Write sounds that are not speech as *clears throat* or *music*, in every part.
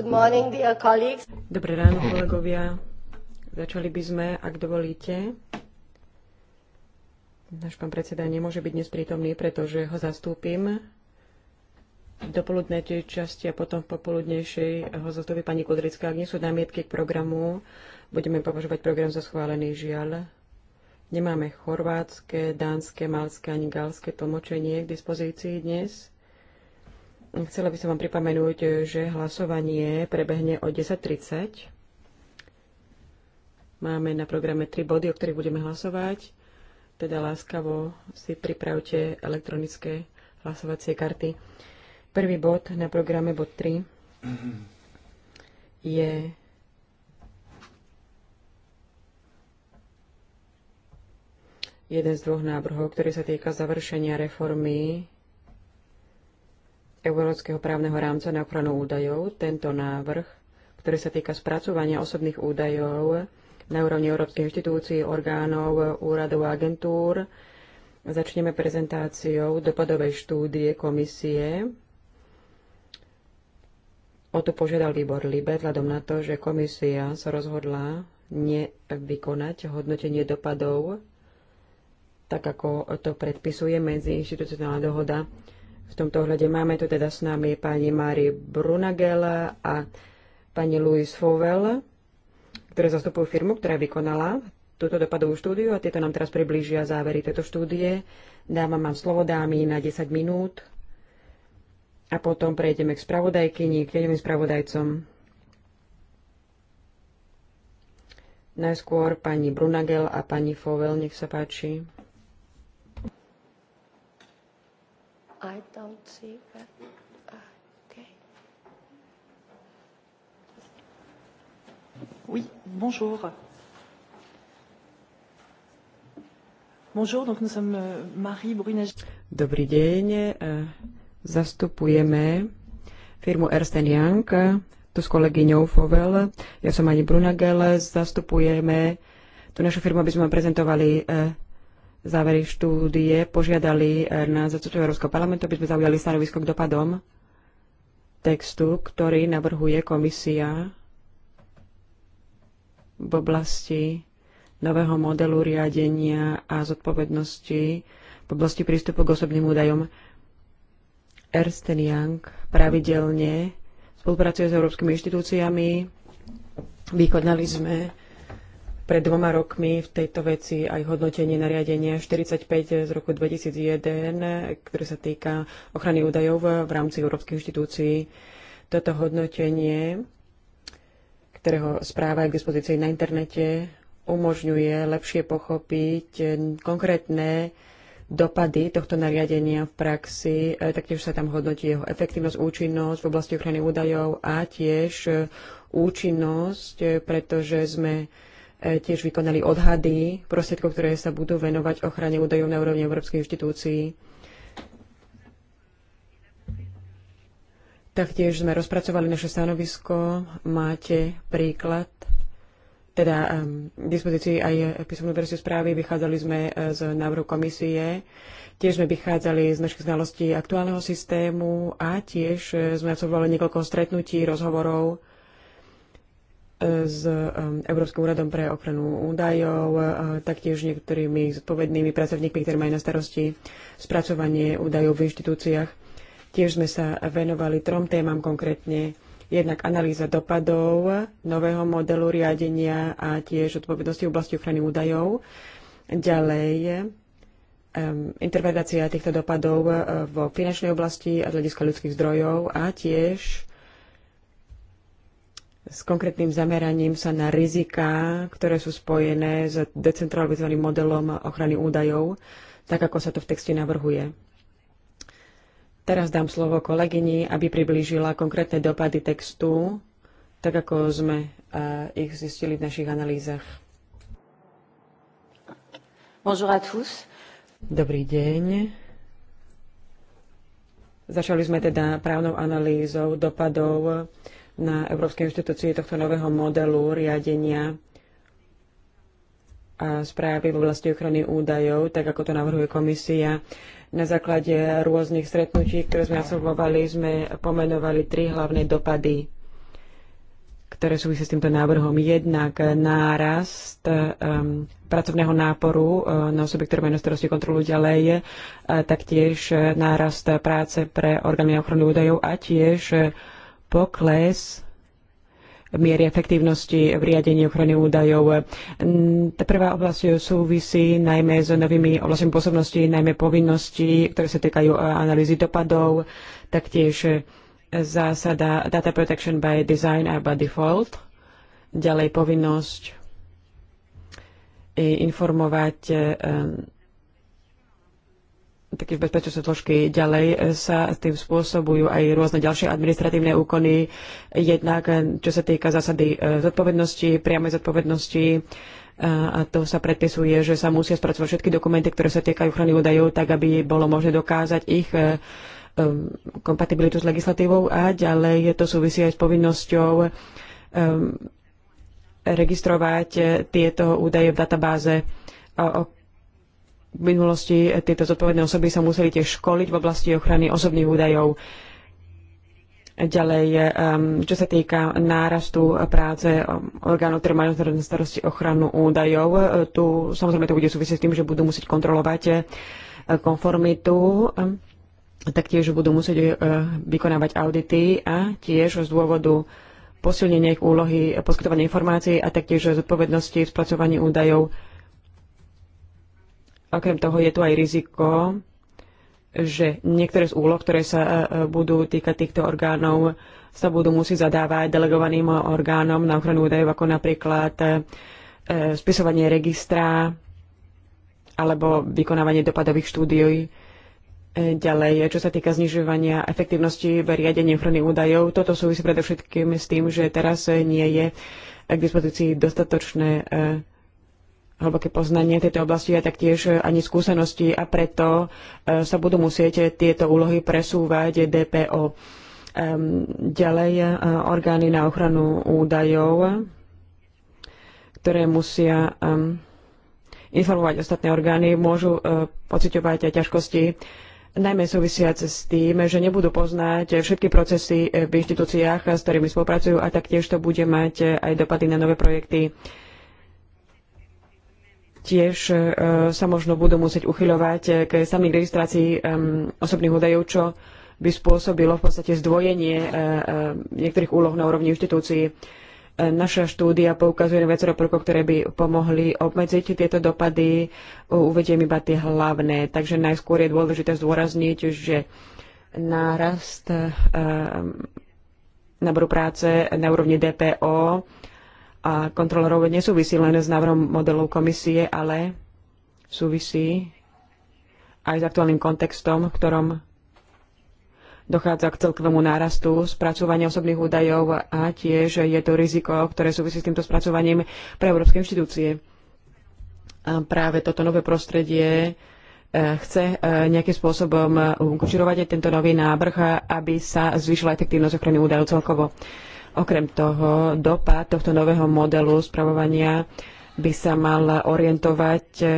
Morning, Dobré ráno, kolegovia. Začali by sme, ak dovolíte. Náš pán predseda nemôže byť dnes prítomný, pretože ho zastúpim v dopoludnej časti a potom v popoludnejšej ho zastúpi pani Kudrická. Ak nie sú námietky k programu, budeme považovať program za schválený žiaľ. Nemáme chorvátske, dánske, malské ani galské tlmočenie k dispozícii dnes Chcela by som vám pripomenúť, že hlasovanie prebehne o 10.30. Máme na programe tri body, o ktorých budeme hlasovať. Teda láskavo si pripravte elektronické hlasovacie karty. Prvý bod na programe, bod 3, je jeden z dvoch návrhov, ktorý sa týka završenia reformy Európskeho právneho rámca na ochranu údajov tento návrh, ktorý sa týka spracovania osobných údajov na úrovni európskych inštitúcií, orgánov, úradov a agentúr. Začneme prezentáciou dopadovej štúdie komisie. O to požiadal výbor Libe, vzhľadom na to, že komisia sa rozhodla nevykonať hodnotenie dopadov, tak ako to predpisuje inštitucionálna dohoda v tomto ohľade máme tu teda s nami pani Mári Brunagel a pani Louise Fowell, ktoré zastupujú firmu, ktorá vykonala túto dopadovú štúdiu a tieto nám teraz priblížia závery tejto štúdie. Dávam vám slovo dámy na 10 minút a potom prejdeme k spravodajkyni, k jedným spravodajcom. Najskôr pani Brunagel a pani Fovel, nech sa páči. I don't see that. Okay. Oui, bonjour. Bonjour, donc nous sommes euh, Marie Brunet. Dobrý deň, e, zastupujeme firmu Ernst Young, e, tu s kolegyňou Fovel, ja som Ani Brunagel, zastupujeme tú našu firmu, aby sme prezentovali e, závery štúdie požiadali eh, na zastupcu Európskeho parlamentu, aby sme zaujali stanovisko k dopadom textu, ktorý navrhuje komisia v oblasti nového modelu riadenia a zodpovednosti v oblasti prístupu k osobným údajom. Ernst Young pravidelne spolupracuje s európskymi inštitúciami. Vykonali sme pred dvoma rokmi v tejto veci aj hodnotenie nariadenia 45 z roku 2001, ktoré sa týka ochrany údajov v rámci európskych inštitúcií. Toto hodnotenie, ktorého správa je k dispozícii na internete, umožňuje lepšie pochopiť konkrétne dopady tohto nariadenia v praxi, e, taktiež sa tam hodnotí jeho efektívnosť, účinnosť v oblasti ochrany údajov a tiež účinnosť, pretože sme E, tiež vykonali odhady prostriedkov, ktoré sa budú venovať ochrane údajov na úrovni Európskej inštitúcii. Taktiež sme rozpracovali naše stanovisko. Máte príklad, teda um, k dispozícii aj písomnú verziu správy. Vychádzali sme e, z návrhu komisie. Tiež sme vychádzali z našich znalostí aktuálneho systému a tiež e, sme absolvovali niekoľko stretnutí, rozhovorov s um, Európskym úradom pre ochranu údajov, taktiež niektorými zodpovednými pracovníkmi, ktorí majú na starosti spracovanie údajov v inštitúciách. Tiež sme sa venovali trom témam konkrétne. Jednak analýza dopadov nového modelu riadenia a tiež odpovednosti v oblasti ochrany údajov. Ďalej um, interpretácia týchto dopadov uh, vo finančnej oblasti a z hľadiska ľudských zdrojov a tiež s konkrétnym zameraním sa na riziká, ktoré sú spojené s decentralizovaným modelom ochrany údajov, tak ako sa to v texte navrhuje. Teraz dám slovo kolegyni, aby priblížila konkrétne dopady textu, tak ako sme eh, ich zistili v našich analýzach. Bonjour à tous. Dobrý deň. Začali sme teda právnou analýzou dopadov na Európskej inštitúcii tohto nového modelu riadenia a správy v oblasti ochrany údajov, tak ako to navrhuje komisia. Na základe rôznych stretnutí, ktoré sme absolvovali, sme pomenovali tri hlavné dopady, ktoré súvisia s týmto návrhom. Jednak nárast um, pracovného náporu uh, na osoby, ktoré majú na starosti kontrolu ďalej, uh, taktiež nárast práce pre orgány ochrany údajov a tiež pokles miery efektívnosti v riadení ochrany údajov. Tá prvá oblasť súvisí najmä s novými oblastiami pôsobnosti, najmä povinnosti, ktoré sa týkajú analýzy dopadov, taktiež zásada Data Protection by Design a by Default, ďalej povinnosť informovať taký bezpečnostné zložky. Ďalej e, sa tým spôsobujú aj rôzne ďalšie administratívne úkony, jednak e, čo sa týka zásady e, zodpovednosti, priamej zodpovednosti, a to sa predpisuje, že sa musia spracovať všetky dokumenty, ktoré sa týkajú ochrany údajov, tak aby bolo možné dokázať ich kompatibilitu s legislatívou a ďalej to súvisí aj s povinnosťou registrovať tieto údaje v databáze, o v minulosti tieto zodpovedné osoby sa museli tiež školiť v oblasti ochrany osobných údajov. Ďalej, um, čo sa týka nárastu práce um, orgánov, ktoré majú na starosti ochranu údajov, uh, tu samozrejme to bude súvisieť s tým, že budú musieť kontrolovať uh, konformitu, um, taktiež budú musieť uh, vykonávať audity a tiež z dôvodu posilnenia ich úlohy poskytovania informácií a taktiež zodpovednosti v spracovaní údajov Okrem toho je tu aj riziko, že niektoré z úloh, ktoré sa e, e, budú týkať týchto orgánov, sa budú musieť zadávať delegovaným orgánom na ochranu údajov, ako napríklad e, spisovanie registra alebo vykonávanie dopadových štúdií. Ďalej, čo sa týka znižovania efektívnosti v riadení ochrany údajov, toto súvisí predovšetkým s tým, že teraz nie je k dispozícii dostatočné hlboké poznanie tejto oblasti a taktiež e, ani skúsenosti a preto e, sa budú musieť tieto úlohy presúvať DPO. Ehm, ďalej e, orgány na ochranu údajov, ktoré musia ehm, informovať ostatné orgány, môžu pociťovať aj ťažkosti, najmä súvisiace s tým, že nebudú poznať všetky procesy v inštitúciách, s ktorými spolupracujú a taktiež to bude mať aj dopady na nové projekty tiež e, sa možno budú musieť uchyľovať e, k samým registrácii e, osobných údajov, čo by spôsobilo v podstate zdvojenie niektorých úloh na úrovni inštitúcií. Naša štúdia poukazuje na viacero prvkov, ktoré by pomohli obmedziť tieto dopady. Uvediem iba tie hlavné. Takže najskôr je dôležité zdôrazniť, že nárast náboru práce na úrovni DPO a kontrolorov nesúvisí len s návrhom modelov komisie, ale súvisí aj s aktuálnym kontextom, v ktorom dochádza k celkovému nárastu spracovania osobných údajov a tiež je to riziko, ktoré súvisí s týmto spracovaním pre európske inštitúcie. A práve toto nové prostredie e, chce e, nejakým spôsobom e, kočirovať aj tento nový návrh, aby sa zvýšila efektívnosť ochrany údajov celkovo. Okrem toho, dopad tohto nového modelu spravovania by sa mal orientovať e,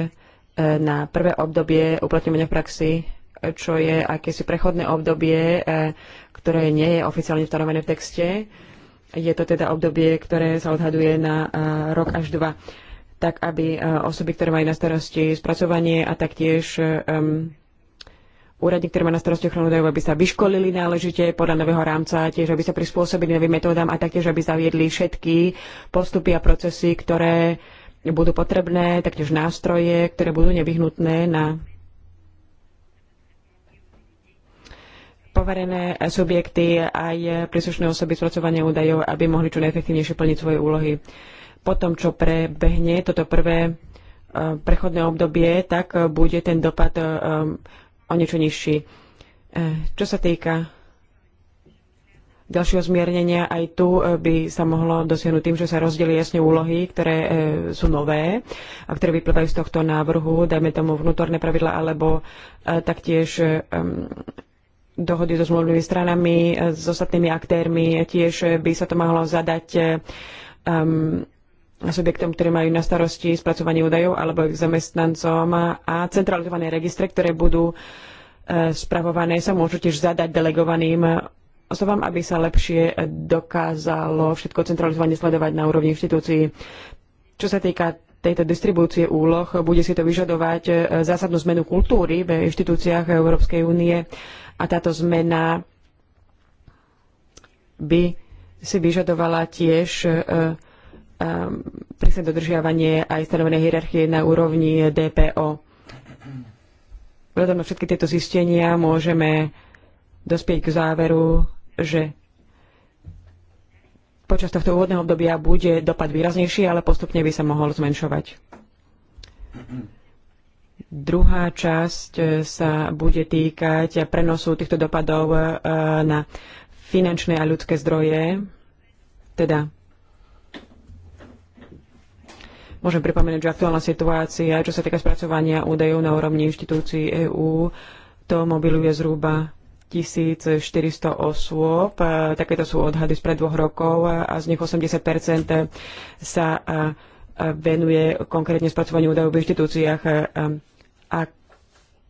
na prvé obdobie uplatňovania v praxi, čo je akési prechodné obdobie, e, ktoré nie je oficiálne stanovené v texte. Je to teda obdobie, ktoré sa odhaduje na e, rok až dva, tak aby osoby, ktoré majú na starosti spracovanie a taktiež um, úradník, ktorý má na starosti ochranu údajov, aby sa vyškolili náležite podľa nového rámca, tiež aby sa prispôsobili novým metódam a taktiež aby zaviedli všetky postupy a procesy, ktoré budú potrebné, taktiež nástroje, ktoré budú nevyhnutné na poverené subjekty aj príslušné osoby spracovania údajov, aby mohli čo najefektívnejšie plniť svoje úlohy. Po tom, čo prebehne toto prvé eh, prechodné obdobie, tak bude ten dopad eh, o niečo nižší. E, čo sa týka ďalšieho zmiernenia, aj tu e, by sa mohlo dosiahnuť tým, že sa rozdeli jasne úlohy, ktoré e, sú nové a ktoré vyplývajú z tohto návrhu, dajme tomu vnútorné pravidla alebo taktiež dohody so zmluvnými stranami, s ostatnými aktérmi. Tiež by sa to mohlo zadať um, subjektom, ktoré majú na starosti spracovanie údajov alebo ich zamestnancom a centralizované registre, ktoré budú e, spravované, sa môžu tiež zadať delegovaným osobám, aby sa lepšie dokázalo všetko centralizovane sledovať na úrovni inštitúcií. Čo sa týka tejto distribúcie úloh, bude si to vyžadovať e, zásadnú zmenu kultúry v inštitúciách Európskej únie a táto zmena by si vyžadovala tiež e, Ehm, prísne dodržiavanie aj stanovenej hierarchie na úrovni DPO. Vzhľadom na všetky tieto zistenia môžeme dospieť k záveru, že počas tohto úvodného obdobia bude dopad výraznejší, ale postupne by sa mohol zmenšovať. Druhá časť eh, sa bude týkať prenosu týchto dopadov eh, na finančné a ľudské zdroje, teda Môžem pripomenúť, že aktuálna situácia, čo sa týka spracovania údajov na úrovni inštitúcií EÚ, to mobiluje zhruba 1400 osôb. E, takéto sú odhady spred dvoch rokov a z nich 80 sa e, e, venuje konkrétne spracovaniu údajov v inštitúciách. Ak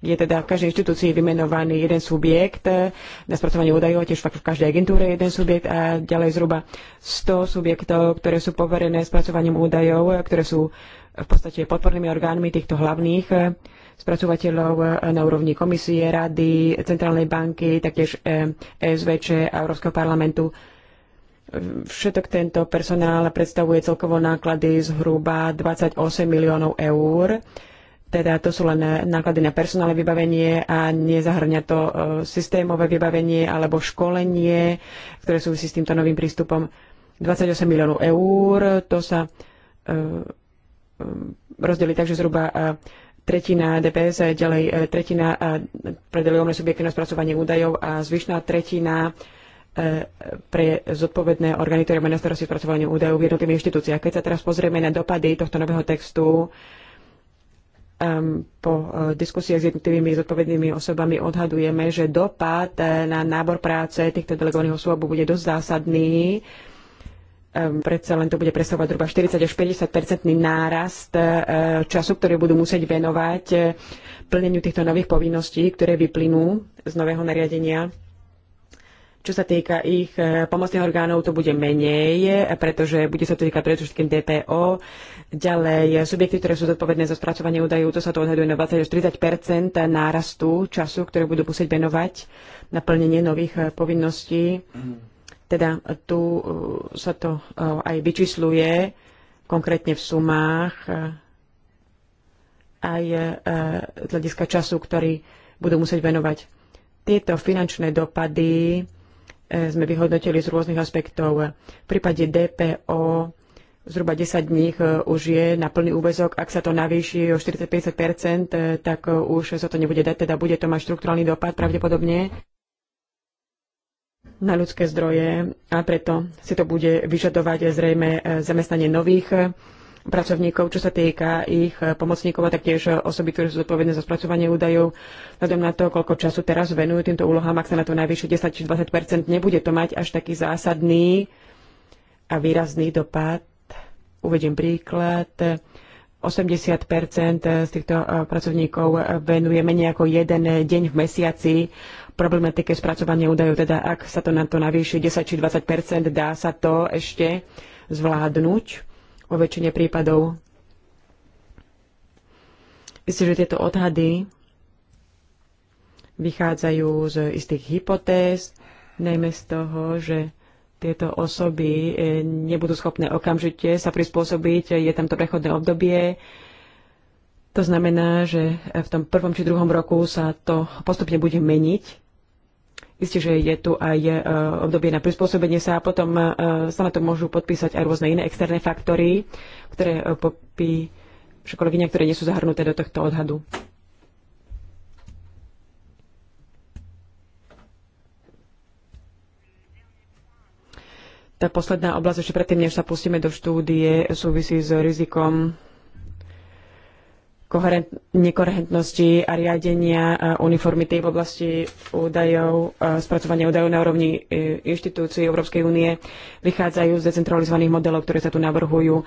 je teda v každej inštitúcii vymenovaný jeden subjekt eh, na spracovanie údajov, tiež fakt v každej agentúre jeden subjekt a ďalej zhruba 100 subjektov, ktoré sú poverené spracovaním údajov, eh, ktoré sú v podstate podpornými orgánmi týchto hlavných eh, spracovateľov na úrovni komisie, rady, centrálnej banky, taktiež SVČ a Európskeho parlamentu. Všetok tento personál predstavuje celkovo náklady zhruba 28 miliónov eur teda to sú len eh, náklady na personálne vybavenie a nezahrňa to eh, systémové vybavenie alebo školenie, ktoré súvisí s týmto novým prístupom. 28 miliónov eur, to sa eh, rozdelí tak, že zhruba tretina DPS, ďalej tretina pre delegované subjekty na spracovanie údajov a zvyšná tretina pre zodpovedné orgány, ktoré majú na starosti spracovanie údajov v jednotlivých inštitúciách. Keď sa teraz pozrieme na dopady tohto nového textu, po eh, diskusiách s jednotlivými zodpovednými osobami odhadujeme, že dopad eh, na nábor práce týchto delegovaných osôb bude dosť zásadný. Predsa len to bude presovať zhruba 40 až 50 percentný nárast eh, času, ktorý budú musieť venovať plneniu týchto nových povinností, ktoré vyplynú z nového nariadenia. Čo sa týka ich pomocných orgánov, to bude menej, pretože bude sa to týkať predovšetkým DPO, Ďalej, subjekty, ktoré sú zodpovedné za spracovanie údajov, to sa to odhaduje na 20 až 30 nárastu času, ktoré budú musieť venovať na plnenie nových eh, povinností. Teda eh, tu eh, sa to aj vyčísluje, konkrétne v sumách, aj z hľadiska času, ktorý budú musieť venovať. Tieto finančné dopady sme vyhodnotili z rôznych aspektov. V prípade DPO zhruba 10 dní eh, už je na plný úvezok. Ak sa to navýši o 40-50%, eh, tak eh, už sa to nebude dať, teda bude to mať štruktúrálny dopad pravdepodobne na ľudské zdroje a preto si to bude vyžadovať zrejme zamestnanie nových pracovníkov, čo sa týka ich pomocníkov a taktiež osoby, ktoré sú zodpovedné za spracovanie údajov, vzhľadom na to, koľko času teraz venujú týmto úlohám, ak sa na to najvyššie 10 či 20 nebude to mať až taký zásadný a výrazný dopad Uvediem príklad. 80 z týchto e, pracovníkov venuje menej ako jeden deň v mesiaci problematike spracovania údajov. Teda ak sa to na to navýši 10 či 20 dá sa to ešte zvládnuť o väčšine prípadov. Myslím, že tieto odhady vychádzajú z istých hypotéz, najmä z toho, že tieto osoby e, nebudú schopné okamžite sa prispôsobiť. Je tam to prechodné obdobie. To znamená, že v tom prvom či druhom roku sa to postupne bude meniť. Isté, že je tu aj e, obdobie na prispôsobenie sa a potom e, sa na to môžu podpísať aj rôzne iné externé faktory, ktoré popíše kolegyňa, ktoré nie sú zahrnuté do tohto odhadu. Tá posledná oblasť, ešte predtým, než sa pustíme do štúdie, súvisí s rizikom nekoherentnosti a riadenia e, uniformity v oblasti údajov, e, spracovania údajov na úrovni e, inštitúcií Európskej únie vychádzajú z decentralizovaných modelov, ktoré sa tu navrhujú.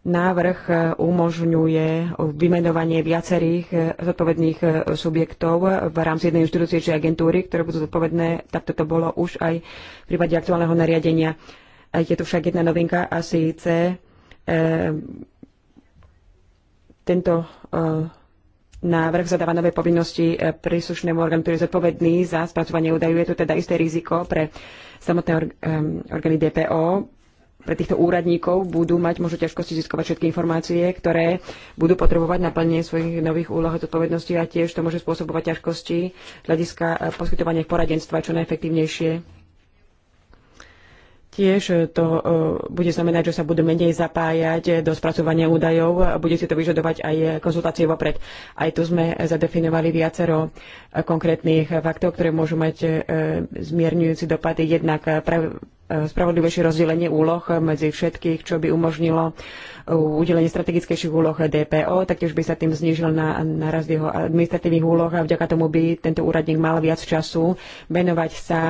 Návrh e, umožňuje vymenovanie viacerých e, zodpovedných e, subjektov v rámci jednej inštitúcie či agentúry, ktoré budú zodpovedné. tak toto bolo už aj v prípade aktuálneho nariadenia. Je tu však jedna novinka a síce e, tento e, návrh zadáva nové povinnosti príslušnému orgánu, ktorý je zodpovedný za spracovanie údajov. Je tu teda isté riziko pre samotné orgány DPO, pre týchto úradníkov budú mať možno ťažkosti získovať všetky informácie, ktoré budú potrebovať na plnenie svojich nových úloh a zodpovedností a tiež to môže spôsobovať ťažkosti hľadiska eh, poskytovania poradenstva čo najefektívnejšie Tiež to e, bude znamenať, že sa budú menej zapájať do spracovania údajov a bude si to vyžadovať aj konzultácie vopred. Aj tu sme zadefinovali viacero konkrétnych faktov, ktoré môžu mať e, zmierňujúci dopady. Jednak e, spravodlivejšie rozdelenie úloh medzi všetkých, čo by umožnilo udelenie strategickejších úloh DPO, taktiež by sa tým znížil na, naraz jeho administratívnych úloh a vďaka tomu by tento úradník mal viac času venovať sa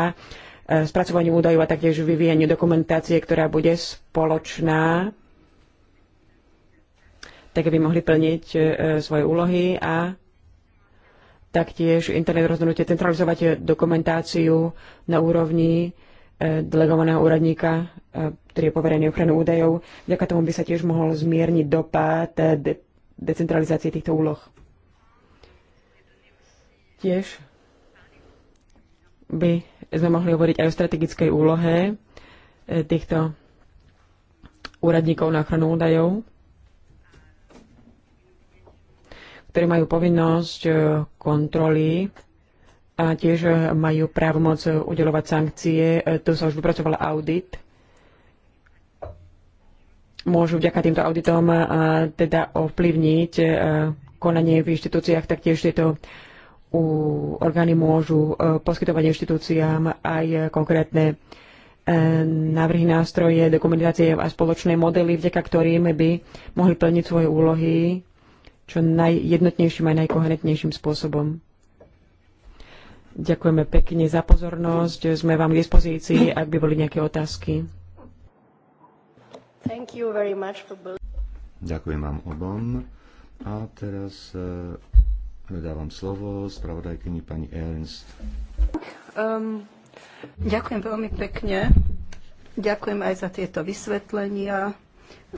E, spracovaniu údajov a taktiež vyvíjaniu dokumentácie, ktorá bude spoločná, tak aby mohli plniť e, svoje úlohy a taktiež internet rozhodnutie centralizovať dokumentáciu na úrovni e, delegovaného úradníka, ktorý je poverený ochranu údajov. Vďaka tomu by sa tiež mohol zmierniť dopad de- decentralizácie týchto úloh. Tiež by sme mohli hovoriť aj o strategickej úlohe e, týchto úradníkov na ochranu údajov, ktorí majú povinnosť e, kontroly a tiež majú právomoc udelovať sankcie. E, tu sa už vypracoval audit. Môžu vďaka týmto auditom teda ovplyvniť konanie v inštitúciách, taktiež tieto orgány môžu e, poskytovať inštitúciám aj konkrétne e, návrhy nástroje, dokumentácie a spoločné modely, vďaka ktorým by mohli plniť svoje úlohy čo najjednotnejším a najkoherentnejším spôsobom. Ďakujeme pekne za pozornosť. Sme vám k dispozícii, ak by boli nejaké otázky. For... Ďakujem vám obom. A teraz e, Dávam slovo spravodajkyni pani Ernst. Um, ďakujem veľmi pekne. Ďakujem aj za tieto vysvetlenia,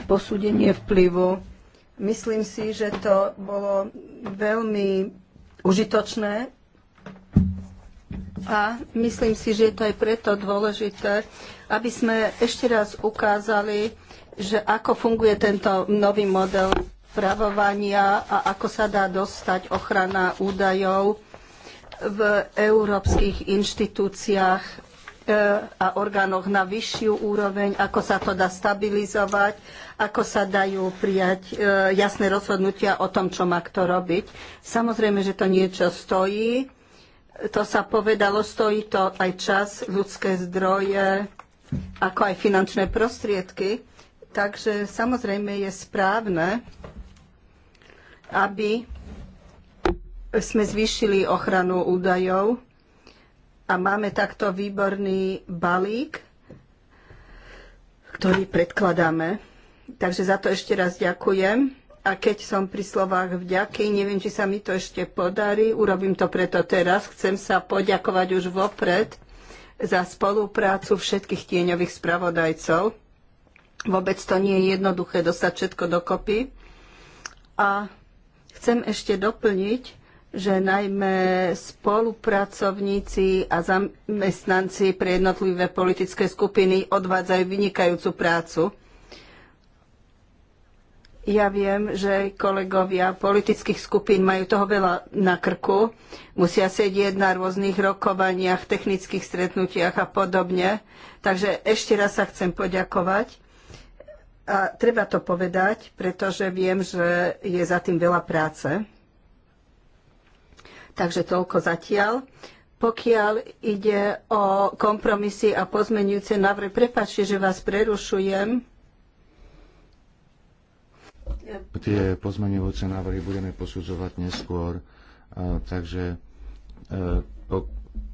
posúdenie vplyvu. Myslím si, že to bolo veľmi užitočné a myslím si, že je to aj preto dôležité, aby sme ešte raz ukázali, že ako funguje tento nový model spravovania a ako sa dá dostať ochrana údajov v európskych inštitúciách e, a orgánoch na vyššiu úroveň, ako sa to dá stabilizovať, ako sa dajú prijať e, jasné rozhodnutia o tom, čo má kto robiť. Samozrejme, že to niečo stojí. To sa povedalo, stojí to aj čas, ľudské zdroje, ako aj finančné prostriedky. Takže samozrejme je správne, aby sme zvýšili ochranu údajov a máme takto výborný balík, ktorý predkladáme. Takže za to ešte raz ďakujem. A keď som pri slovách vďaky, neviem, či sa mi to ešte podarí, urobím to preto teraz. Chcem sa poďakovať už vopred za spoluprácu všetkých tieňových spravodajcov. Vôbec to nie je jednoduché dostať všetko dokopy. A Chcem ešte doplniť, že najmä spolupracovníci a zamestnanci pre jednotlivé politické skupiny odvádzajú vynikajúcu prácu. Ja viem, že kolegovia politických skupín majú toho veľa na krku. Musia sedieť na rôznych rokovaniach, technických stretnutiach a podobne. Takže ešte raz sa chcem poďakovať a treba to povedať, pretože viem, že je za tým veľa práce. Takže toľko zatiaľ. Pokiaľ ide o kompromisy a pozmenujúce návrhy, prepáčte, že vás prerušujem. Tie pozmenujúce návrhy budeme posudzovať neskôr, takže e,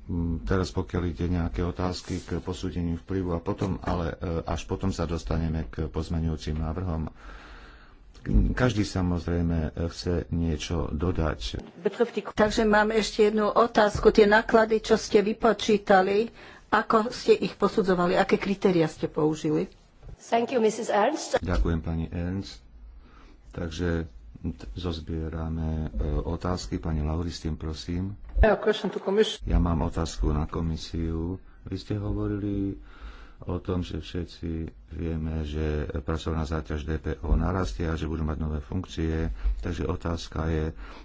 Mm, teraz pokiaľ ide nejaké otázky k posúdeniu vplyvu a potom, ale e, až potom sa dostaneme k pozmenujúcim návrhom. Každý samozrejme e, chce niečo dodať. Takže mám ešte jednu otázku. Tie náklady, čo ste vypočítali, ako ste ich posudzovali? Aké kritéria ste použili? Thank you, Mrs. Ernst. Ďakujem, pani Ernst. Takže Zozbierame e, otázky. Pani Lauristin, prosím. Ja mám otázku na komisiu. Vy ste hovorili o tom, že všetci vieme, že pracovná záťaž DPO narastie a že budú mať nové funkcie. Takže otázka je,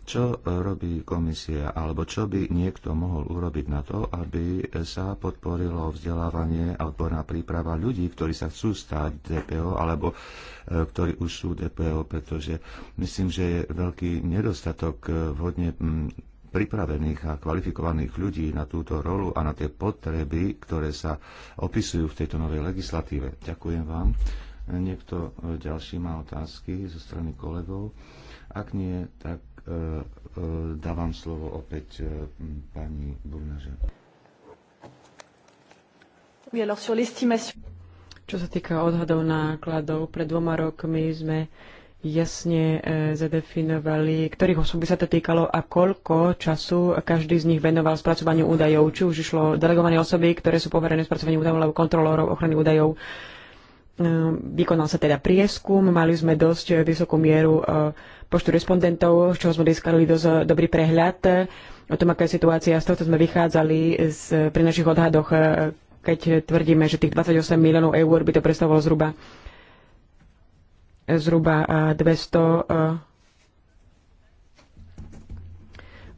čo robí komisia, alebo čo by niekto mohol urobiť na to, aby sa podporilo vzdelávanie a odborná príprava ľudí, ktorí sa chcú stať DPO, alebo e, ktorí už sú DPO, pretože myslím, že je veľký nedostatok vhodne pripravených a kvalifikovaných ľudí na túto rolu a na tie potreby, ktoré sa opisujú v tejto novej legislatíve. Ďakujem vám. Niekto ďalší má otázky zo strany kolegov? Ak nie, tak e, e, dávam slovo opäť e, pani Burnaže. Čo sa týka odhadov nákladov, pred dvoma rokmi sme jasne e, zadefinovali, ktorých osôb by sa to týkalo a koľko času každý z nich venoval spracovaniu údajov, či už išlo delegované osoby, ktoré sú poverené spracovaním údajov alebo kontrolórov ochrany údajov. E, vykonal sa teda prieskum, mali sme dosť vysokú mieru e, počtu respondentov, z čoho sme získali dosť dobrý prehľad o tom, aká je situácia. Z tohto sme vychádzali z, pri našich odhadoch, keď tvrdíme, že tých 28 miliónov eur by to predstavovalo zhruba zhruba 200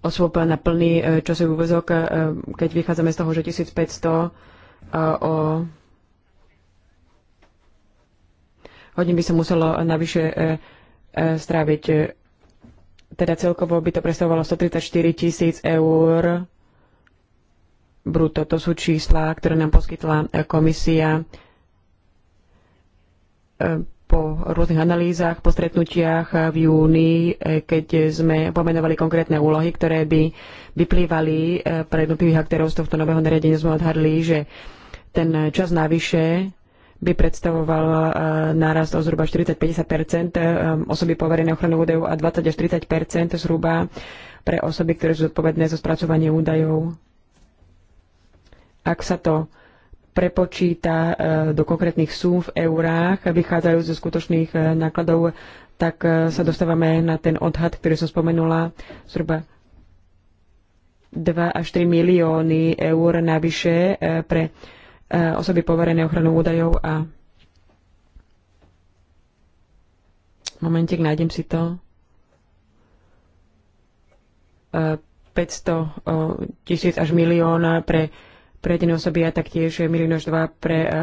osôb na plný e, časový úvezok, e, keď vychádzame z toho, že 1500 e, o hodín by sa muselo navyše stráviť. Teda celkovo by to predstavovalo 134 tisíc eur bruto. To sú čísla, ktoré nám poskytla komisia po rôznych analýzach, po stretnutiach eh, v júni, eh, keď sme pomenovali konkrétne úlohy, ktoré by vyplývali eh, pre jednotlivých aktérov z tohto nového nariadenia, sme odhadli, že ten čas navyše by predstavoval nárast o zhruba 40-50 osoby poverené ochranou údajov a 20 až 30 zhruba pre osoby, ktoré sú zodpovedné za spracovanie údajov. Ak sa to prepočíta e, do konkrétnych súm v eurách, vychádzajú zo skutočných e, nákladov, tak e, sa dostávame na ten odhad, ktorý som spomenula, zhruba 2 až 3 milióny eur navyše pre osoby poverené ochranou údajov a momentik, nájdem si to. 500 tisíc až milióna pre pre jedné osoby a taktiež milión dva pre e,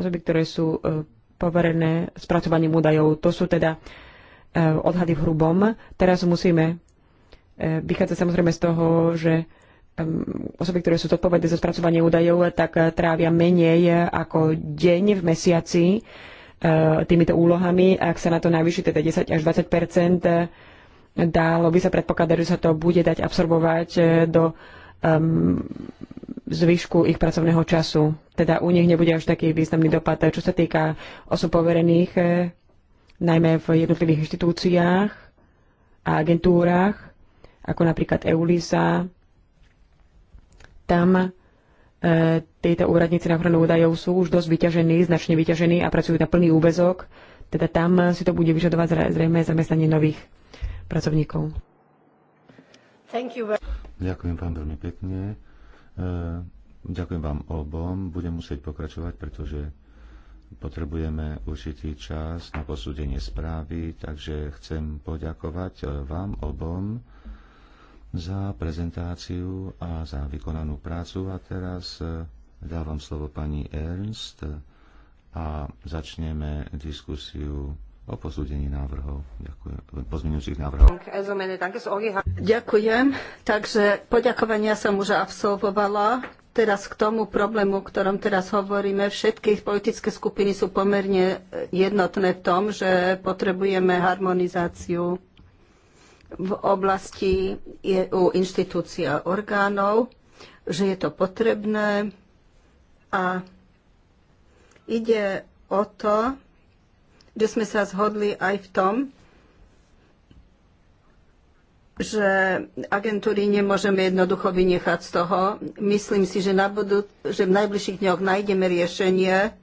osoby, ktoré sú e, poverené spracovaním údajov. To sú teda e, odhady v hrubom. Teraz musíme vychádzať samozrejme z toho, že osoby, ktoré sú zodpovedné za spracovanie údajov, tak trávia menej ako deň v mesiaci týmito úlohami. Ak sa na to navýši teda 10 až 20 dalo by sa predpokladať, že sa to bude dať absorbovať do um, zvyšku ich pracovného času. Teda u nich nebude až taký významný dopad. Čo sa týka osob poverených, eh, najmä v jednotlivých inštitúciách a agentúrach, ako napríklad EULISA, tam e, eh, títo úradníci na ochranu údajov sú už dosť vyťažení, značne vyťažení a pracujú na plný úvezok. Teda tam si to bude vyžadovať zrejme zamestnanie nových pracovníkov. Ďakujem vám veľmi pekne. E, ďakujem vám obom. Budem musieť pokračovať, pretože potrebujeme určitý čas na posúdenie správy, takže chcem poďakovať e, vám obom za prezentáciu a za vykonanú prácu. A teraz e, dávam slovo pani Ernst a začneme diskusiu o posúdení návrhov, ďakujem, pozmeňujúcich návrhov. Ďakujem. Takže poďakovania som už absolvovala. Teraz k tomu problému, o ktorom teraz hovoríme, všetky politické skupiny sú pomerne jednotné v tom, že potrebujeme harmonizáciu v oblasti EU inštitúcií a orgánov, že je to potrebné a ide o to, že sme sa zhodli aj v tom, že agentúry nemôžeme jednoducho vynechať z toho. Myslím si, že, na budú, že v najbližších dňoch nájdeme riešenie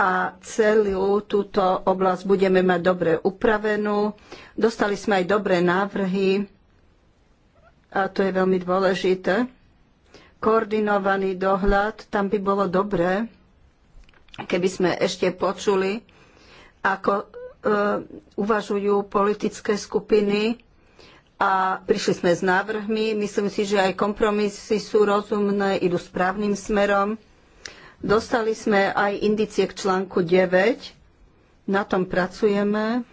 a celú túto oblasť budeme mať dobre upravenú. Dostali sme aj dobré návrhy a to je veľmi dôležité. Koordinovaný dohľad, tam by bolo dobré, keby sme ešte počuli, ako e, uvažujú politické skupiny a prišli sme s návrhmi. Myslím si, že aj kompromisy sú rozumné, idú správnym smerom. Dostali sme aj indicie k článku 9. Na tom pracujeme.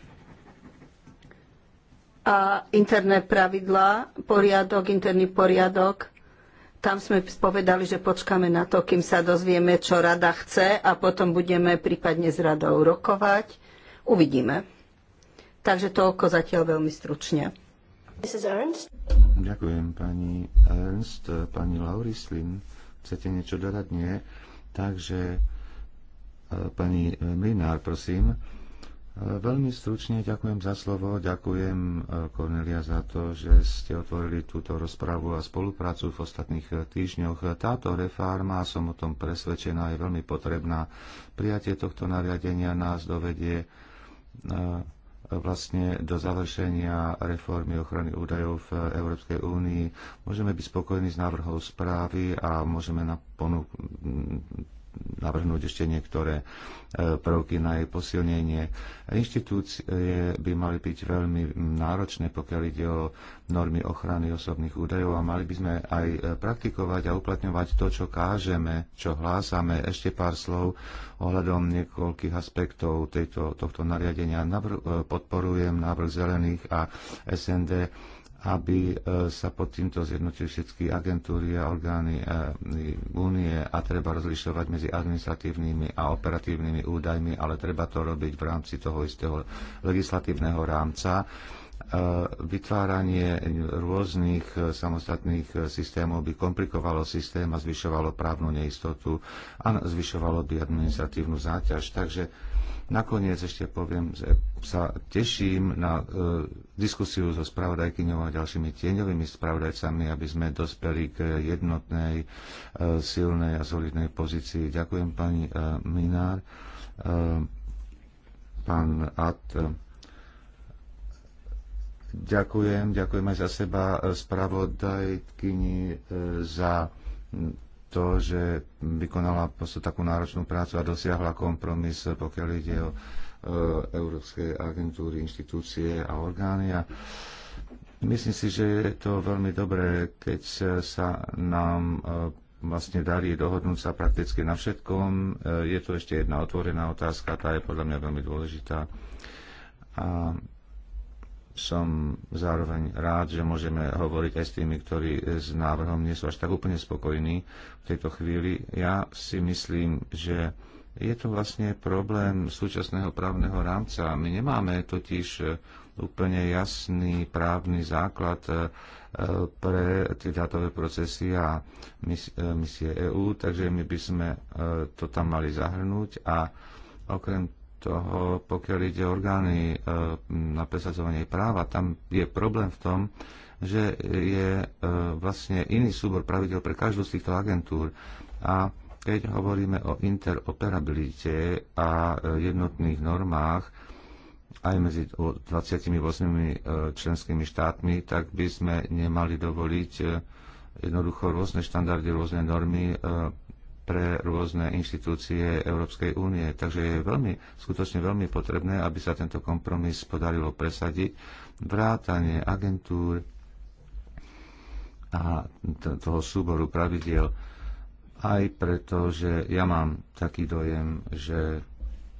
A interné pravidlá, poriadok, interný poriadok tam sme povedali, že počkáme na to, kým sa dozvieme, čo rada chce a potom budeme prípadne s radou rokovať. Uvidíme. Takže toľko zatiaľ veľmi stručne. Ďakujem, pani Ernst. Pani Laurislin, chcete niečo dodať? Nie. Takže eh, pani Mlinár, prosím. Veľmi stručne ďakujem za slovo, ďakujem e, Cornelia za to, že ste otvorili túto rozpravu a spoluprácu v ostatných e, týždňoch. Táto reforma, som o tom presvedčená, je veľmi potrebná. Prijatie tohto nariadenia nás dovedie e, vlastne do završenia reformy ochrany údajov v Európskej únii. Môžeme byť spokojní s návrhou správy a môžeme na ponúk- navrhnúť ešte niektoré e, prvky na jej posilnenie. Inštitúcie by mali byť veľmi náročné, pokiaľ ide o normy ochrany osobných údajov a mali by sme aj e, praktikovať a uplatňovať to, čo kážeme, čo hlásame. Ešte pár slov ohľadom niekoľkých aspektov tejto, tohto nariadenia. Navr- e, podporujem návrh zelených a SND aby e, sa pod týmto zjednotili všetky agentúry a orgány e, únie a treba rozlišovať medzi administratívnymi a operatívnymi údajmi, ale treba to robiť v rámci toho istého legislatívneho rámca. E, vytváranie rôznych samostatných systémov by komplikovalo systém a zvyšovalo právnu neistotu a zvyšovalo by administratívnu záťaž. Takže Nakoniec ešte poviem, že sa teším na e, diskusiu so spravodajkyňou a ďalšími tieňovými spravodajcami, aby sme dospeli k jednotnej, e, silnej a solidnej pozícii. Ďakujem pani e, Minár, e, pán Ad, E, Ďakujem, ďakujem aj za seba e, spravodajkyni e, za to, že vykonala takú náročnú prácu a dosiahla kompromis, pokiaľ ide o e, európske agentúry, inštitúcie a orgány. A myslím si, že je to veľmi dobré, keď sa nám e, vlastne darí dohodnúť sa prakticky na všetkom. E, je tu ešte jedna otvorená otázka, tá je podľa mňa veľmi dôležitá. A som zároveň rád, že môžeme hovoriť aj s tými, ktorí s návrhom nie sú až tak úplne spokojní v tejto chvíli. Ja si myslím, že je to vlastne problém súčasného právneho rámca. My nemáme totiž eh, úplne jasný právny základ eh, pre tie dátové procesy a eh, misie EÚ, takže my by sme to tam mali zahrnúť a okrem toho, pokiaľ ide orgány e, na presadzovanie práva, tam je problém v tom, že je e, vlastne iný súbor pravidel pre každú z týchto agentúr. A keď hovoríme o interoperabilite a e, jednotných normách, aj medzi 28 členskými štátmi, tak by sme nemali dovoliť jednoducho rôzne štandardy, rôzne normy pre rôzne inštitúcie Európskej únie. Takže je veľmi, skutočne veľmi potrebné, aby sa tento kompromis podarilo presadiť. Vrátanie agentúr a toho súboru pravidiel. Aj preto, že ja mám taký dojem, že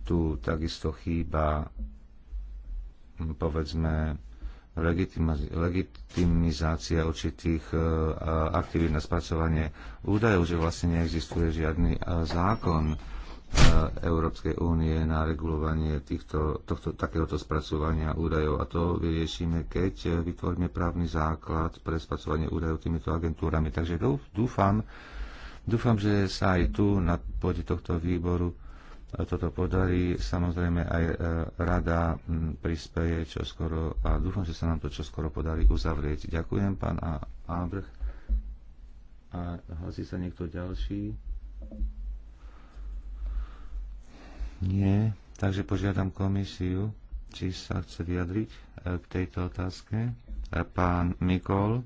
tu takisto chýba povedzme legitimizácia určitých e, aktivít na spracovanie údajov, že vlastne neexistuje žiadny e, zákon e, Európskej únie na regulovanie týchto, tohto, takéhoto spracovania údajov. A to vyriešime, keď vytvoríme právny základ pre spracovanie údajov týmito agentúrami. Takže dúfam, dúfam, že sa aj tu na pôde tohto výboru toto podarí. Samozrejme aj e, rada prispieje čoskoro a dúfam, že sa nám to čoskoro podarí uzavrieť. Ďakujem, pán Ábrh. A hlasí sa niekto ďalší? Nie. Takže požiadam komisiu, či sa chce vyjadriť e, k tejto otázke. E, pán Mikol,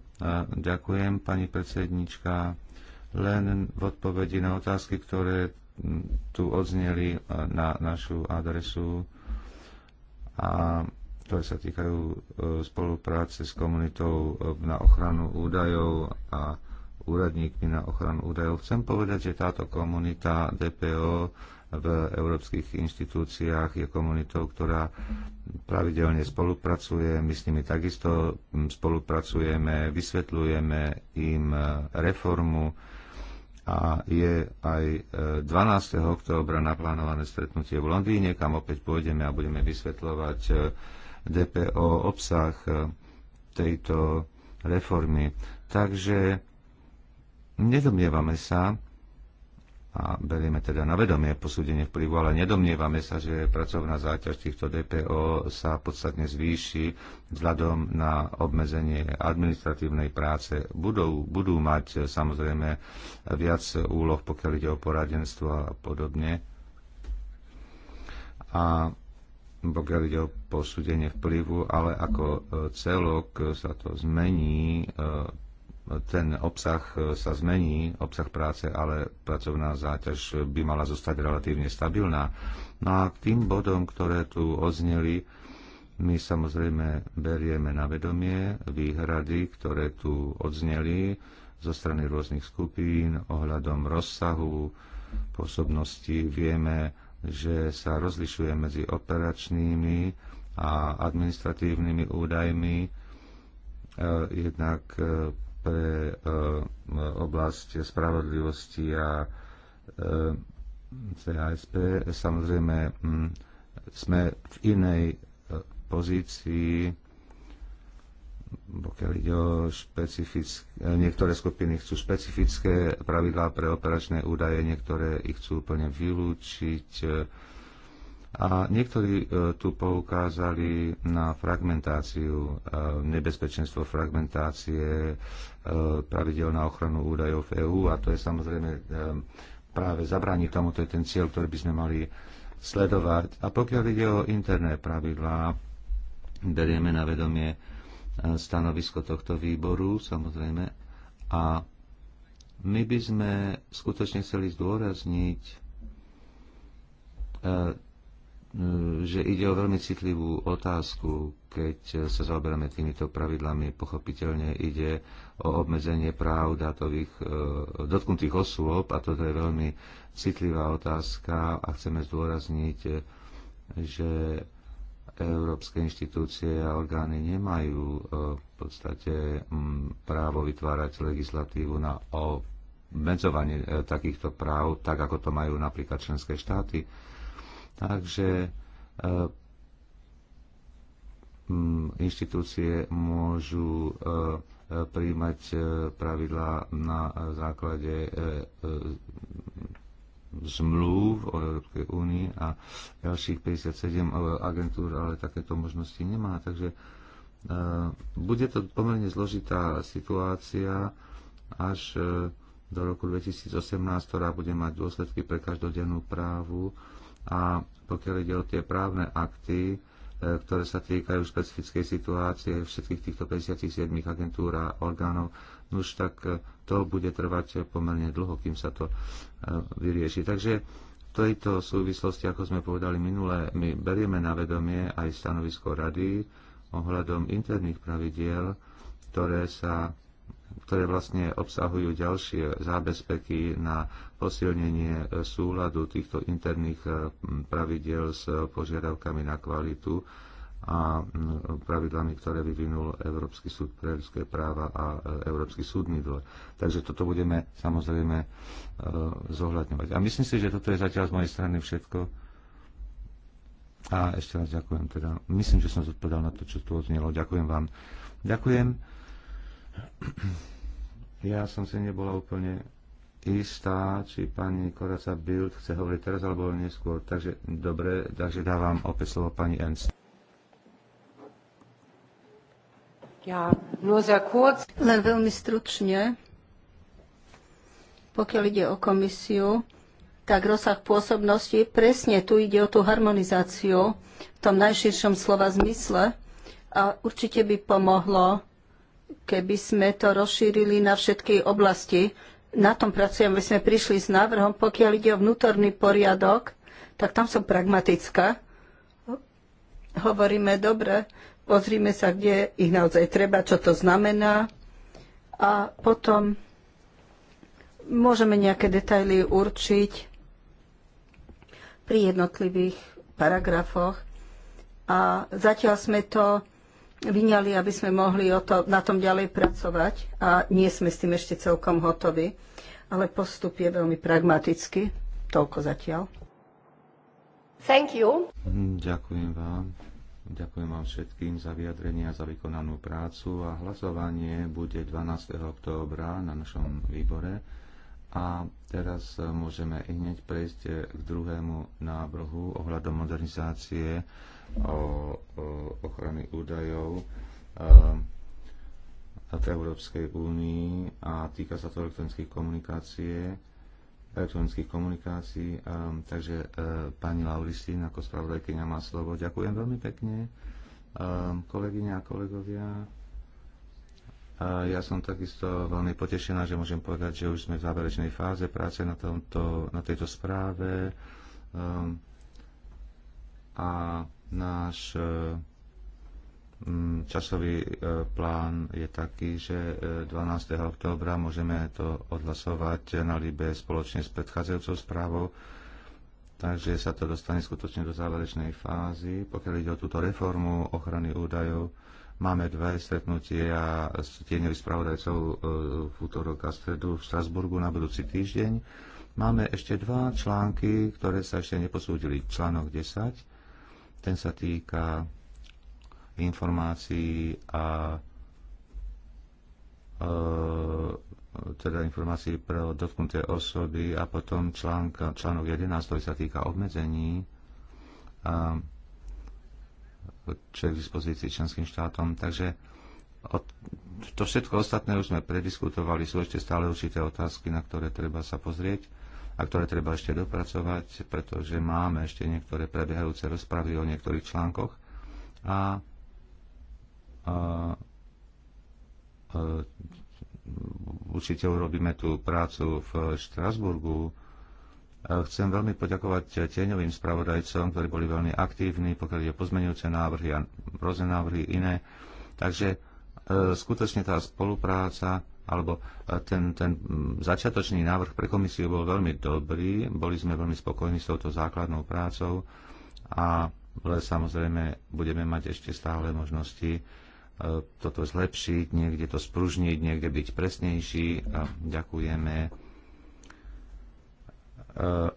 ďakujem, pani predsednička. Len v odpovedi na otázky, ktoré tu odzneli eh, na našu adresu a ktoré sa týkajú eh, spolupráce s komunitou eh, na ochranu údajov a úradníkmi na ochranu údajov. Chcem povedať, že táto komunita DPO v európskych inštitúciách je komunitou, ktorá pravidelne spolupracuje. My s nimi takisto hm, spolupracujeme, vysvetľujeme im reformu a je aj 12. E, októbra naplánované stretnutie v Londýne, kam opäť pôjdeme a budeme vysvetľovať e, DPO obsah e, tejto reformy. Takže nedomnievame sa, a berieme teda na vedomie posúdenie vplyvu, ale nedomnievame sa, že pracovná záťaž týchto DPO sa podstatne zvýši vzhľadom na obmedzenie administratívnej práce. Budú, budú mať e, samozrejme viac úloh, pokiaľ ide o poradenstvo a podobne. A pokiaľ ide o posúdenie vplyvu, ale ako e, celok e, sa to zmení ten obsah e, sa zmení, obsah práce, ale pracovná záťaž by mala zostať relatívne stabilná. No a k tým bodom, ktoré tu ozneli, my samozrejme berieme na vedomie výhrady, ktoré tu odzneli zo strany rôznych skupín ohľadom rozsahu pôsobnosti. Vieme, že sa rozlišuje medzi operačnými a administratívnymi údajmi. E, jednak e, pre eh, oblasť spravodlivosti a eh, CASP. Samozrejme, hm, sme v inej eh, pozícii, pokiaľ ide o špecifické, niektoré skupiny chcú špecifické pravidlá pre operačné údaje, niektoré ich chcú úplne vylúčiť a niektorí e, tu poukázali na fragmentáciu, e, nebezpečenstvo fragmentácie, e, pravidel na ochranu údajov v EÚ a to je samozrejme práve zabraní tomu, to je ten cieľ, ktorý by sme mali sledovať. A pokiaľ ide o interné pravidlá, berieme na vedomie stanovisko tohto výboru, samozrejme, a my by sme skutočne chceli zdôrazniť E, že ide o veľmi citlivú otázku, keď sa zaoberáme týmito pravidlami. Pochopiteľne ide o obmedzenie práv dátových e, dotknutých osôb a toto je veľmi citlivá otázka a chceme zdôrazniť, e, že európske inštitúcie a orgány nemajú v podstate právo vytvárať legislatívu na obmedzovanie takýchto práv, tak ako to majú napríklad členské štáty Takže eh, mm, inštitúcie môžu eh, príjmať eh, pravidlá na základe zmluv o Európskej únii a ďalších 57 agentúr, ale takéto možnosti nemá. Takže bude to pomerne zložitá situácia až do roku 2018, ktorá bude mať dôsledky pre každodennú právu a pokiaľ ide o tie právne akty, e, ktoré sa týkajú špecifickej situácie všetkých týchto 57 agentúr a orgánov, no už tak e, to bude trvať pomerne dlho, kým sa to e, vyrieši. Takže v tejto súvislosti, ako sme povedali minule, my berieme na vedomie aj stanovisko rady ohľadom interných pravidiel, ktoré sa ktoré vlastne obsahujú ďalšie zábezpeky na posilnenie súladu týchto interných eh, pravidel s požiadavkami na kvalitu a mm, pravidlami, ktoré vyvinul Európsky súd pre ľudské práva a eh, Európsky súdny dvor. Takže toto budeme samozrejme eh, zohľadňovať. A myslím si, že toto je zatiaľ z mojej strany všetko. A ešte raz ďakujem. Teda, myslím, že som zodpovedal na to, čo tu odznelo. Ďakujem vám. Ďakujem. *clears throat* Ja som si nebola úplne istá, či pani Koraca Bild chce hovoriť teraz alebo neskôr. Takže dobre, takže dávam opäť slovo pani Ernst. Ja, no za kurz. Len veľmi stručne, pokiaľ ide o komisiu, tak rozsah pôsobnosti, presne tu ide o tú harmonizáciu v tom najširšom slova zmysle a určite by pomohlo, keby sme to rozšírili na všetky oblasti, na tom pracujem my sme prišli s návrhom, pokiaľ ide o vnútorný poriadok, tak tam som pragmatická. Hovoríme, dobre, pozrime sa, kde ich naozaj treba, čo to znamená. A potom môžeme nejaké detaily určiť pri jednotlivých paragrafoch. A zatiaľ sme to vyňali, aby sme mohli o to, na tom ďalej pracovať a nie sme s tým ešte celkom hotovi, ale postup je veľmi pragmatický. Toľko zatiaľ. Thank you. Ďakujem vám. Ďakujem vám všetkým za vyjadrenie a za vykonanú prácu a hlasovanie bude 12. októbra na našom výbore. A teraz eh, môžeme i hneď prejsť eh, k druhému návrhu ohľadom modernizácie o, o ochrany údajov v Európskej únii a týka sa to elektronických komunikácie elektronických komunikácií. takže e, pani Lauristín ako spravodajkyňa má slovo. Ďakujem veľmi pekne. kolegyne a kolegovia, ja som takisto veľmi potešená, že môžem povedať, že už sme v záverečnej fáze práce na, tomto, na tejto správe. A Náš e, časový e, plán je taký, že 12. E, októbra môžeme to odhlasovať na Libe spoločne s predchádzajúcou správou, takže sa to dostane skutočne do záverečnej fázy. Pokiaľ ide o túto reformu ochrany údajov, máme dve stretnutia s tieňových spravodajcov v útorok a stredu v Strasburgu na budúci týždeň. Máme ešte dva články, ktoré sa ešte neposúdili. Článok 10 ten sa týka informácií a e, teda informácií pre dotknuté osoby a potom článka, článok 11, ktorý sa týka obmedzení, a, čo je k dispozícii členským štátom. Takže od, to všetko ostatné už sme prediskutovali, sú ešte stále určité otázky, na ktoré treba sa pozrieť a ktoré treba ešte dopracovať, pretože máme ešte niektoré prebiehajúce rozpravy o niektorých článkoch a, a, a e, určite urobíme tú prácu v Štrasburgu. E, chcem veľmi poďakovať tieňovým spravodajcom, ktorí boli veľmi aktívni, pokiaľ ide pozmenujúce návrhy a rôzne návrhy iné. Takže e, skutočne tá spolupráca alebo e, ten, ten začiatočný návrh pre komisiu bol veľmi dobrý, boli sme veľmi spokojní s touto základnou prácou, a, ale samozrejme budeme mať ešte stále možnosti e, toto zlepšiť, niekde to spružniť, niekde byť presnejší. A ďakujeme e,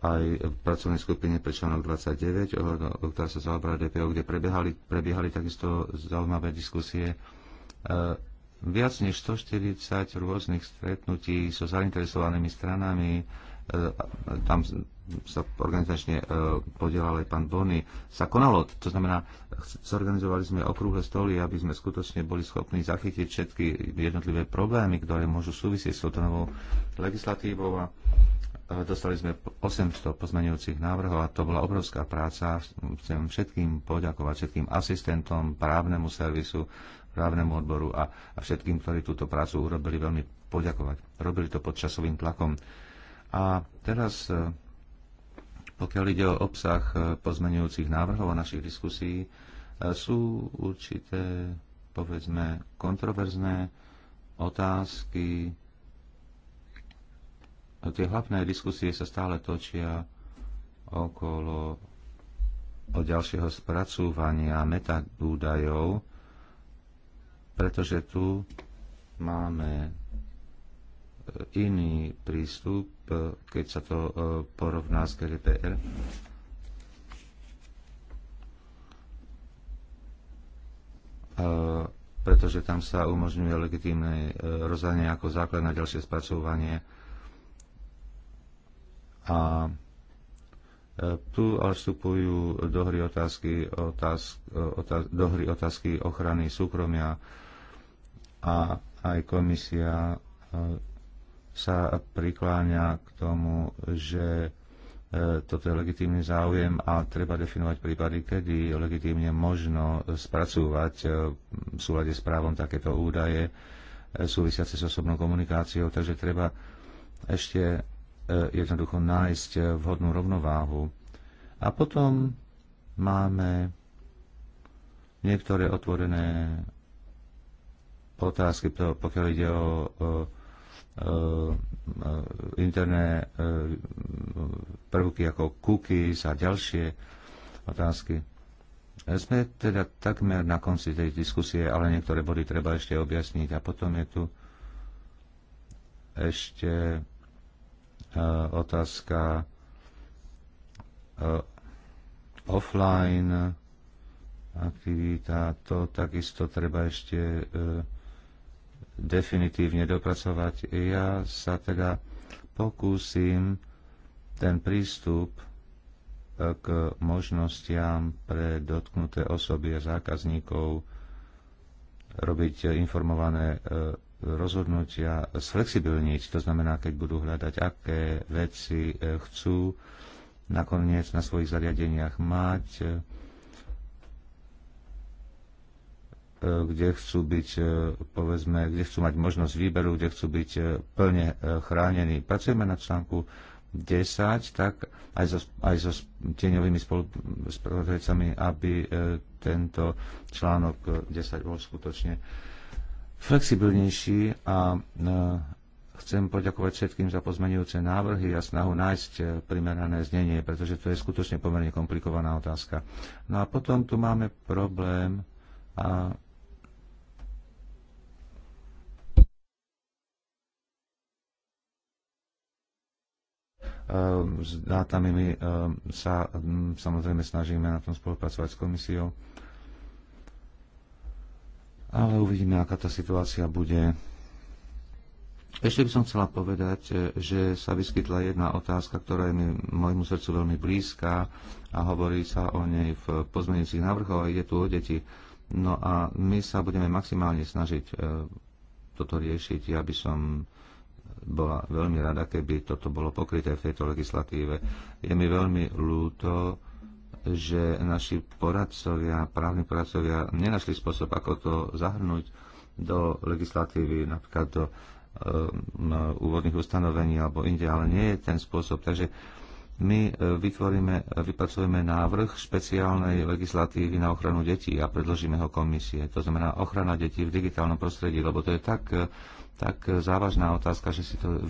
aj v pracovnej skupine pre článok 29, ktorá sa zaoberá DPO, kde prebiehali, prebiehali takisto zaujímavé diskusie viac než 140 rôznych stretnutí so zainteresovanými stranami. E, tam sa organizačne e, podielal aj pán Bony. Sa konalo, to znamená, zorganizovali sme okrúhle stoly, aby sme skutočne boli schopní zachytiť všetky jednotlivé problémy, ktoré môžu súvisieť s touto novou legislatívou a e, dostali sme 800 pozmeňujúcich návrhov a to bola obrovská práca. Chcem všetkým poďakovať, všetkým asistentom, právnemu servisu, právnemu odboru a, a všetkým, ktorí túto prácu urobili, veľmi poďakovať. Robili to pod časovým tlakom. A teraz, e, pokiaľ ide o obsah e, pozmenujúcich návrhov a našich diskusí, e, sú určité, povedzme, kontroverzné otázky. Tie hlavné diskusie sa stále točia okolo o ďalšieho spracúvania metadúdajov pretože tu máme e, iný prístup, e, keď sa to e, porovná s GDPR. pretože tam sa umožňuje legitímne rozdanie ako základ na ďalšie spracovanie. A tu ale vstupujú do hry otázky, otázky, otázky, do hry otázky ochrany súkromia, a aj komisia e, sa prikláňa k tomu, že e, toto je legitímny záujem a treba definovať prípady, kedy je legitímne možno spracúvať e, v súlade s právom takéto údaje súvisiace s osobnou komunikáciou, takže treba ešte jednoducho nájsť vhodnú rovnováhu. A potom máme niektoré otvorené otázky, pokiaľ ide o interné e, prvky ako cookies a ďalšie otázky. Sme teda takmer na konci tej diskusie, ale niektoré body treba ešte objasniť. A potom je tu ešte e, otázka e, offline aktivita. To takisto treba ešte definitívne dopracovať. Ja sa teda pokúsim ten prístup e, k možnostiam pre dotknuté osoby a zákazníkov robiť informované e, rozhodnutia, sflexibilniť, to znamená, keď budú hľadať, aké veci e, chcú nakoniec na svojich zariadeniach mať, E, kde chcú byť, e, povedzme, kde chcú mať možnosť výberu, kde chcú byť e, plne chránení. Pracujeme na článku 10, tak aj so, aj so tieňovými spolupracujúcami, aby tento článok 10 bol skutočne flexibilnejší a chcem poďakovať všetkým za pozmenujúce návrhy a snahu nájsť primerané znenie, pretože to je skutočne pomerne komplikovaná otázka. No a potom tu máme problém, a Eh, s dátami my eh, sa hm, samozrejme snažíme na tom spolupracovať s komisiou. Ale uvidíme, aká tá situácia bude. Ešte by som chcela povedať, že sa vyskytla jedna otázka, ktorá je mi, môjmu srdcu veľmi blízka a hovorí sa o nej v pozmeňujúcich návrhoch a ide tu o deti. No a my sa budeme maximálne snažiť eh, toto riešiť. Ja by som bola veľmi rada, keby toto bolo pokryté v tejto legislatíve. Je mi veľmi ľúto, že naši poradcovia, právni poradcovia nenašli spôsob, ako to zahrnúť do legislatívy, napríklad do um, úvodných ustanovení alebo inde, ale nie je ten spôsob. Takže my e, vytvoríme, vypracujeme návrh špeciálnej legislatívy na ochranu detí a predložíme ho komisie. To znamená ochrana detí v digitálnom prostredí, lebo to je tak e, tak e, závažná otázka, že si to e,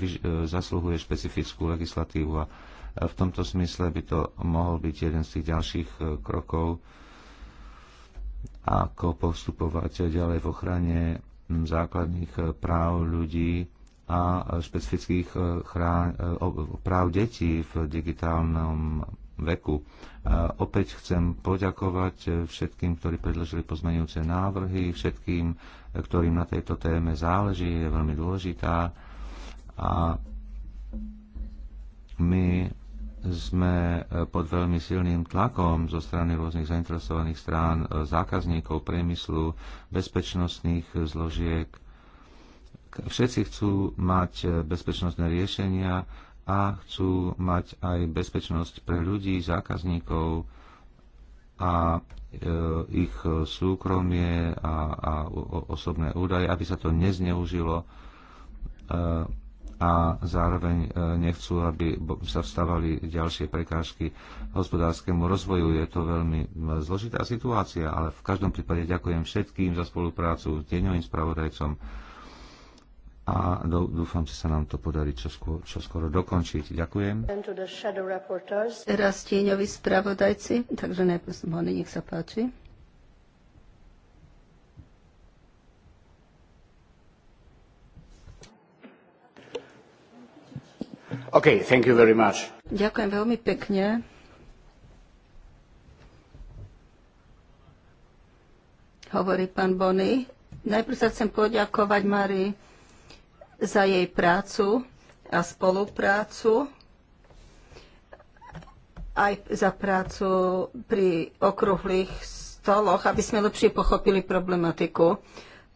zasluhuje špecifickú legislatívu a e, v tomto smysle by to mohol byť jeden z tých ďalších krokov, ako postupovať ďalej v ochrane základných práv ľudí a špecifických práv detí v digitálnom veku. A opäť chcem poďakovať e, všetkým, ktorí predložili pozmenujúce návrhy, všetkým, e, ktorým na tejto téme záleží, je veľmi dôležitá. A my sme e, pod veľmi silným tlakom zo strany rôznych zainteresovaných strán, zákazníkov, priemyslu, bezpečnostných zložiek. Všetci chcú mať bezpečnostné riešenia, a chcú mať aj bezpečnosť pre ľudí, zákazníkov a e, ich súkromie a, a osobné údaje, aby sa to nezneužilo e, a zároveň e, nechcú, aby sa vstávali ďalšie prekážky hospodárskému rozvoju. Je to veľmi zložitá situácia, ale v každom prípade ďakujem všetkým za spoluprácu s deňovým spravodajcom a dúfam, že sa nám to podarí čoskoro, čoskoro dokončiť. Ďakujem. Teraz tieňoví spravodajci, takže najprv som hodný, nech sa páči. Okay, thank you very much. Ďakujem veľmi pekne. Hovorí pán Bonny. Najprv sa chcem poďakovať Marii za jej prácu a spoluprácu, aj za prácu pri okrúhlych stoloch, aby sme lepšie pochopili problematiku.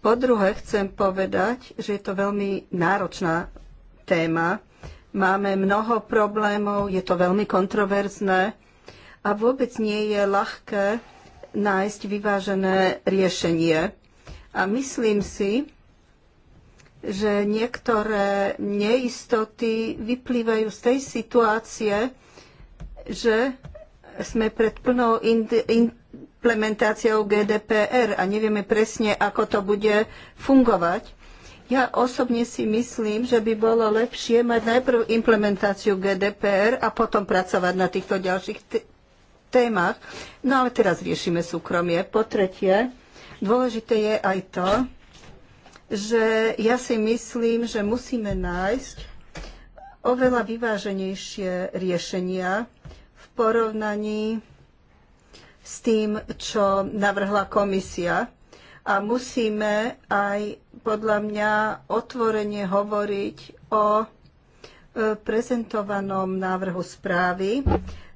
Po druhé, chcem povedať, že je to veľmi náročná téma. Máme mnoho problémov, je to veľmi kontroverzné a vôbec nie je ľahké nájsť vyvážené riešenie. A myslím si, že niektoré neistoty vyplývajú z tej situácie, že sme pred plnou implementáciou GDPR a nevieme presne, ako to bude fungovať. Ja osobne si myslím, že by bolo lepšie mať najprv implementáciu GDPR a potom pracovať na týchto ďalších témach. No ale teraz riešime súkromie. Po tretie, dôležité je aj to, že ja si myslím, že musíme nájsť oveľa vyváženejšie riešenia v porovnaní s tým, čo navrhla komisia. A musíme aj podľa mňa otvorene hovoriť o e, prezentovanom návrhu správy.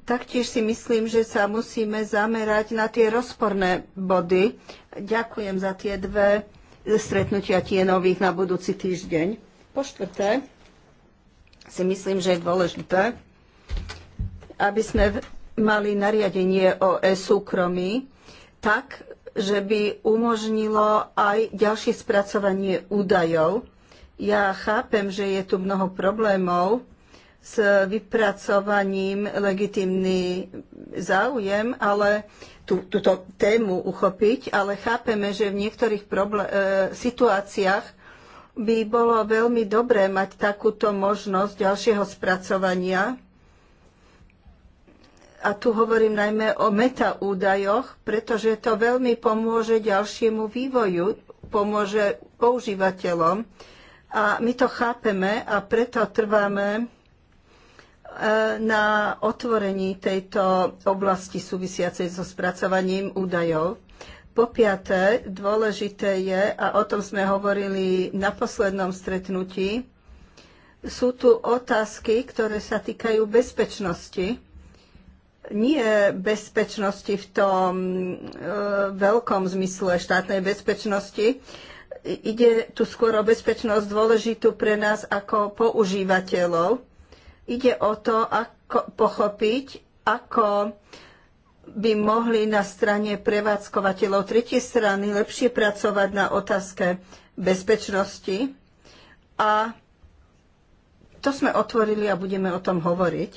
Taktiež si myslím, že sa musíme zamerať na tie rozporné body. Ďakujem za tie dve stretnutia tienových na budúci týždeň. Po štvrté, si myslím, že je dôležité, aby sme mali nariadenie o e-súkromí tak, že by umožnilo aj ďalšie spracovanie údajov. Ja chápem, že je tu mnoho problémov s vypracovaním legitimný záujem, ale tú, túto tému uchopiť, ale chápeme, že v niektorých problé- e, situáciách by bolo veľmi dobré mať takúto možnosť ďalšieho spracovania. A tu hovorím najmä o metaúdajoch, pretože to veľmi pomôže ďalšiemu vývoju, pomôže používateľom. A my to chápeme a preto trváme E, na otvorení tejto oblasti súvisiacej so spracovaním údajov. Po piaté, dôležité je, a o tom sme hovorili na poslednom stretnutí, sú tu otázky, ktoré sa týkajú bezpečnosti. Nie bezpečnosti v tom e, veľkom zmysle štátnej bezpečnosti. Ide tu skôr o bezpečnosť dôležitú pre nás ako používateľov Ide o to, ako pochopiť, ako by mohli na strane prevádzkovateľov tretej strany lepšie pracovať na otázke bezpečnosti. A to sme otvorili a budeme o tom hovoriť.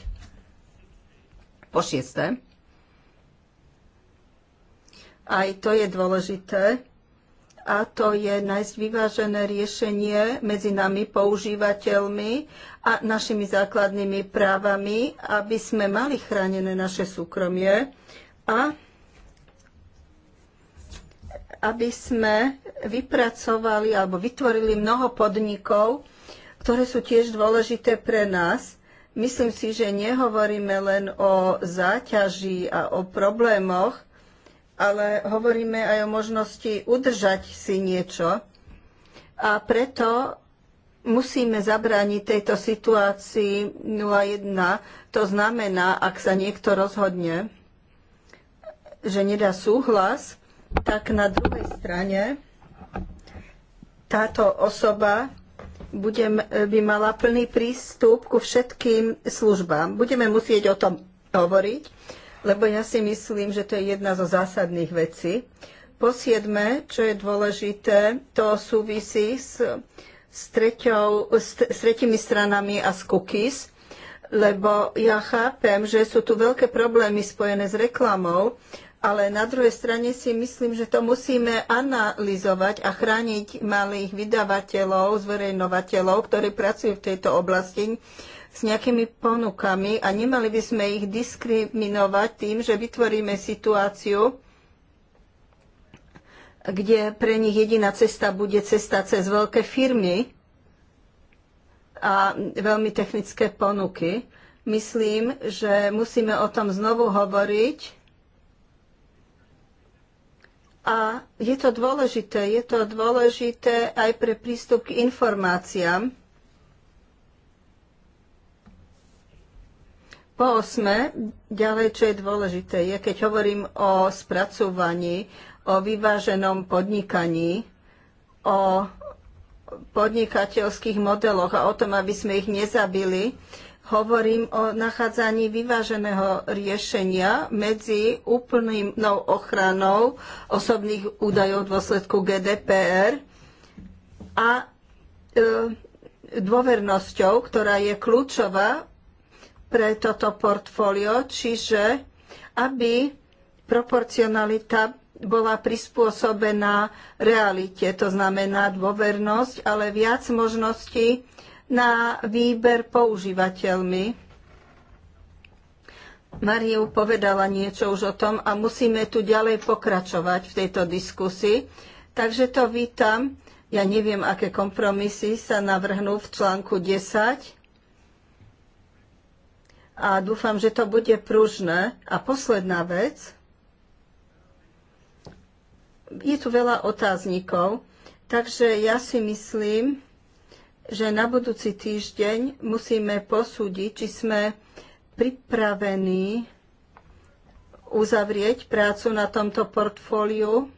Po šiesté. Aj to je dôležité a to je nájsť vyvážené riešenie medzi nami, používateľmi a našimi základnými právami, aby sme mali chránené naše súkromie a aby sme vypracovali alebo vytvorili mnoho podnikov, ktoré sú tiež dôležité pre nás. Myslím si, že nehovoríme len o záťaži a o problémoch, ale hovoríme aj o možnosti udržať si niečo. A preto musíme zabrániť tejto situácii 0,1. To znamená, ak sa niekto rozhodne, že nedá súhlas, tak na druhej strane táto osoba bude, by mala plný prístup ku všetkým službám. Budeme musieť o tom hovoriť lebo ja si myslím, že to je jedna zo zásadných vecí. Po siedme, čo je dôležité, to súvisí s, s, treťou, s, s tretimi stranami a s cookies, lebo ja chápem, že sú tu veľké problémy spojené s reklamou, ale na druhej strane si myslím, že to musíme analyzovať a chrániť malých vydavateľov, zverejnovateľov, ktorí pracujú v tejto oblasti, s nejakými ponukami a nemali by sme ich diskriminovať tým, že vytvoríme situáciu, kde pre nich jediná cesta bude cesta cez veľké firmy a veľmi technické ponuky. Myslím, že musíme o tom znovu hovoriť. A je to dôležité. Je to dôležité aj pre prístup k informáciám Po osme, ďalej, čo je dôležité, je, keď hovorím o spracovaní, o vyváženom podnikaní, o podnikateľských modeloch a o tom, aby sme ich nezabili, hovorím o nachádzaní vyváženého riešenia medzi úplnou no, ochranou osobných údajov v dôsledku GDPR a e, dôvernosťou, ktorá je kľúčová pre toto portfólio, čiže aby proporcionalita bola prispôsobená realite, to znamená dôvernosť, ale viac možností na výber používateľmi. Mariu povedala niečo už o tom a musíme tu ďalej pokračovať v tejto diskusii. Takže to vítam. Ja neviem, aké kompromisy sa navrhnú v článku 10, a dúfam, že to bude pružné. A posledná vec. Je tu veľa otáznikov, takže ja si myslím, že na budúci týždeň musíme posúdiť, či sme pripravení uzavrieť prácu na tomto portfóliu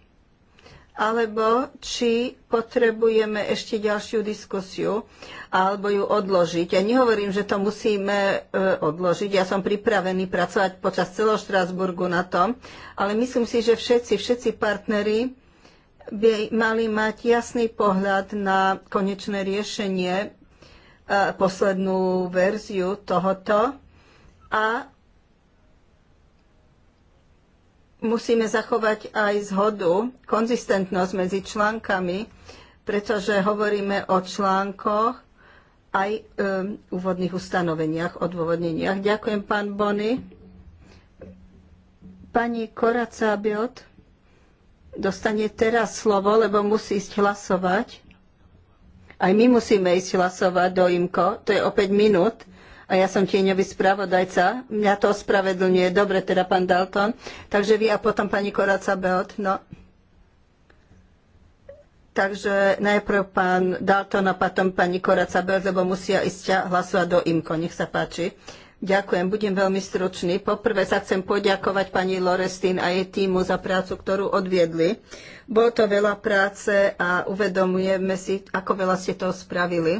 alebo či potrebujeme ešte ďalšiu diskusiu, alebo ju odložiť. Ja nehovorím, že to musíme e, odložiť. Ja som pripravený pracovať počas celého Štrásburgu na tom, ale myslím si, že všetci, všetci partneri by mali mať jasný pohľad na konečné riešenie, e, poslednú verziu tohoto a musíme zachovať aj zhodu, konzistentnosť medzi článkami, pretože hovoríme o článkoch aj um, úvodných ustanoveniach, odôvodneniach. Ďakujem, pán Bony. Pani Koraca Biot dostane teraz slovo, lebo musí ísť hlasovať. Aj my musíme ísť hlasovať do IMKO, to je o 5 minút a ja som tieňový spravodajca. Mňa to ospravedlňuje. Dobre, teda pán Dalton. Takže vy a potom pani Koráca Beot. No. Takže najprv pán Dalton a potom pani Koráca Beot, lebo musia ísť hlasovať do IMKO. Nech sa páči. Ďakujem, budem veľmi stručný. Poprvé sa chcem poďakovať pani Lorestin a jej týmu za prácu, ktorú odviedli. Bolo to veľa práce a uvedomujeme si, ako veľa ste toho spravili.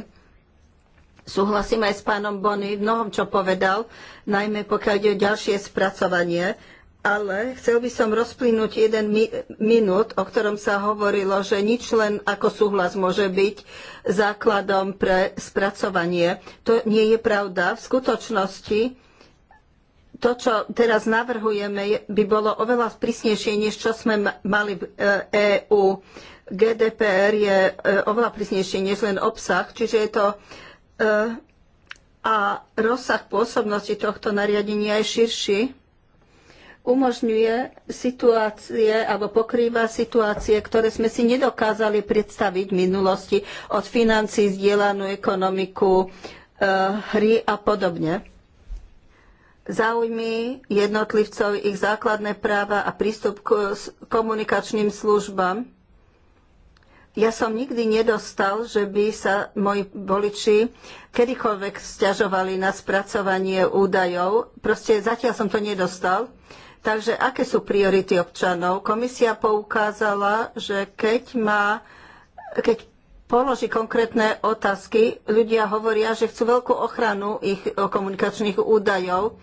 Súhlasím aj s pánom Bony v mnohom, čo povedal, najmä pokiaľ ide o ďalšie spracovanie, ale chcel by som rozplynúť jeden mi- minút, o ktorom sa hovorilo, že nič len ako súhlas môže byť základom pre spracovanie. To nie je pravda. V skutočnosti to, čo teraz navrhujeme, by bolo oveľa prísnejšie, než čo sme mali v EÚ. E GDPR je e, oveľa prísnejšie než len obsah, čiže je to a rozsah pôsobnosti tohto nariadenia je širší. Umožňuje situácie alebo pokrýva situácie, ktoré sme si nedokázali predstaviť v minulosti od financí, zdieľanú ekonomiku, eh, hry a podobne záujmy jednotlivcov, ich základné práva a prístup k komunikačným službám. Ja som nikdy nedostal, že by sa moji voliči kedykoľvek stiažovali na spracovanie údajov. Proste zatiaľ som to nedostal. Takže aké sú priority občanov? Komisia poukázala, že keď, má, keď položí konkrétne otázky, ľudia hovoria, že chcú veľkú ochranu ich komunikačných údajov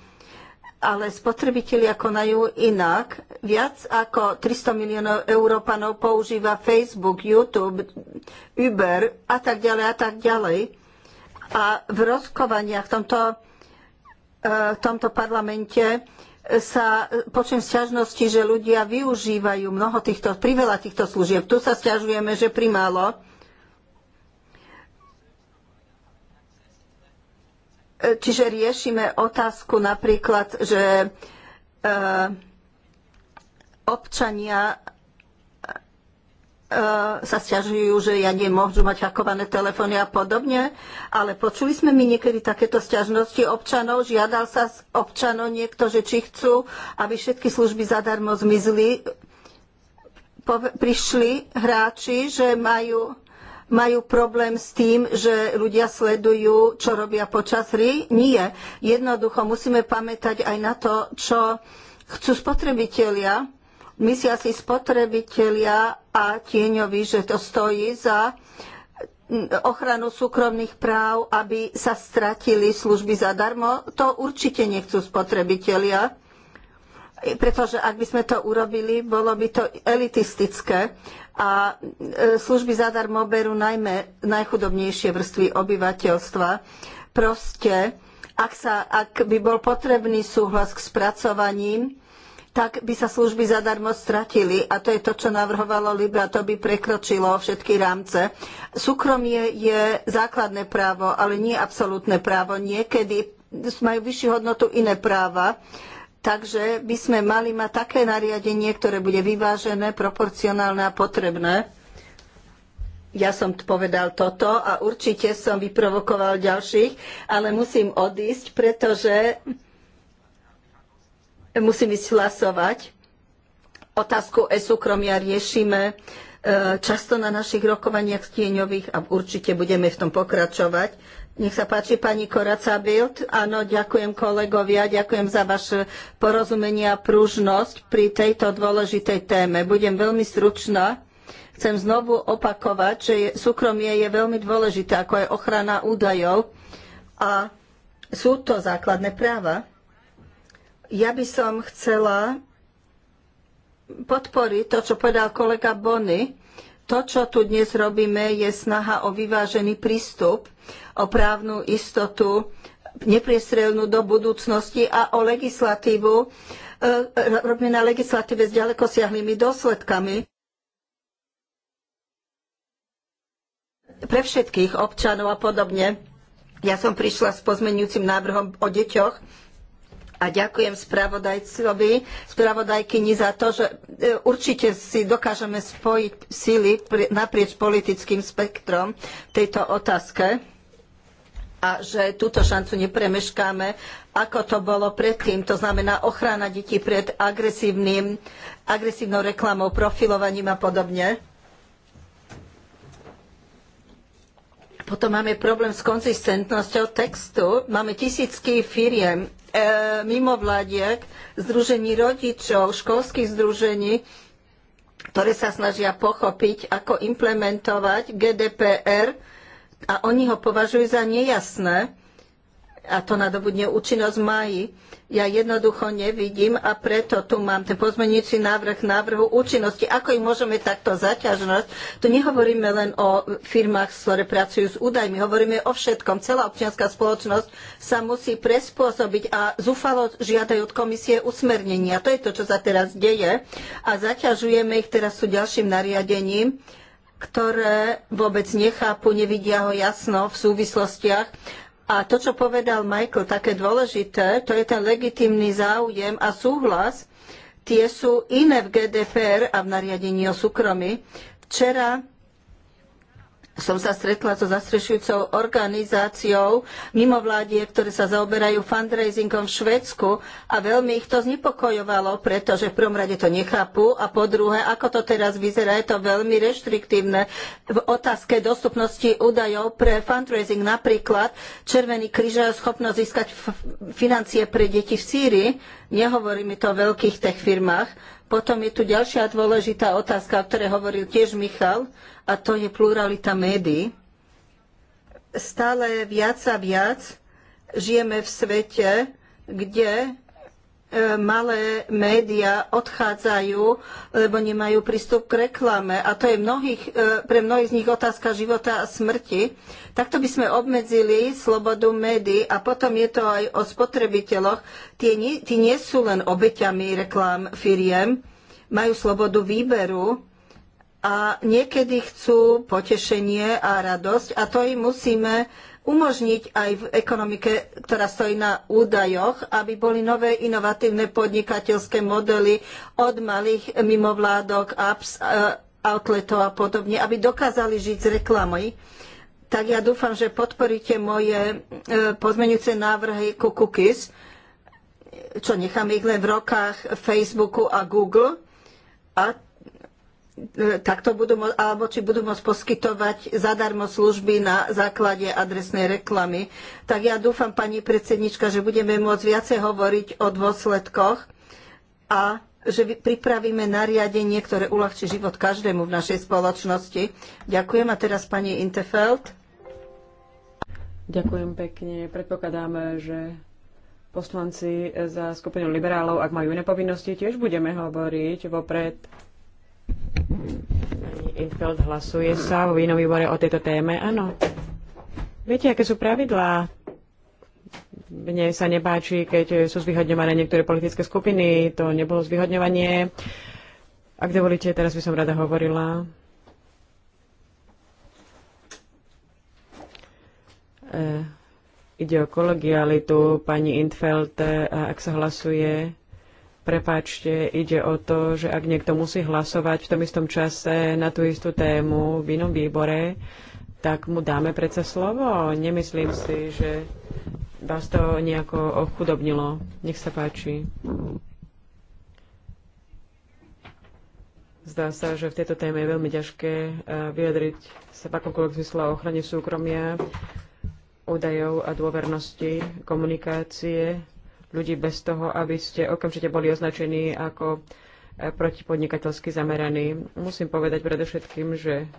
ale spotrebitelia konajú inak. Viac ako 300 miliónov Európanov používa Facebook, YouTube, Uber a tak ďalej a tak ďalej. A v rozkovaniach v tomto, e, v tomto parlamente sa počujem sťažnosti, že ľudia využívajú mnoho týchto, priveľa týchto služieb. Tu sa sťažujeme, že primálo. Čiže riešime otázku napríklad, že e, občania e, sa stiažujú, že ja nemôžu mať hakované telefóny a podobne, ale počuli sme my niekedy takéto stiažnosti občanov, žiadal sa z občanov niekto, že či chcú, aby všetky služby zadarmo zmizli, prišli hráči, že majú majú problém s tým, že ľudia sledujú, čo robia počas hry? Nie. Jednoducho musíme pamätať aj na to, čo chcú spotrebitelia. Myslia si spotrebitelia a tieňovi, že to stojí za ochranu súkromných práv, aby sa stratili služby zadarmo. To určite nechcú spotrebitelia pretože ak by sme to urobili, bolo by to elitistické a e, služby zadarmo berú najmä najchudobnejšie vrstvy obyvateľstva. Proste, ak, sa, ak by bol potrebný súhlas k spracovaním, tak by sa služby zadarmo stratili a to je to, čo navrhovalo Libra, to by prekročilo všetky rámce. Súkromie je základné právo, ale nie absolútne právo. Niekedy majú vyššiu hodnotu iné práva Takže by sme mali mať také nariadenie, ktoré bude vyvážené, proporcionálne a potrebné. Ja som povedal toto a určite som vyprovokoval ďalších, ale musím odísť, pretože musím ísť hlasovať. Otázku e-súkromia riešime e, často na našich rokovaniach stieňových a určite budeme v tom pokračovať. Nech sa páči pani Koraca Bild. Áno, ďakujem kolegovia, ďakujem za vaše porozumenie a pružnosť pri tejto dôležitej téme. Budem veľmi stručná. Chcem znovu opakovať, že súkromie je veľmi dôležité, ako je ochrana údajov a sú to základné práva. Ja by som chcela podporiť to, čo povedal kolega Bonny, to, čo tu dnes robíme, je snaha o vyvážený prístup, o právnu istotu, nepriestrelnú do budúcnosti a o legislatívu, e, robíme na legislatíve s ďalekosiahlymi dôsledkami. pre všetkých občanov a podobne. Ja som prišla s pozmenujúcim návrhom o deťoch, a ďakujem spravodajcovi, spravodajkyni za to, že e, určite si dokážeme spojiť síly naprieč politickým spektrom v tejto otázke a že túto šancu nepremeškáme, ako to bolo predtým. To znamená ochrana detí pred agresívnym, agresívnou reklamou, profilovaním a podobne. Potom máme problém s konzistentnosťou textu. Máme tisícky firiem, E, mimovládiek, združení rodičov, školských združení, ktoré sa snažia pochopiť, ako implementovať GDPR a oni ho považujú za nejasné a to nadobudne účinnosť v máji. Ja jednoducho nevidím a preto tu mám ten pozmenujúci návrh návrhu účinnosti. Ako ich môžeme takto zaťažovať? Tu nehovoríme len o firmách, ktoré pracujú s údajmi, hovoríme o všetkom. Celá občianská spoločnosť sa musí prespôsobiť a zúfalo žiadajú od komisie usmernenia. To je to, čo sa teraz deje a zaťažujeme ich teraz sú ďalším nariadením ktoré vôbec nechápu, nevidia ho jasno v súvislostiach a to, čo povedal Michael, také dôležité, to je ten legitímny záujem a súhlas, tie sú iné v GDPR a v nariadení o súkromí. Včera som sa stretla so zastrešujúcou organizáciou mimovládie, ktoré sa zaoberajú fundraisingom v Švedsku a veľmi ich to znepokojovalo, pretože v prvom rade to nechápu a po druhé, ako to teraz vyzerá, je to veľmi reštriktívne v otázke dostupnosti údajov pre fundraising. Napríklad Červený kríž je schopnosť získať financie pre deti v Sýrii. Nehovorí mi to o veľkých tech firmách potom je tu ďalšia dôležitá otázka, o ktorej hovoril tiež Michal, a to je pluralita médií. Stále viac a viac žijeme v svete, kde E, malé médiá odchádzajú, lebo nemajú prístup k reklame. A to je mnohých, e, pre mnohých z nich otázka života a smrti. Takto by sme obmedzili slobodu médií a potom je to aj o spotrebiteľoch. Tí, tí nie sú len obeťami reklám firiem, majú slobodu výberu a niekedy chcú potešenie a radosť a to im musíme umožniť aj v ekonomike, ktorá stojí na údajoch, aby boli nové inovatívne podnikateľské modely od malých mimovládok, apps, e, outletov a podobne, aby dokázali žiť z reklamy. Tak ja dúfam, že podporíte moje e, pozmeňujúce návrhy ku cookies, čo nechám ich len v rokách Facebooku a Google. A E, takto budú, alebo či budú môcť poskytovať zadarmo služby na základe adresnej reklamy. Tak ja dúfam, pani predsednička, že budeme môcť viacej hovoriť o dôsledkoch a že pripravíme nariadenie, ktoré uľahčí život každému v našej spoločnosti. Ďakujem a teraz pani Intefeld. Ďakujem pekne. Predpokladáme, že poslanci za skupinu liberálov, ak majú iné povinnosti, tiež budeme hovoriť vopred Pani Infeld, hlasuje sa vo inom výbore o tejto téme? Áno. Viete, aké sú pravidlá? Mne sa nepáči, keď sú zvyhodňované niektoré politické skupiny. To nebolo zvyhodňovanie. Ak dovolíte, teraz by som rada hovorila. E, ide o kolegialitu. Pani Intfeld, e, ak sa hlasuje Prepáčte, ide o to, že ak niekto musí hlasovať v tom istom čase na tú istú tému v inom výbore, tak mu dáme predsa slovo. Nemyslím si, že vás to nejako ochudobnilo. Nech sa páči. Zdá sa, že v tejto téme je veľmi ťažké eh, vyjadriť sa v akomkoľvek zmysle o ochrane súkromia, údajov a dôvernosti komunikácie ľudí bez toho, aby ste okamžite boli označení ako e, protipodnikateľsky zameraní. Musím povedať predovšetkým, že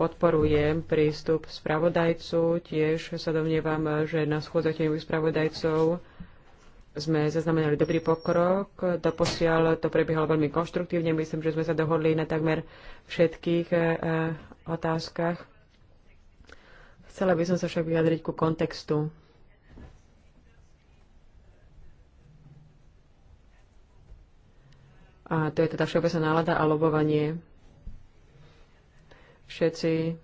podporujem prístup spravodajcu. Tiež sa domnievam, že na schôdzach tenových spravodajcov sme zaznamenali dobrý pokrok. Doposiaľ to prebiehalo veľmi konštruktívne. Myslím, že sme sa dohodli na takmer všetkých e, otázkach. Chcela by som sa však vyjadriť ku kontextu. A to je teda všeobecná nálada a lobovanie. Všetci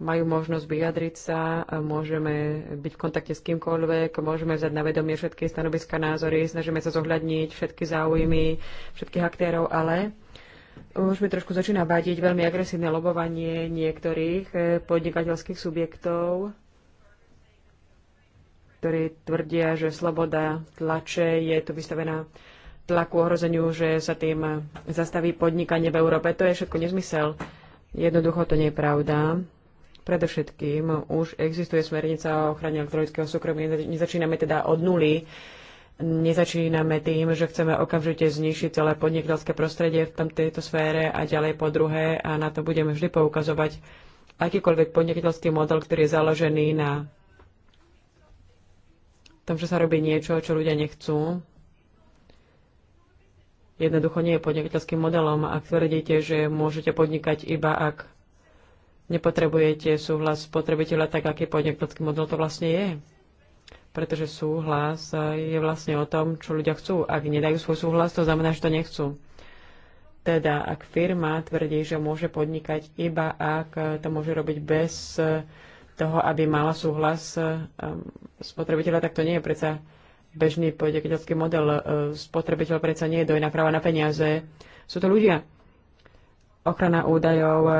majú možnosť vyjadriť sa, môžeme byť v kontakte s kýmkoľvek, môžeme vzať na vedomie všetky stanoviska, názory, snažíme sa zohľadniť všetky záujmy všetkých aktérov, ale už mi trošku začína vadiť veľmi agresívne lobovanie niektorých podnikateľských subjektov, ktorí tvrdia, že sloboda tlače je tu vystavená tlaku, ohrozeniu, že sa tým zastaví podnikanie v Európe. To je všetko nezmysel. Jednoducho to nie je pravda. Predovšetkým už existuje smernica o ochrane elektronického súkromia. Nezačíname teda od nuly. Nezačíname tým, že chceme okamžite znišiť celé podnikateľské prostredie v tom, tejto sfére a ďalej po druhé a na to budeme vždy poukazovať akýkoľvek podnikateľský model, ktorý je založený na tom, že sa robí niečo, čo ľudia nechcú, jednoducho nie je podnikateľským modelom. Ak tvrdíte, že môžete podnikať iba ak nepotrebujete súhlas spotrebiteľa, tak aký podnikateľský model to vlastne je? Pretože súhlas je vlastne o tom, čo ľudia chcú. Ak nedajú svoj súhlas, to znamená, že to nechcú. Teda, ak firma tvrdí, že môže podnikať iba ak to môže robiť bez toho, aby mala súhlas um, spotrebiteľa, tak to nie je predsa bežný podnikateľský model. E, spotrebiteľ predsa nie je dojná práva na peniaze. Sú to ľudia. Ochrana údajov e,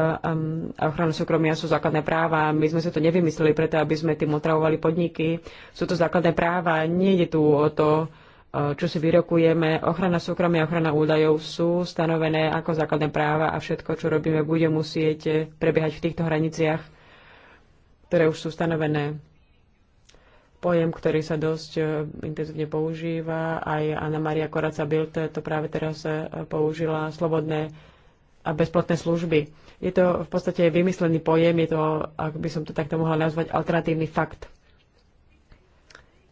a ochrana súkromia sú základné práva. My sme si to nevymysleli preto, aby sme tým otravovali podniky. Sú to základné práva. Nie je tu o to, e, čo si vyrokujeme. Ochrana súkromia a ochrana údajov sú stanovené ako základné práva a všetko, čo robíme, bude musieť prebiehať v týchto hraniciach, ktoré už sú stanovené pojem, ktorý sa dosť e, intenzívne používa. Aj Anna Maria Koraca Bilte to práve teraz e, použila, slobodné a bezplatné služby. Je to v podstate vymyslený pojem, je to, ak by som to takto mohla nazvať, alternatívny fakt.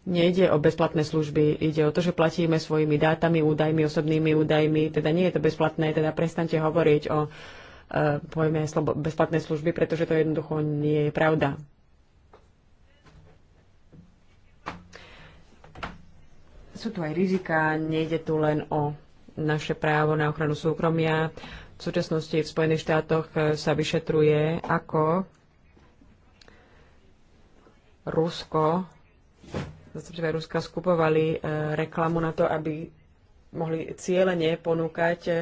Nejde o bezplatné služby, ide o to, že platíme svojimi dátami, údajmi, osobnými údajmi, teda nie je to bezplatné, teda prestante hovoriť o e, pojme bezplatné služby, pretože to jednoducho nie je pravda. sú tu aj rizika, nejde tu len o naše právo na ochranu súkromia. V súčasnosti v Spojených štátoch e, sa vyšetruje, ako Rusko, zastupcovia Ruska skupovali e, reklamu na to, aby mohli cieľene ponúkať e,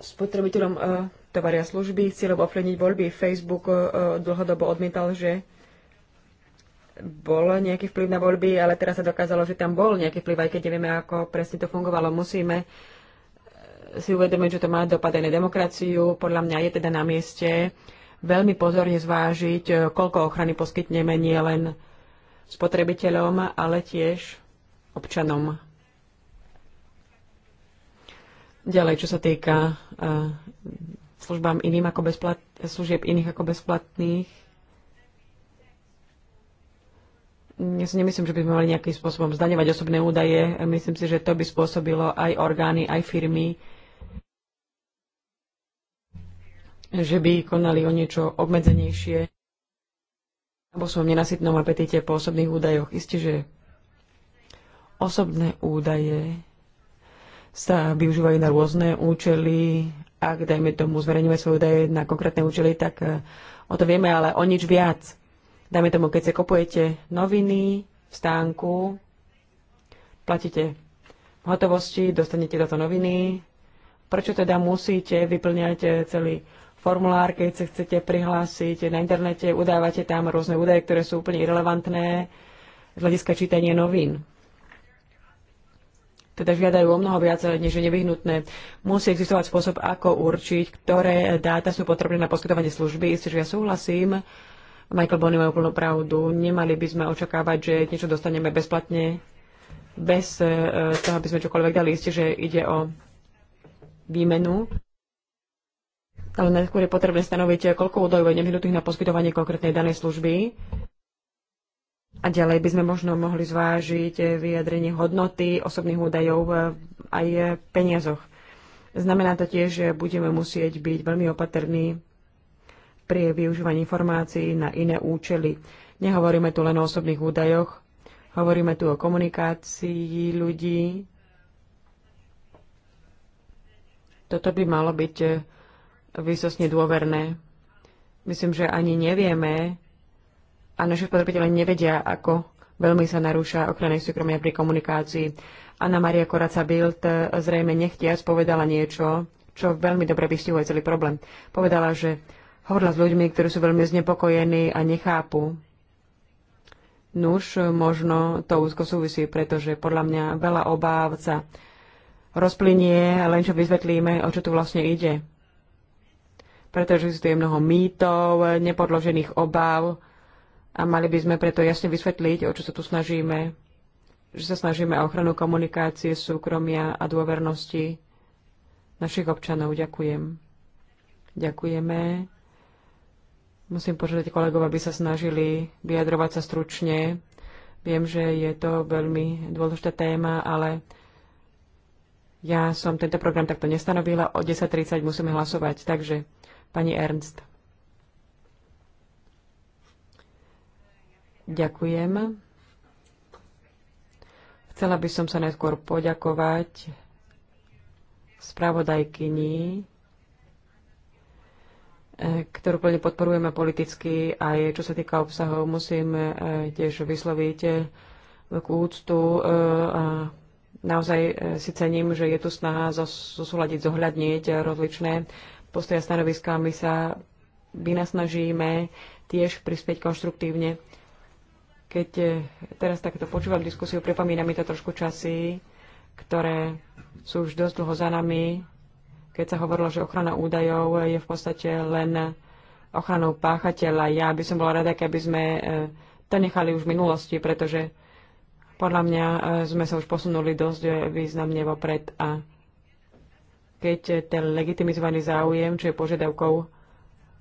spotrebiteľom tovaria služby, cieľom ovplyvniť voľby. Facebook dlhodobo odmietal, že bol nejaký vplyv na voľby, ale teraz sa dokázalo, že tam bol nejaký vplyv, aj keď nevieme, ako presne to fungovalo. Musíme eh, si uvedomiť, že to má dopad aj na demokraciu. Podľa mňa je teda na mieste veľmi pozorne zvážiť, eh, koľko ochrany poskytneme nielen spotrebiteľom, ale tiež občanom. Ďalej, čo sa týka eh, službám iným ako bezplat- služieb iných ako bezplatných, ja si nemyslím, že by sme mali nejakým spôsobom zdaňovať osobné údaje. Myslím si, že to by spôsobilo aj orgány, aj firmy, že by konali o niečo obmedzenejšie vo som nenasytnom apetite po osobných údajoch. Isté, že osobné údaje sa využívajú na rôzne účely. Ak, dajme tomu, zverejňujeme svoje údaje na konkrétne účely, tak eh, o to vieme, ale o nič viac Dajme tomu, keď sa kupujete noviny v stánku, platíte v hotovosti, dostanete táto noviny. Prečo teda musíte vyplňať eh, celý formulár, keď sa chcete prihlásiť na internete, udávate tam rôzne údaje, ktoré sú úplne irrelevantné z hľadiska čítania novín. Teda žiadajú o mnoho viac, eh, než je nevyhnutné. Musí existovať spôsob, ako určiť, ktoré eh, dáta sú potrebné na poskytovanie služby. Isté, že ja súhlasím, Michael Bonny majú úplnú pravdu. Nemali by sme očakávať, že niečo dostaneme bezplatne, bez e, toho, aby sme čokoľvek dali. Isté, že ide o výmenu. Ale najskôr je potrebné stanoviť, koľko údajov je nevyhnutých na poskytovanie konkrétnej danej služby. A ďalej by sme možno mohli zvážiť vyjadrenie hodnoty osobných údajov aj peniazoch. Znamená to tiež, že budeme musieť byť veľmi opatrní pri využívaní informácií na iné účely. Nehovoríme tu len o osobných údajoch, hovoríme tu o komunikácii ľudí. Toto by malo byť eh, výsostne dôverné. Myslím, že ani nevieme a naši spotrebitelia nevedia, ako veľmi sa narúša ochrany súkromia pri komunikácii. Anna Maria Koraca Bild eh, zrejme nechtiac povedala niečo, čo veľmi dobre vystihuje celý problém. Povedala, že hovorila s ľuďmi, ktorí sú veľmi znepokojení a nechápu. Nuž, možno to úzko súvisí, pretože podľa mňa veľa obáv sa rozplynie, len čo vysvetlíme, o čo tu vlastne ide. Pretože existuje mnoho mýtov, nepodložených obáv a mali by sme preto jasne vysvetliť, o čo sa tu snažíme. Že sa snažíme o ochranu komunikácie, súkromia a dôvernosti našich občanov. Ďakujem. Ďakujeme. Musím požiadať kolegov, aby sa snažili vyjadrovať sa stručne. Viem, že je to veľmi dôležitá téma, ale ja som tento program takto nestanovila. O 10.30 musíme hlasovať. Takže, pani Ernst. Ďakujem. Chcela by som sa najskôr poďakovať spravodajkyni ktorú plne podporujeme politicky aj čo sa týka obsahov. Musím e, tiež vysloviť e, veľkú úctu e, a naozaj si cením, že je tu snaha zosúľadiť, zohľadniť rozličné a stanoviská. My sa vynasnažíme tiež prispieť konštruktívne. Keď teraz takto počúvam diskusiu, pripomína mi to trošku časy, ktoré sú už dosť dlho za nami, keď sa hovorilo, že ochrana údajov je v podstate len ochranou páchateľa. Ja by som bola rada, keby sme e, to nechali už v minulosti, pretože podľa mňa e, sme sa už posunuli dosť e, významne vopred a keď ten legitimizovaný záujem, čo je požiadavkou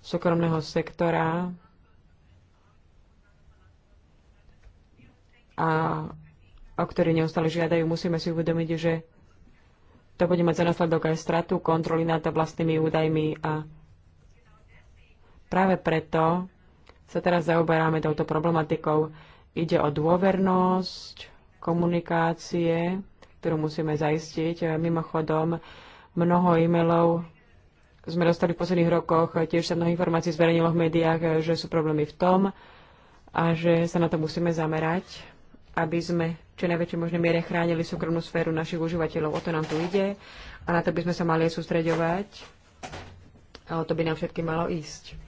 súkromného sektora a o ktorý neustále žiadajú, musíme si uvedomiť, že to bude mať za následok aj stratu kontroly nad vlastnými údajmi a práve preto sa teraz zaoberáme touto problematikou. Ide o dôvernosť komunikácie, ktorú musíme zaistiť. Mimochodom, mnoho e-mailov sme dostali v posledných rokoch, tiež sa mnoho informácií zverejnilo v médiách, že sú problémy v tom a že sa na to musíme zamerať, aby sme čo najväčšej možnej miere chránili súkromnú sféru našich užívateľov. O to nám tu ide a na to by sme sa mali sústreďovať a o to by nám všetky malo ísť.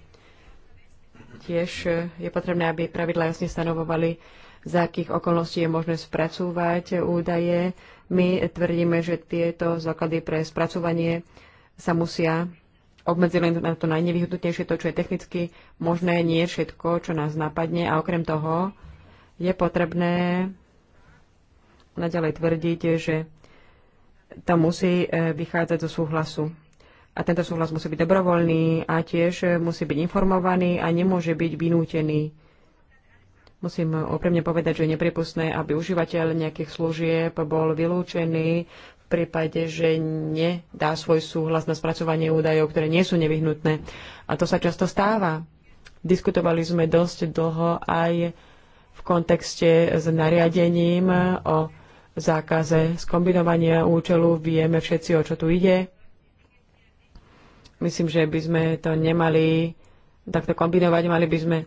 Tiež e, je potrebné, aby pravidla jasne stanovovali, za akých okolností je možné spracúvať údaje. My tvrdíme, že tieto základy pre spracovanie sa musia obmedziť len na to najnevyhodnutnejšie, to, čo je technicky možné, nie všetko, čo nás napadne. A okrem toho je potrebné naďalej tvrdíte, že to musí e, vychádzať zo súhlasu. A tento súhlas musí byť dobrovoľný a tiež musí byť informovaný a nemôže byť vynútený. Musím opremne povedať, že je nepripustné, aby užívateľ nejakých služieb bol vylúčený v prípade, že nedá svoj súhlas na spracovanie údajov, ktoré nie sú nevyhnutné. A to sa často stáva. Diskutovali sme dosť dlho aj v kontexte s nariadením o zákaze skombinovania účelu. Vieme všetci, o čo tu ide. Myslím, že by sme to nemali takto kombinovať. Mali by sme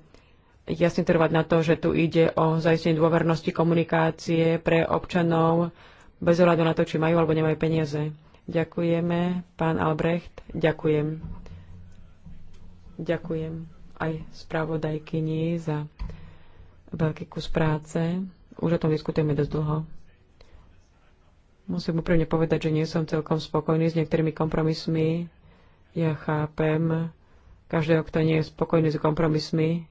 jasne trvať na to, že tu ide o zaistenie dôvernosti komunikácie pre občanov bez ohľadu na to, či majú alebo nemajú peniaze. Ďakujeme, pán Albrecht. Ďakujem. Ďakujem aj spravodajkyni za veľký kus práce. Už o tom diskutujeme dosť dlho. Musím úprimne povedať, že nie som celkom spokojný s niektorými kompromismi. Ja chápem každého, kto nie je spokojný s kompromismi,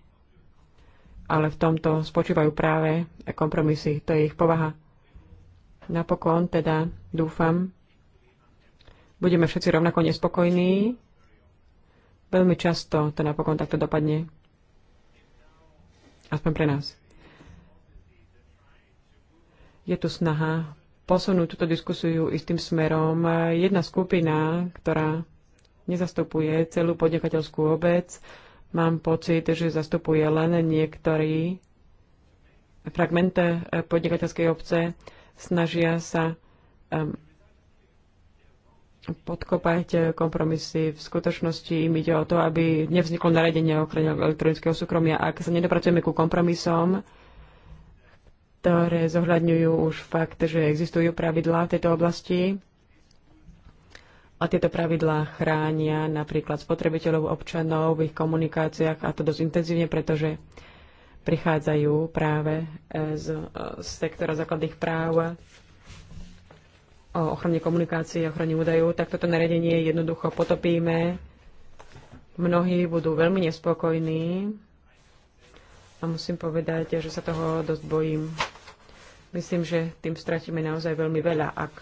ale v tomto spočívajú práve kompromisy. To je ich povaha. Napokon teda dúfam, budeme všetci rovnako nespokojní. Veľmi často to napokon takto dopadne. Aspoň pre nás. Je tu snaha posunúť túto diskusiu istým smerom. Jedna skupina, ktorá nezastupuje celú podnikateľskú obec, mám pocit, že zastupuje len niektorý fragment eh, podnikateľskej obce, snažia sa podkopať eh, kompromisy. V skutočnosti im ide o to, aby nevzniklo naredenie ochrany elektronického súkromia. Ak sa nedopracujeme ku kompromisom, ktoré zohľadňujú už fakt, že existujú pravidlá v tejto oblasti a tieto pravidlá chránia napríklad spotrebiteľov, občanov v ich komunikáciách a to dosť intenzívne, pretože prichádzajú práve e, z, e, z sektora základných práv o ochrane komunikácií a ochrane údajov, tak toto naredenie jednoducho potopíme. Mnohí budú veľmi nespokojní a musím povedať, že sa toho dosť bojím. Myslím, že tým stratíme naozaj veľmi veľa, ak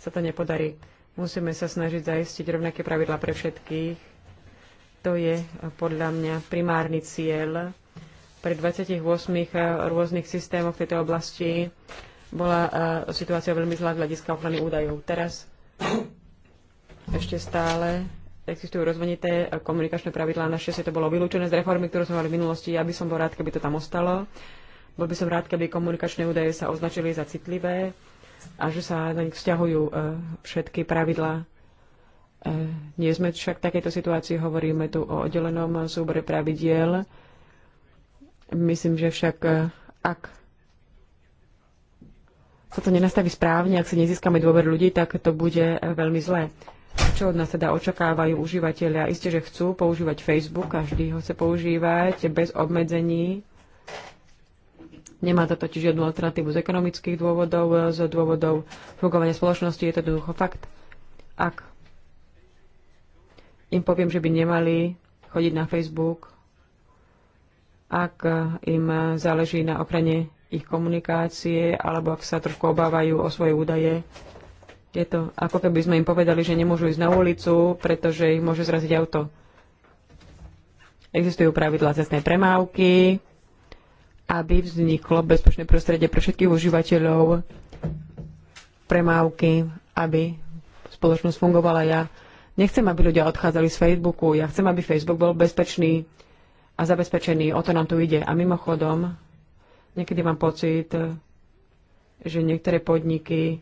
sa to nepodarí. Musíme sa snažiť zaistiť rovnaké pravidla pre všetkých. To je eh, podľa mňa primárny cieľ. Pre 28 rôznych systémoch v tejto oblasti bola eh, situácia veľmi zlá z hľadiska ochrany údajov. Teraz ešte stále existujú rozmanité eh, komunikačné pravidlá. Našťastie to bolo vylúčené z reformy, ktorú sme mali v minulosti. Ja by som bol rád, keby to tam ostalo. Bol by som rád, keby komunikačné údaje sa označili za citlivé a že sa na nich vzťahujú e, všetky pravidlá. E, nie sme však v takejto situácii, hovoríme tu o oddelenom súbore pravidiel. Myslím, že však e, ak sa to nenastaví správne, ak si nezískame dôver ľudí, tak to bude veľmi zlé. Čo od nás teda očakávajú užívateľia? Isté, že chcú používať Facebook, každý ho chce používať bez obmedzení. Nemá to totiž žiadnu alternatívu z ekonomických dôvodov, z dôvodov fungovania spoločnosti. Je to jednoducho fakt. Ak im poviem, že by nemali chodiť na Facebook, ak im záleží na ochrane ich komunikácie, alebo ak sa trošku obávajú o svoje údaje, je to ako keby sme im povedali, že nemôžu ísť na ulicu, pretože ich môže zraziť auto. Existujú pravidlá cestnej premávky, aby vzniklo bezpečné prostredie pre všetkých užívateľov premávky, aby spoločnosť fungovala. Ja nechcem, aby ľudia odchádzali z Facebooku, ja chcem, aby Facebook bol bezpečný a zabezpečený. O to nám tu ide. A mimochodom, niekedy mám pocit, že niektoré podniky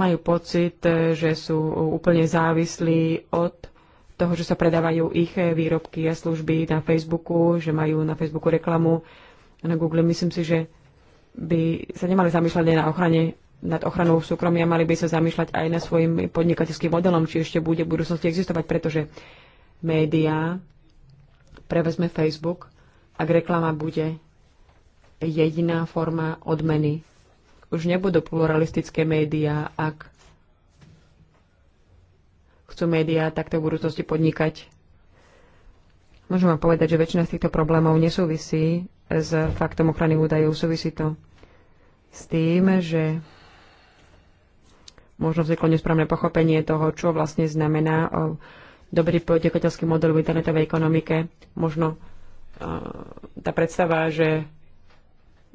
majú pocit, e, že sú úplne závislí od toho, že sa predávajú ich e, výrobky a služby na Facebooku, že majú na Facebooku reklamu na Google. Myslím si, že by sa nemali zamýšľať aj na ochrane, nad ochranou súkromia, mali by sa zamýšľať aj na svojim podnikateľským modelom, či ešte bude v budúcnosti existovať, pretože médiá prevezme Facebook, ak reklama bude jediná forma odmeny už nebudú pluralistické médiá, ak chcú médiá takto v budúcnosti podnikať. Môžem vám povedať, že väčšina z týchto problémov nesúvisí s faktom ochrany údajov, súvisí to s tým, že možno vzniklo nesprávne pochopenie toho, čo vlastne znamená o dobrý podnikateľský model v internetovej ekonomike. Možno tá predstava, že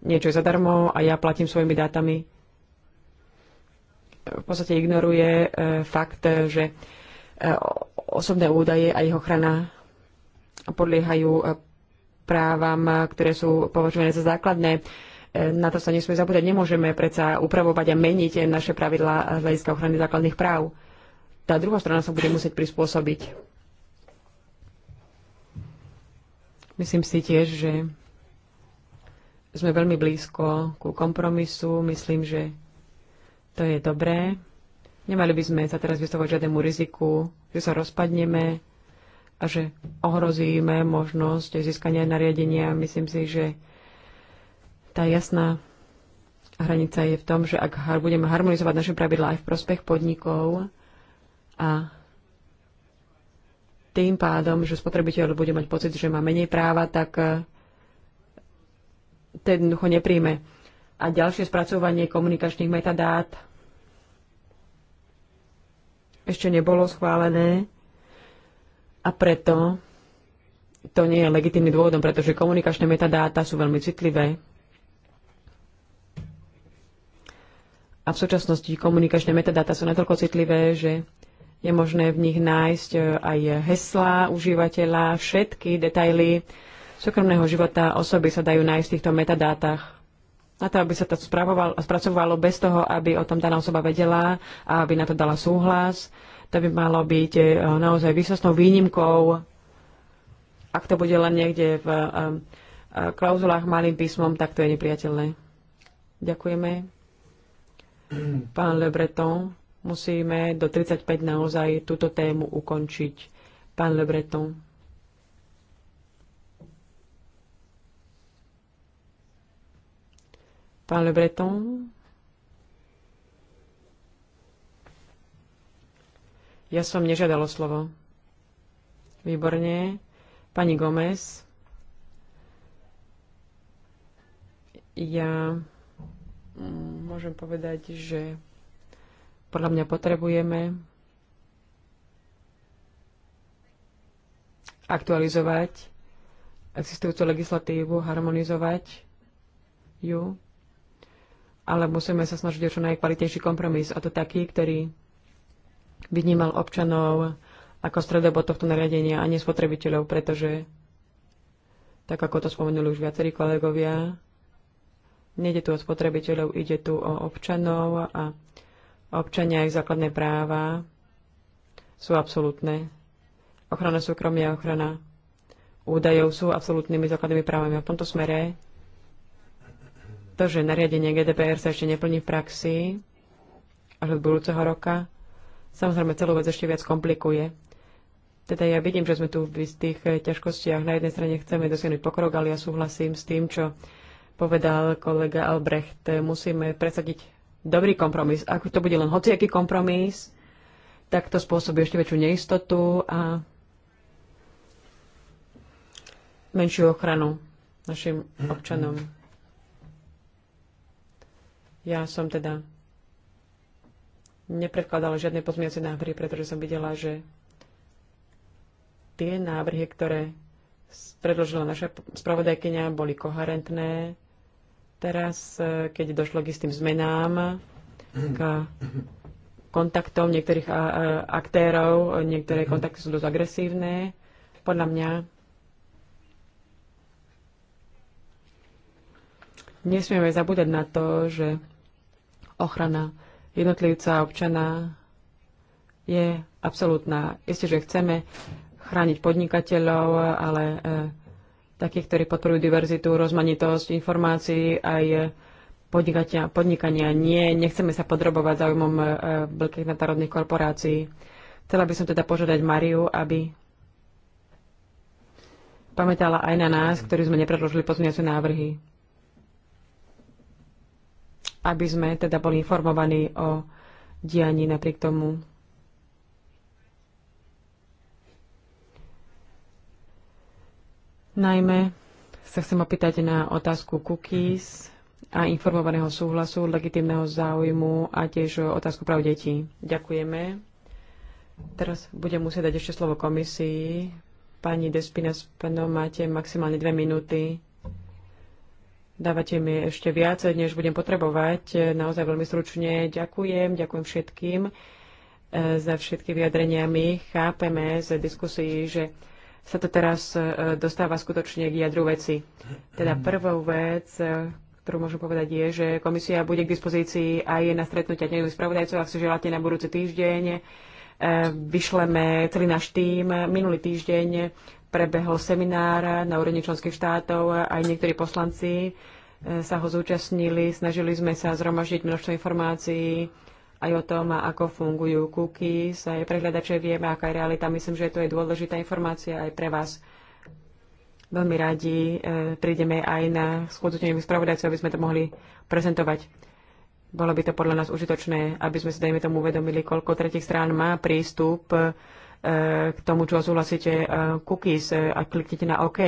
niečo je zadarmo a ja platím svojimi dátami. V podstate ignoruje e, fakt, e, že e, osobné údaje a ich ochrana podliehajú právam, ktoré sú považované za základné. Na to sa nesmie zabúdať. Nemôžeme predsa upravovať a meniť naše pravidlá z hľadiska ochrany základných práv. Tá druhá strana sa bude musieť prispôsobiť. Myslím si tiež, že sme veľmi blízko ku kompromisu. Myslím, že to je dobré. Nemali by sme sa teraz vystavovať žiadnemu riziku, že sa rozpadneme a že ohrozíme možnosť získania nariadenia. Myslím si, že tá jasná hranica je v tom, že ak budeme harmonizovať naše pravidlá aj v prospech podnikov a tým pádom, že spotrebiteľ bude mať pocit, že má menej práva, tak to jednoducho nepríjme. A ďalšie spracovanie komunikačných metadát ešte nebolo schválené a preto to nie je legitímny dôvodom, pretože komunikačné metadáta sú veľmi citlivé. A v súčasnosti komunikačné metadáta sú natoľko citlivé, že je možné v nich nájsť eh, aj hesla užívateľa, všetky detaily súkromného života osoby sa dajú nájsť v týchto metadátach. Na to, aby sa to spracovalo bez toho, aby o tom daná osoba vedela a aby na to dala súhlas, to by malo byť e, naozaj výsostnou výnimkou, ak to bude len niekde v e, e, klauzulách malým písmom, tak to je nepriateľné. Ďakujeme. Pán Le Breton, musíme do 35 naozaj túto tému ukončiť. Pán Le Breton. par Le Breton. Ja som nežiadalo slovo. Výborne. Pani Gomez. Ja môžem povedať, že podľa mňa potrebujeme aktualizovať existujúcu legislatívu, harmonizovať ju ale musíme sa snažiť o čo najkvalitejší kompromis, a to taký, ktorý vnímal občanov ako stredobo tohto nariadenia a nespotrebiteľov, pretože, tak ako to spomenuli už viacerí kolegovia, nejde tu o spotrebiteľov, ide tu o občanov a občania ich základné práva sú absolútne. Ochrana súkromia a ochrana údajov sú absolútnymi základnými právami. A v tomto smere to, že nariadenie GDPR sa ešte neplní v praxi až od budúceho roka, samozrejme celú vec ešte viac komplikuje. Teda ja vidím, že sme tu v istých eh, ťažkostiach. Na jednej strane chceme dosiahnuť pokrok, ale ja súhlasím s tým, čo povedal kolega Albrecht. Musíme presadiť dobrý kompromis. Ak to bude len hociaký kompromis, tak to spôsobí ešte väčšiu neistotu a menšiu ochranu našim občanom. Ja som teda nepredkladala žiadne pozmiace návrhy, pretože som videla, že tie návrhy, ktoré predložila naša spravodajkynia, boli koherentné. Teraz, e, keď došlo k istým zmenám, k kontaktov niektorých aktérov, niektoré kontakty sú dosť agresívne. Podľa mňa nesmieme zabúdať na to, že ochrana jednotlivca a občana je absolútna. Isté, že chceme chrániť podnikateľov, ale e, takých, ktorí podporujú diverzitu, rozmanitosť informácií aj podnikania, podnikania. Nie, nechceme sa podrobovať záujmom e, veľkých nadnárodných korporácií. Chcela by som teda požiadať Mariu, aby pamätala aj na nás, ktorí sme nepredložili pozmeniace návrhy aby sme teda boli informovaní o dianí napriek tomu. Najmä sa chcem opýtať na otázku cookies a informovaného súhlasu, legitimného záujmu a tiež otázku práv detí. Ďakujeme. Teraz budem musieť dať ešte slovo komisii. Pani Despina, máte maximálne dve minúty. Dávate mi ešte viac, než budem potrebovať. Naozaj veľmi stručne ďakujem, ďakujem všetkým eh, za všetky vyjadrenia. My chápeme z diskusii, že sa to teraz eh, dostáva skutočne k jadru veci. Teda prvou vec, eh, ktorú môžem povedať, je, že komisia bude k dispozícii aj na stretnutia dňových spravodajcov, ak si želáte na budúci týždeň vyšleme celý náš tým. Minulý týždeň prebehol seminár na úrovni členských štátov, aj niektorí poslanci e, sa ho zúčastnili, snažili sme sa zhromaždiť množstvo informácií aj o tom, ako fungujú cookies, aj prehľadače vieme, aká je realita. Myslím, že to je dôležitá informácia aj pre vás. Veľmi radi e, prídeme aj na schôdzu spravodajcov, aby sme to mohli prezentovať. Bolo by to podľa nás užitočné, aby sme si, dajme tomu, uvedomili, koľko tretich strán má prístup k tomu, čo súhlasíte e, cookies e, a kliknite na OK.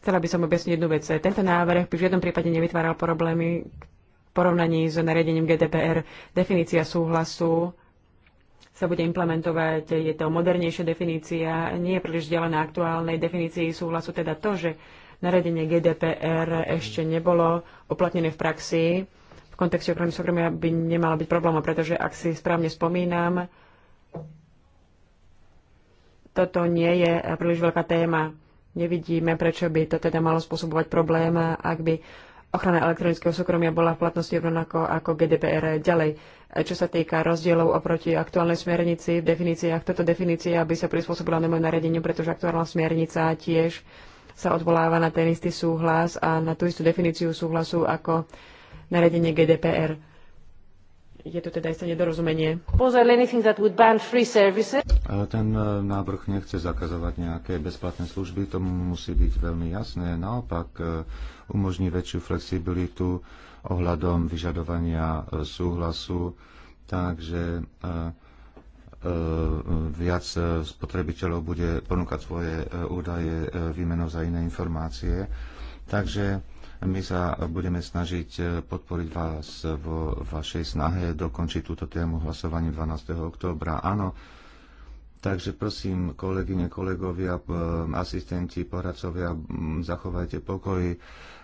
Chcela by som objasniť jednu vec. Tento návrh by v žiadnom prípade nevytváral problémy v porovnaní s nariadením GDPR. Definícia súhlasu sa bude implementovať, je to modernejšia definícia, nie je príliš vzdialená aktuálnej definícii súhlasu, teda to, že nariadenie GDPR ešte nebolo uplatnené v praxi, v kontexte ochrany súkromia by nemalo byť problémom, pretože ak si správne spomínam, toto nie je príliš veľká téma. Nevidíme, prečo by to teda malo spôsobovať problém, ak by ochrana elektronického súkromia bola v platnosti rovnako ako GDPR ďalej. Čo sa týka rozdielov oproti aktuálnej smernici v definíciách, toto definícia by sa prispôsobila moje naredeniu, pretože aktuálna smernica tiež sa odvoláva na ten istý súhlas a na tú istú definíciu súhlasu ako naredenie GDPR je to teda isté nedorozumenie. Ten e, návrh nechce zakazovať nejaké bezplatné služby, to musí byť veľmi jasné. Naopak e, umožní väčšiu flexibilitu ohľadom vyžadovania e, súhlasu, takže viac spotrebiteľov bude ponúkať svoje údaje výmenou za iné informácie. Takže my sa budeme snažiť e, podporiť vás vo vašej snahe dokončiť túto tému hlasovaním 12. októbra. Áno, Takže prosím, kolegyne, kolegovia, asistenti, poradcovia, zachovajte pokoj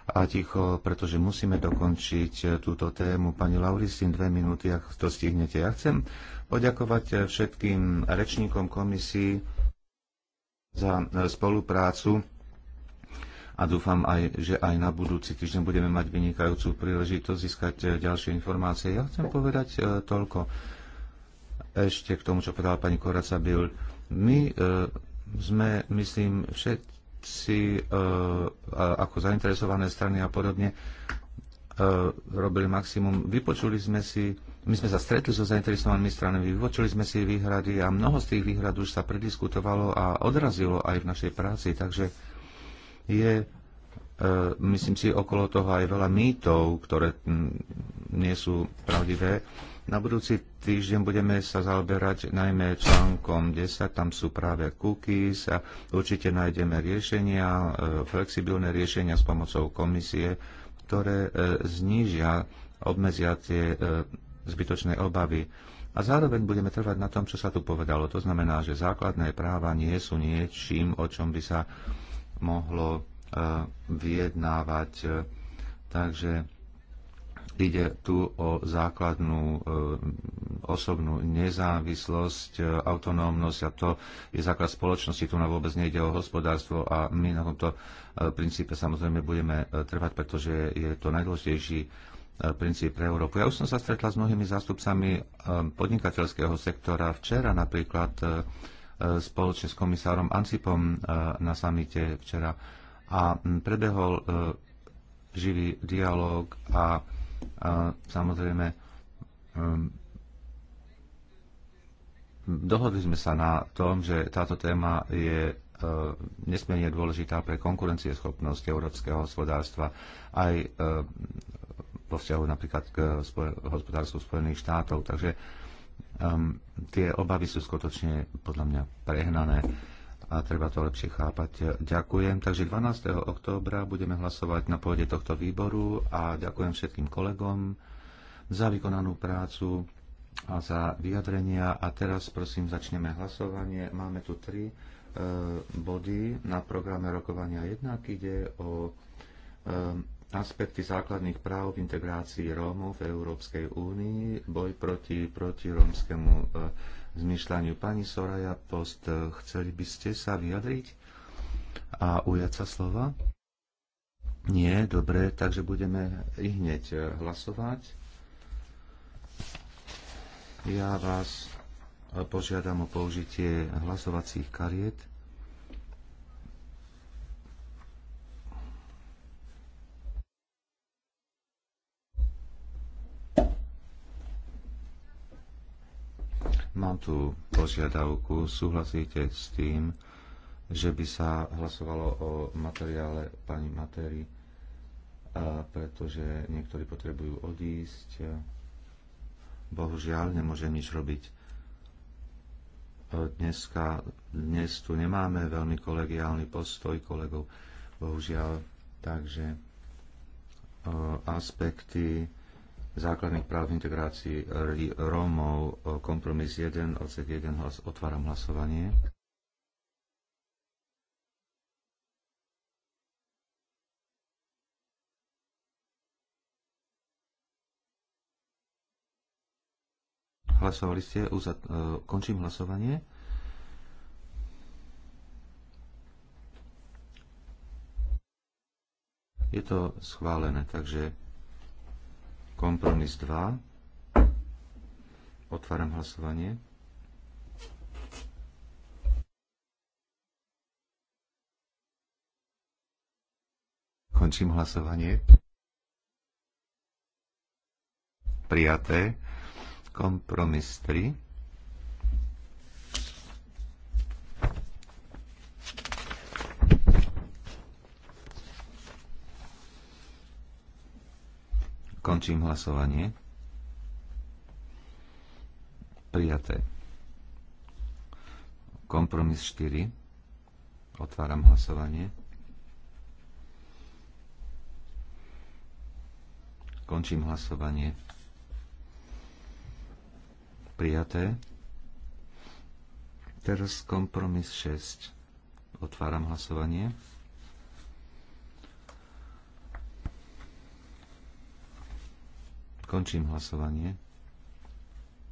a ticho, pretože musíme dokončiť e, túto tému. Pani Laurisin, dve minúty, ak to stihnete. Ja chcem poďakovať e, všetkým rečníkom komisii za spoluprácu a dúfam aj, že aj na budúci týždeň budeme mať vynikajúcu príležitosť získať e, ďalšie informácie. Ja chcem povedať e, toľko ešte k tomu, čo povedala pani Koraca Bill. My e, sme, myslím, všetci ako zainteresované strany a podobne robili maximum. Vypočuli sme si, my sme sa stretli so zainteresovanými stranami, vypočuli sme si výhrady a mnoho z tých výhrad už sa prediskutovalo a odrazilo aj v našej práci, takže je, e, myslím si, okolo toho aj veľa mýtov, ktoré nie sú pravdivé. Na budúci týždeň budeme sa zaoberať najmä článkom 10, tam sú práve cookies a určite nájdeme riešenia, e, flexibilné riešenia s pomocou komisie, ktoré e, znížia, obmezia tie zbytočné obavy. A zároveň budeme trvať na tom, čo sa tu povedalo. To znamená, že základné práva nie sú niečím, o čom by sa mohlo e, vyjednávať. E, takže ide tu o základnú e, osobnú nezávislosť, autonómnosť a to je základ spoločnosti. Tu na vôbec nejde o hospodárstvo a my na tomto princípe samozrejme budeme trvať, pretože je to najdôležitejší princíp pre Európu. Ja už som sa stretla s mnohými zástupcami podnikateľského sektora. Včera napríklad E, spoločne s komisárom Ancipom e, na samite včera a prebehol e, živý dialog a, samozrejme dohodli sme sa na tom, že táto téma je nesmierne dôležitá pre konkurencieschopnosť európskeho hospodárstva aj vo vzťahu napríklad k hospodárstvu Spojených štátov. Takže um, tie obavy sú skutočne podľa mňa prehnané a treba to lepšie chápať. Ďakujem. Takže 12. októbra budeme hlasovať na pôde tohto výboru a ďakujem všetkým kolegom za vykonanú prácu a za vyjadrenia. A teraz prosím začneme hlasovanie. Máme tu tri e, body na programe rokovania. Jednak ide o e, aspekty základných práv v integrácii Rómov v Európskej únii, boj proti, proti rómskemu e, zmyšľaniu. Pani Soraya Post, e, chceli by ste sa vyjadriť a ujať sa slova? Nie, dobre, takže budeme i hneď e, hlasovať. Ja vás požiadam o použitie hlasovacích kariet. Mám tu požiadavku, súhlasíte s tým, že by sa hlasovalo o materiále pani Materi, pretože niektorí potrebujú odísť. Bohužiaľ, nemôže nič robiť. Dneska, dnes tu nemáme veľmi kolegiálny postoj kolegov. Bohužiaľ, takže aspekty základných práv v integrácii Rómov, e, kompromis 1, odsek 1, hlas, otváram hlasovanie. Hlasovali ste, uzat, e, končím hlasovanie. Je to schválené, takže Kompromis 2. Otváram hlasovanie. Končím hlasovanie. Prijaté. Kompromis 3. Končím hlasovanie. Prijaté. Kompromis 4. Otváram hlasovanie. Končím hlasovanie. Prijaté. Teraz kompromis 6. Otváram hlasovanie. Končím hlasovanie.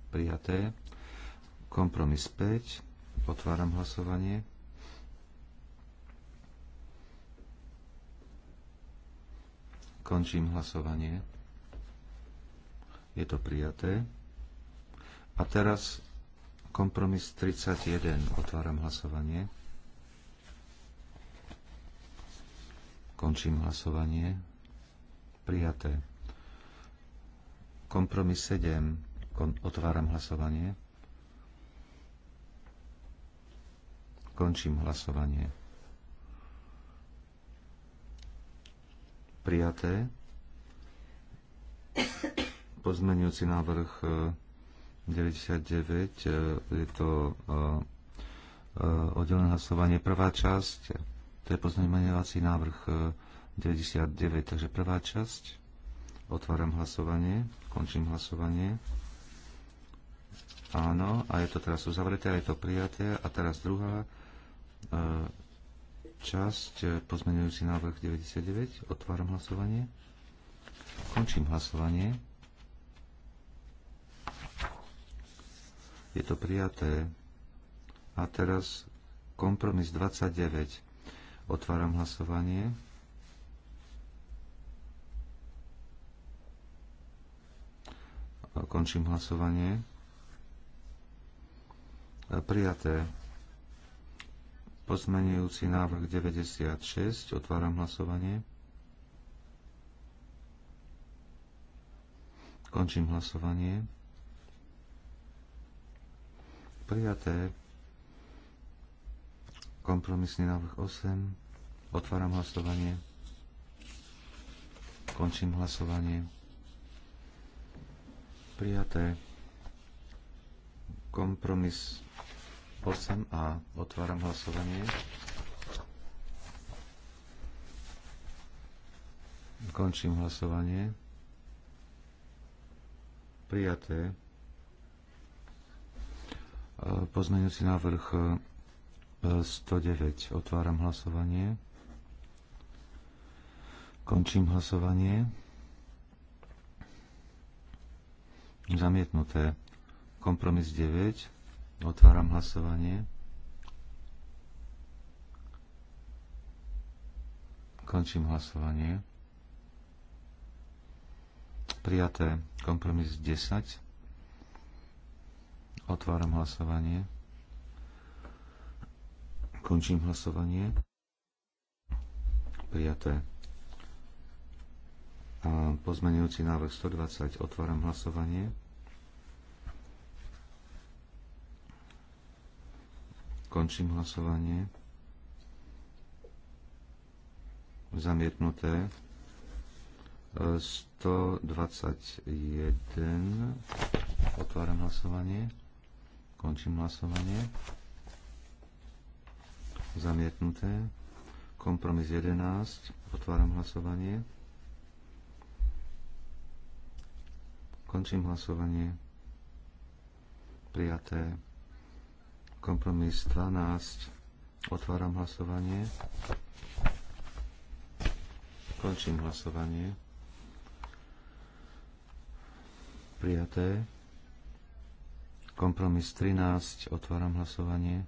Prijaté. Kompromis 5. Otváram hlasovanie. Končím hlasovanie. Je to prijaté. A teraz kompromis 31. Otváram hlasovanie. Končím hlasovanie. Prijaté. Kompromis 7. Kon- otváram hlasovanie. Končím hlasovanie. Prijaté. Pozmenujúci návrh 99. E, e, je to e, oddelené hlasovanie. Prvá časť, to je pozmenovací návrh 99, takže prvá časť. Otváram hlasovanie, končím hlasovanie. Áno, a je to teraz uzavreté, a je to prijaté. A teraz druhá e, časť, e, pozmenujúci návrh 99. Otváram hlasovanie. Končím hlasovanie. Je to prijaté. A teraz kompromis 29. Otváram hlasovanie. Končím hlasovanie. Prijaté. Pozmenujúci návrh 96. Otváram hlasovanie. Končím hlasovanie. Prijaté. Kompromisný návrh 8. Otváram hlasovanie. Končím hlasovanie prijaté. Kompromis 8a. Otváram hlasovanie. Končím hlasovanie. Prijaté. Pozmeňujúci návrh 109. E, otváram hlasovanie. Končím hlasovanie. Zamietnuté. Kompromis 9. Otváram hlasovanie. Končím hlasovanie. Prijaté. Kompromis 10. Otváram hlasovanie. Končím hlasovanie. Prijaté. Pozmenujúci návrh 120. Otváram hlasovanie. Končím hlasovanie. Zamietnuté. 121. E, otváram hlasovanie. Končím hlasovanie. Zamietnuté. Kompromis 11. Otváram hlasovanie. Končím hlasovanie. Prijaté. Kompromis 12. Otváram hlasovanie. Končím hlasovanie. Prijaté. Kompromis 13. Otváram hlasovanie.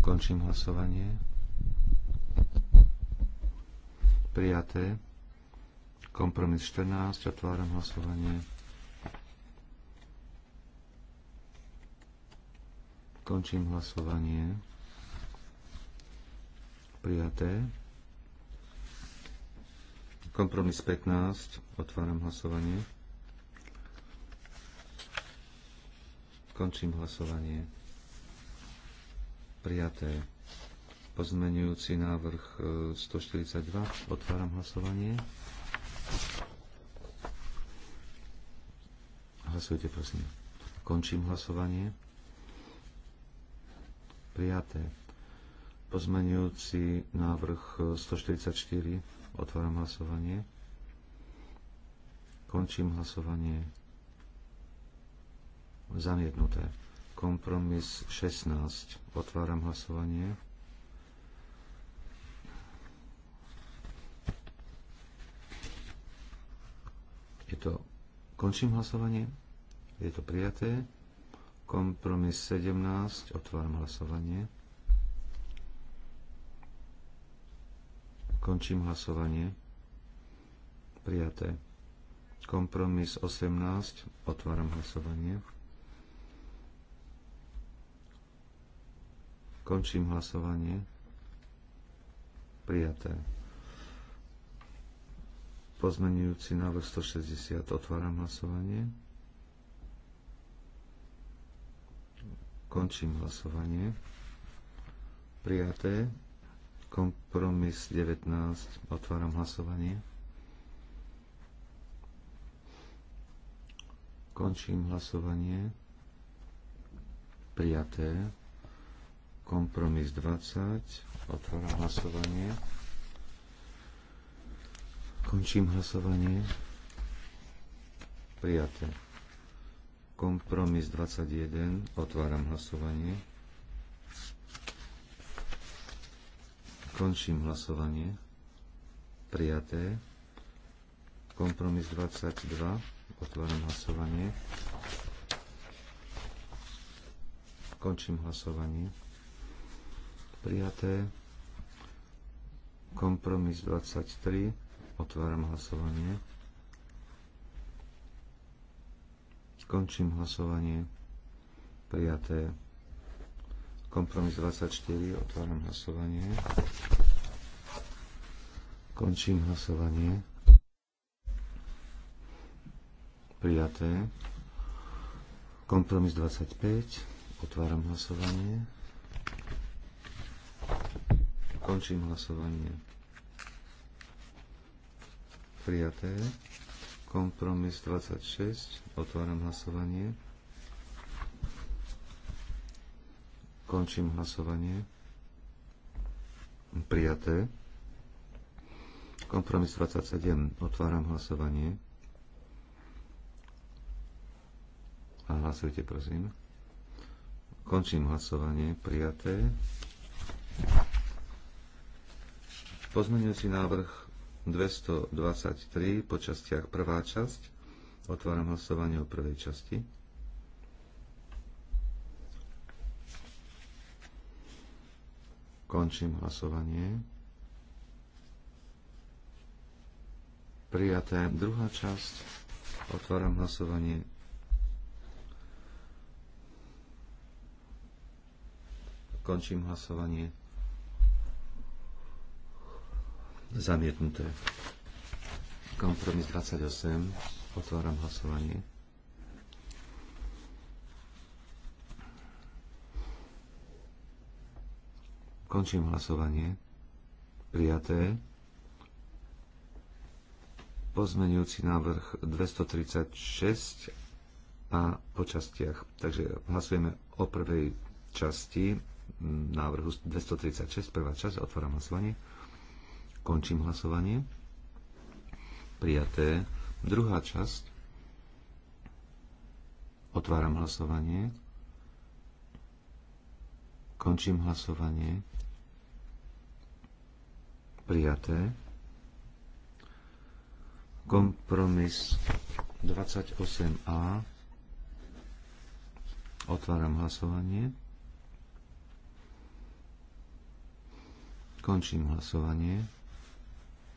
Končím hlasovanie. Prijaté. Kompromis 14, otváram hlasovanie. Končím hlasovanie. Prijaté. Kompromis 15, otváram hlasovanie. Končím hlasovanie. Prijaté. Pozmenujúci návrh 142, e, otváram hlasovanie. Hlasujte, prosím. Končím hlasovanie. Prijaté. Pozmenujúci návrh 144. Otváram hlasovanie. Končím hlasovanie. Zamietnuté. Kompromis 16. Otváram hlasovanie. Je to... Končím hlasovanie. Je to prijaté. Kompromis 17. Otváram hlasovanie. Končím hlasovanie. Prijaté. Kompromis 18. Otváram hlasovanie. Končím hlasovanie. Prijaté. Pozmenujúci návrh 160. Otváram hlasovanie. Končím hlasovanie. Prijaté. Kompromis 19. Otváram hlasovanie. Končím hlasovanie. Prijaté. Kompromis 20. Otváram hlasovanie. Končím hlasovanie. Prijaté. Kompromis 21. Otváram hlasovanie. Končím hlasovanie. Prijaté. Kompromis 22. Otváram hlasovanie. Končím hlasovanie. Prijaté. Kompromis 23. Otváram hlasovanie. Končím hlasovanie. Prijaté. Kompromis 24. Otváram hlasovanie. Končím hlasovanie. Prijaté. Kompromis 25. Otváram hlasovanie. Končím hlasovanie. Prijaté. Kompromis 26. Otváram hlasovanie. Končím hlasovanie. Prijaté. Kompromis 27. Otváram hlasovanie. A hlasujte, prosím. Končím hlasovanie. Prijaté. Pozmenujúci návrh 223 po častiach prvá časť. Otváram hlasovanie o prvej časti. Končím hlasovanie. Prijaté druhá časť. Otváram hlasovanie. Končím hlasovanie Zamietnuté. Kompromis 28. Otváram hlasovanie. Končím hlasovanie. Prijaté. Pozmenujúci návrh 236 a po častiach. Takže hlasujeme o prvej časti návrhu 236, prvá časť, otváram hlasovanie. Končím hlasovanie. Prijaté. Druhá časť. Otváram hlasovanie. Končím hlasovanie. Prijaté. Kompromis 28a. Otváram hlasovanie. Končím hlasovanie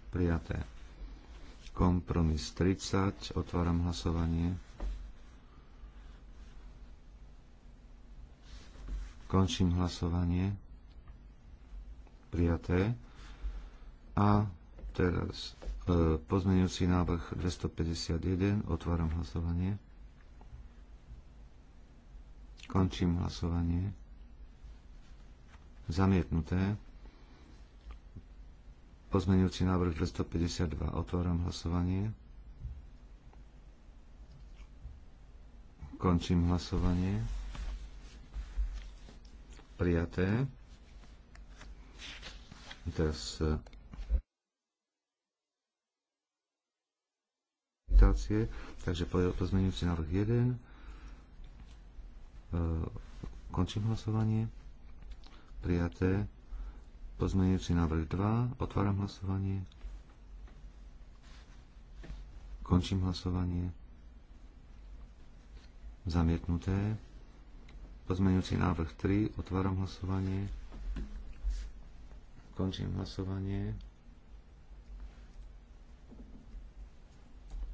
prijaté. Kompromis 30, otváram hlasovanie. Končím hlasovanie. Prijaté. A teraz e, pozmeňujúci návrh 251, otváram hlasovanie. Končím hlasovanie. Zamietnuté. Pozmenujúci návrh 252. Otváram hlasovanie. Končím hlasovanie. Prijaté. Teraz meditácie, takže pozmenujúci návrh 1. E, končím hlasovanie. Prijaté. Pozmeňujúci návrh 2. Otváram hlasovanie. Končím hlasovanie. Zamietnuté. Pozmeňujúci návrh 3. Otváram hlasovanie. Končím hlasovanie.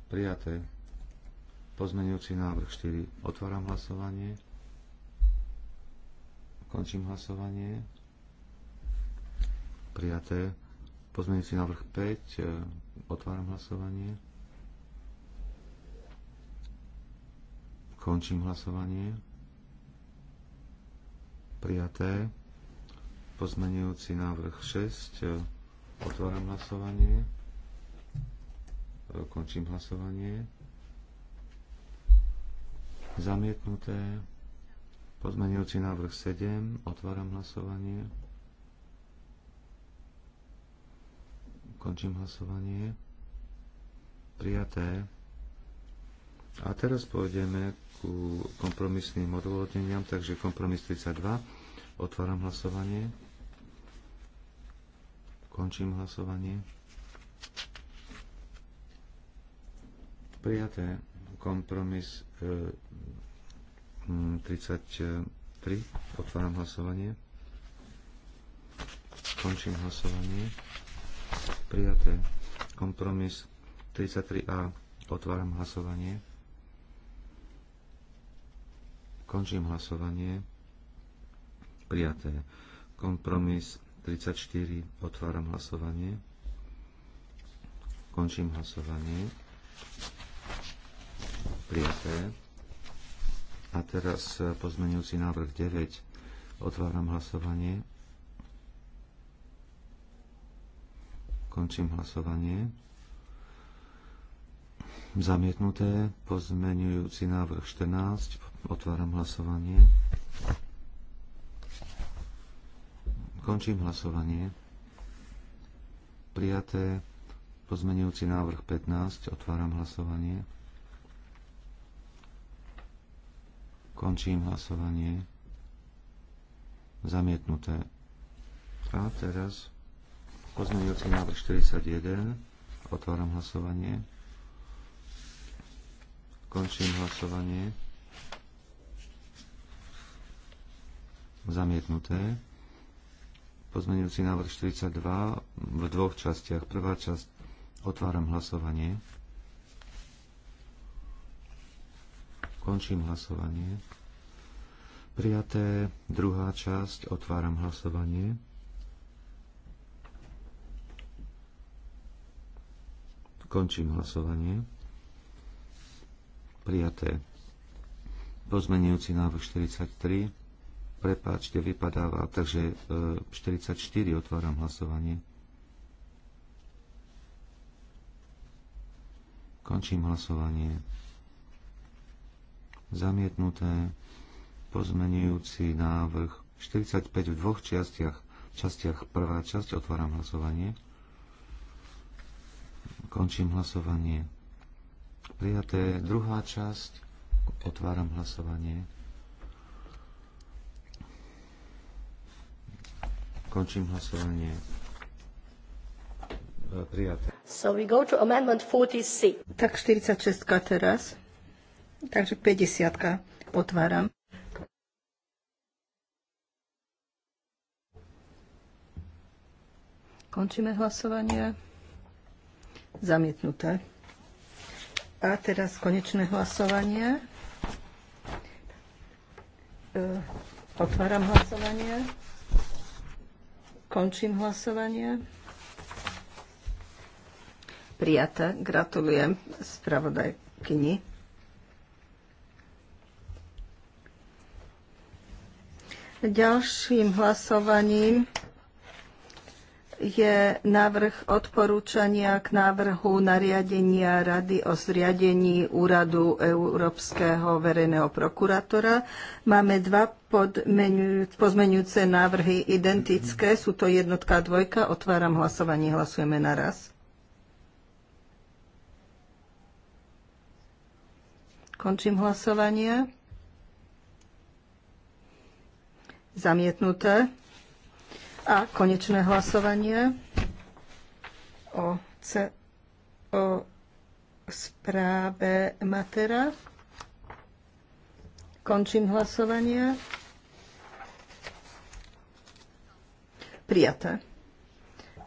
Prijaté. Pozmeňujúci návrh 4. Otváram hlasovanie. Končím hlasovanie prijaté. Pozmeňujúci návrh 5. E, otváram hlasovanie. Končím hlasovanie. Prijaté. Pozmeňujúci návrh 6. E, otváram hlasovanie. E, končím hlasovanie. Zamietnuté. Pozmeňujúci návrh 7. Otváram hlasovanie. Končím hlasovanie. Prijaté. A teraz pôjdeme ku kompromisným odôvodneniam, takže kompromis 32. Otváram hlasovanie. Končím hlasovanie. Prijaté kompromis 33. E, Otváram hlasovanie. Končím hlasovanie Prijaté. Kompromis 33A. Otváram hlasovanie. Končím hlasovanie. Prijaté. Kompromis 34. Otváram hlasovanie. Končím hlasovanie. Prijaté. A teraz pozmenujúci návrh 9. Otváram hlasovanie. Končím hlasovanie. Zamietnuté. Pozmenujúci návrh 14. Otváram hlasovanie. Končím hlasovanie. Prijaté. Pozmenujúci návrh 15. Otváram hlasovanie. Končím hlasovanie. Zamietnuté. A teraz Pozmeňujúci návrh 41. Otváram hlasovanie. Končím hlasovanie. Zamietnuté. Pozmeňujúci návrh 42 v dvoch častiach. Prvá časť otváram hlasovanie. Končím hlasovanie. Prijaté druhá časť otváram hlasovanie. Končím hlasovanie. Prijaté. Pozmenujúci návrh 43. Prepáčte, vypadáva, takže 44 e, otváram hlasovanie. Končím hlasovanie. Zamietnuté pozmenujúci návrh 45 v dvoch častiach. Častiach prvá časť, otváram hlasovanie. Končím hlasovanie. Prijaté druhá časť. Otváram hlasovanie. Končím hlasovanie. E, prijaté. So we go to amendment 46. Tak 46 teraz. Takže 50 otváram. Končíme hlasovanie. Zamietnuté. A teraz konečné hlasovanie. E, otváram hlasovanie. Končím hlasovanie. Prijaté. Gratulujem spravodajkyni. Ďalším hlasovaním je návrh odporúčania k návrhu nariadenia Rady o zriadení úradu Európskeho verejného prokurátora. Máme dva pozmenujúce návrhy identické. Sú to jednotka a dvojka. Otváram hlasovanie. Hlasujeme naraz. Končím hlasovanie. Zamietnuté a konečné hlasovanie o, C, o správe Matera. Končím hlasovanie. Prijaté.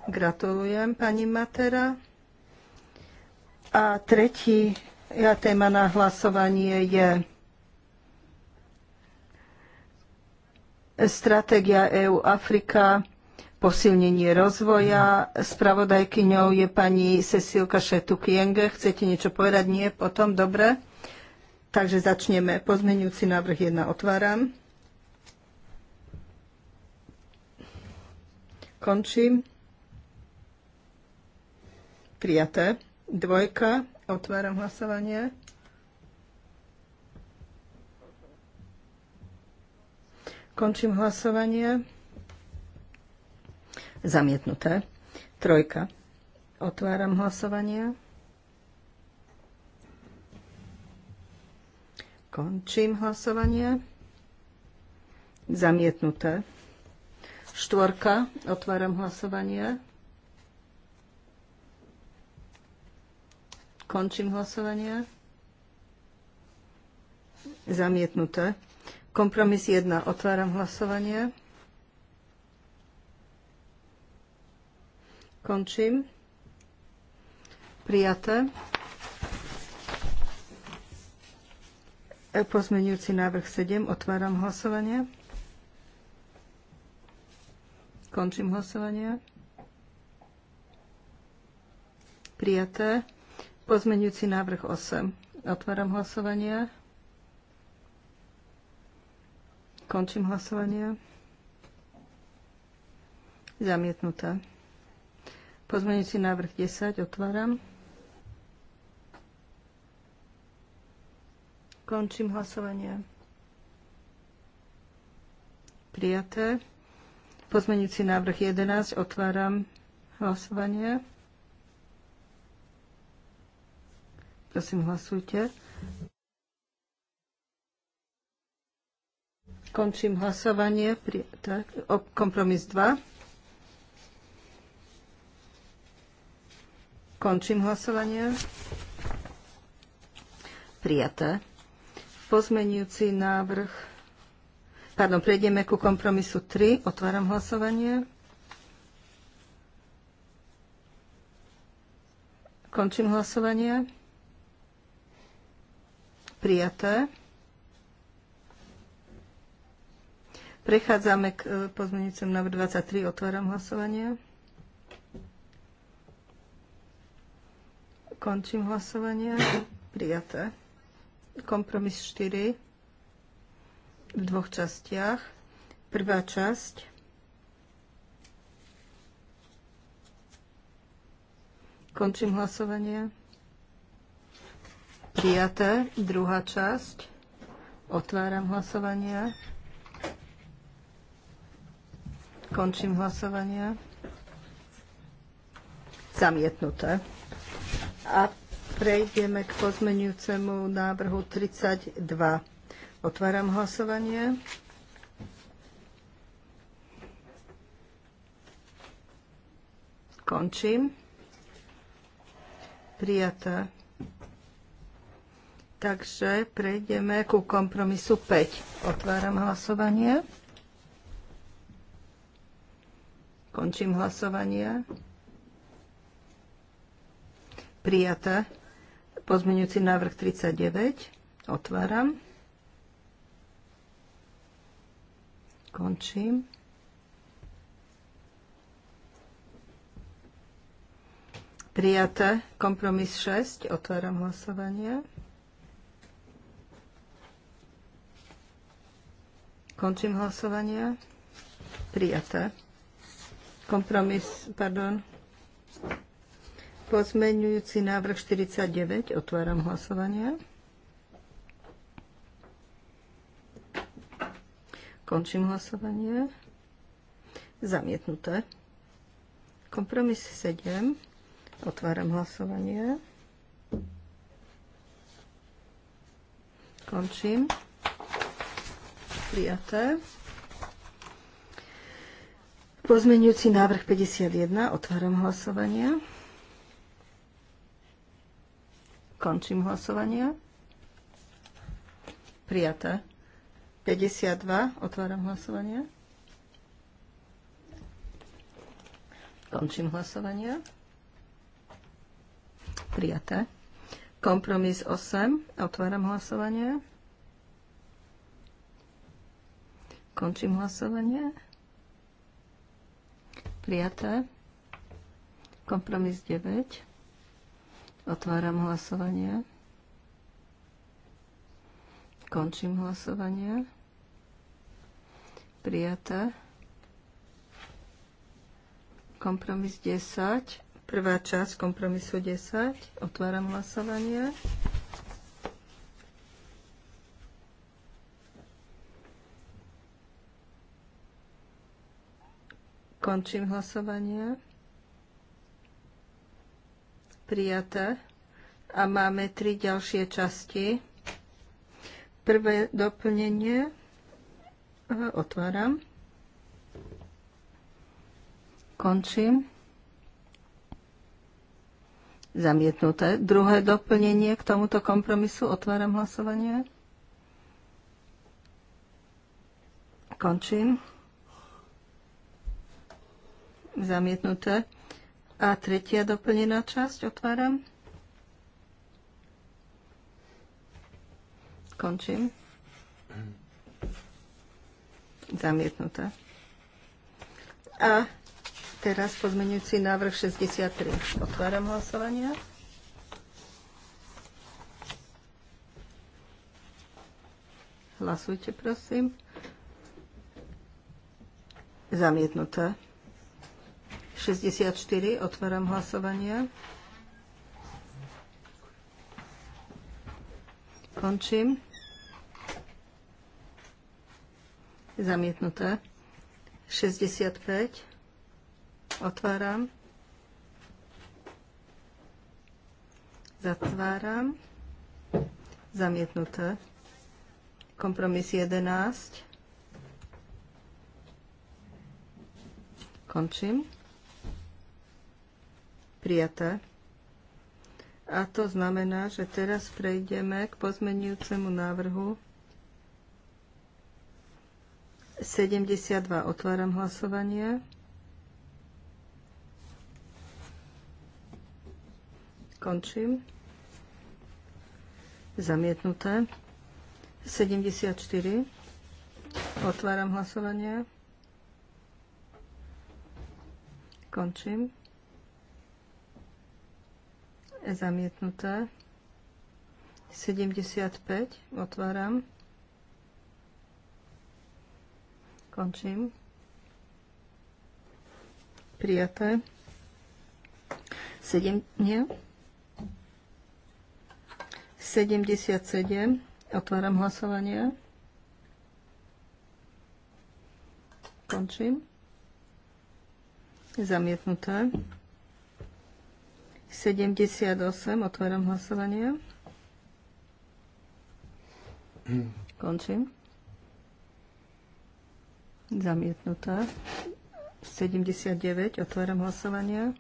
Gratulujem pani Matera. A tretí ja téma na hlasovanie je Stratégia EU Afrika, posilnenie rozvoja. Spravodajkyňou je pani Cecilka Šetukienge. Chcete niečo povedať? Nie? Potom? Dobre. Takže začneme. Pozmeňujúci návrh 1 otváram. Končím. Prijaté. Dvojka. Otváram hlasovanie. Končím hlasovanie. Zamietnuté. Trojka. Otváram hlasovanie. Končím hlasovanie. Zamietnuté. Štvorka. Otváram hlasovanie. Končím hlasovanie. Zamietnuté. Kompromis 1. Otváram hlasovanie. Končím. Prijaté. E, Pozmenujúci návrh 7. Otváram hlasovanie. Končím hlasovanie. Prijaté. Pozmenujúci návrh 8. Otváram hlasovanie. Končím hlasovanie. Zamietnuté. Pozmeňujúci návrh 10 otváram. Končím hlasovanie. Prijaté. Pozmeňujúci návrh 11 otváram hlasovanie. Prosím, hlasujte. Končím hlasovanie. Pri, tak, o, kompromis 2. Končím hlasovanie. Prijaté. Pozmenujúci návrh. Pardon, prejdeme ku kompromisu 3. Otváram hlasovanie. Končím hlasovanie. Prijaté. Prechádzame k e, pozmeňujúcemu návrhu 23. Otváram hlasovanie. Končím hlasovanie. Prijaté. Kompromis 4 v dvoch častiach. Prvá časť Končím hlasovanie. Prijaté. Druhá časť. Otváram hlasovanie. Končím hlasovanie. Zamietnuté. A prejdeme k pozmenujúcemu návrhu 32. Otváram hlasovanie. Končím. Prijaté. Takže prejdeme ku kompromisu 5. Otváram hlasovanie. Končím hlasovanie. Prijaté. Pozmeňujúci návrh 39. Otváram. Končím. Prijaté. Kompromis 6. Otváram hlasovanie. Končím hlasovanie. Prijaté. Kompromis, pardon. Pozmeňujúci návrh 49. Otváram hlasovanie. Končím hlasovanie. Zamietnuté. Kompromis 7. Otváram hlasovanie. Končím. Prijaté. Pozmeňujúci návrh 51. Otváram hlasovanie. Končím hlasovanie. Prijaté. 52. Otváram hlasovanie. Končím hlasovanie. Prijaté. Kompromis 8. Otváram hlasovanie. Končím hlasovanie. Prijaté. Kompromis 9. Otváram hlasovanie. Končím hlasovanie. Prijaté. Kompromis 10. Prvá časť kompromisu 10. Otváram hlasovanie. Končím hlasovanie. Prijaté. A máme tri ďalšie časti. Prvé doplnenie otváram. Končím. Zamietnuté. Druhé doplnenie k tomuto kompromisu. Otváram hlasovanie. Končím zamietnuté. A tretia doplnená časť otváram. Končím. Zamietnuté. A teraz pozmenujúci návrh 63. Otváram hlasovania. Hlasujte, prosím. Zamietnuté. 64. Otváram hlasovanie. Končím. Zamietnuté. 65. Otváram. Zatváram. Zamietnuté. Kompromis 11. Končím prijaté. A to znamená, že teraz prejdeme k pozmenujúcemu návrhu 72. Otváram hlasovanie. Končím. Zamietnuté. 74. Otváram hlasovanie. Končím zamietnuté. 75 otváram. Končím. Prijaté. 7, nie. 77 otváram hlasovanie. Končím. Zamietnuté. 78, otváram hlasovanie. Končím. Zamietnutá. 79, otváram hlasovanie.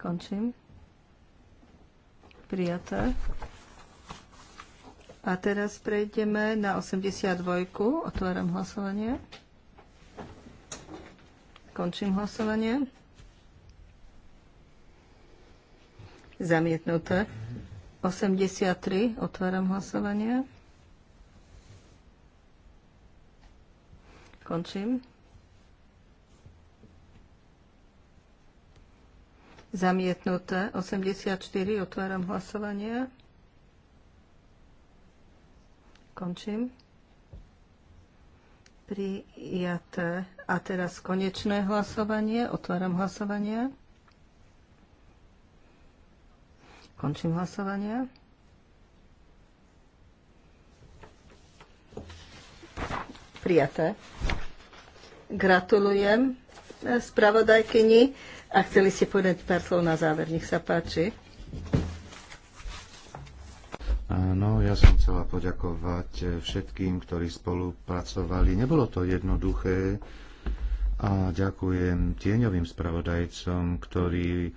Končím. Prijaté. A teraz prejdeme na 82. Otváram hlasovanie. Končím hlasovanie. Zamietnuté. 83. Otváram hlasovanie. Končím. Zamietnuté. 84. Otváram hlasovanie. Končím. Prijaté. A teraz konečné hlasovanie. Otváram hlasovanie. Končím hlasovanie. Prijaté. Gratulujem eh, spravodajkyni a chceli ste povedať pár slov na záver. Nech sa páči. No, ja som chcela poďakovať eh, všetkým, ktorí spolupracovali. Nebolo to jednoduché a ďakujem tieňovým spravodajcom, ktorí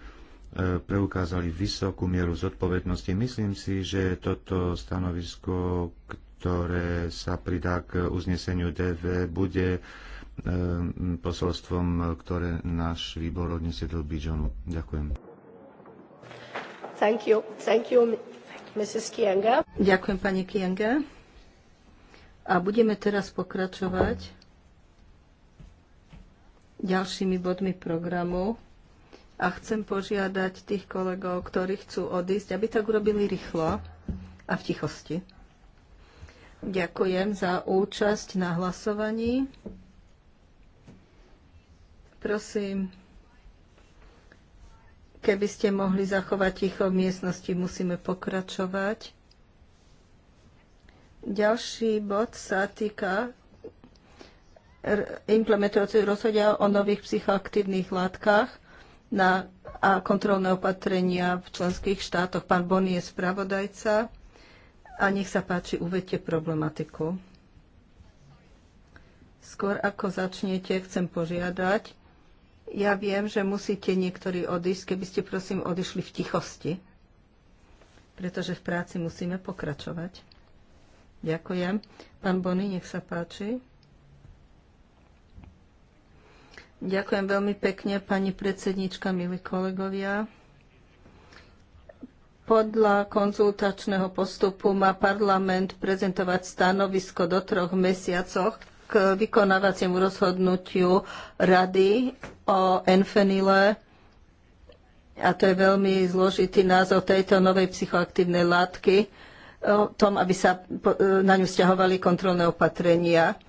preukázali vysokú mieru zodpovednosti. Myslím si, že toto stanovisko, ktoré sa pridá k uzneseniu DV, bude e, posolstvom, ktoré náš výbor odniesie do Bijonu. Ďakujem. Thank you. Thank you, Mrs. Kienga. Ďakujem, pani Kienga. A budeme teraz pokračovať ďalšími bodmi programu a chcem požiadať tých kolegov, ktorí chcú odísť, aby tak urobili rýchlo a v tichosti. Ďakujem za účasť na hlasovaní. Prosím, keby ste mohli zachovať ticho v miestnosti, musíme pokračovať. Ďalší bod sa týka implementácie rozhodia o nových psychoaktívnych látkach na, a kontrolné opatrenia v členských štátoch. Pán Bony je spravodajca a nech sa páči, uvedte problematiku. Skôr ako začnete, chcem požiadať. Ja viem, že musíte niektorí odísť, keby ste prosím odišli v tichosti, pretože v práci musíme pokračovať. Ďakujem. Pán Bony, nech sa páči. Ďakujem veľmi pekne, pani predsednička, milí kolegovia. Podľa konzultačného postupu má parlament prezentovať stanovisko do troch mesiacoch k vykonávaciemu rozhodnutiu rady o enfenile. A to je veľmi zložitý názov tejto novej psychoaktívnej látky, o tom, aby sa na ňu stiahovali kontrolné opatrenia.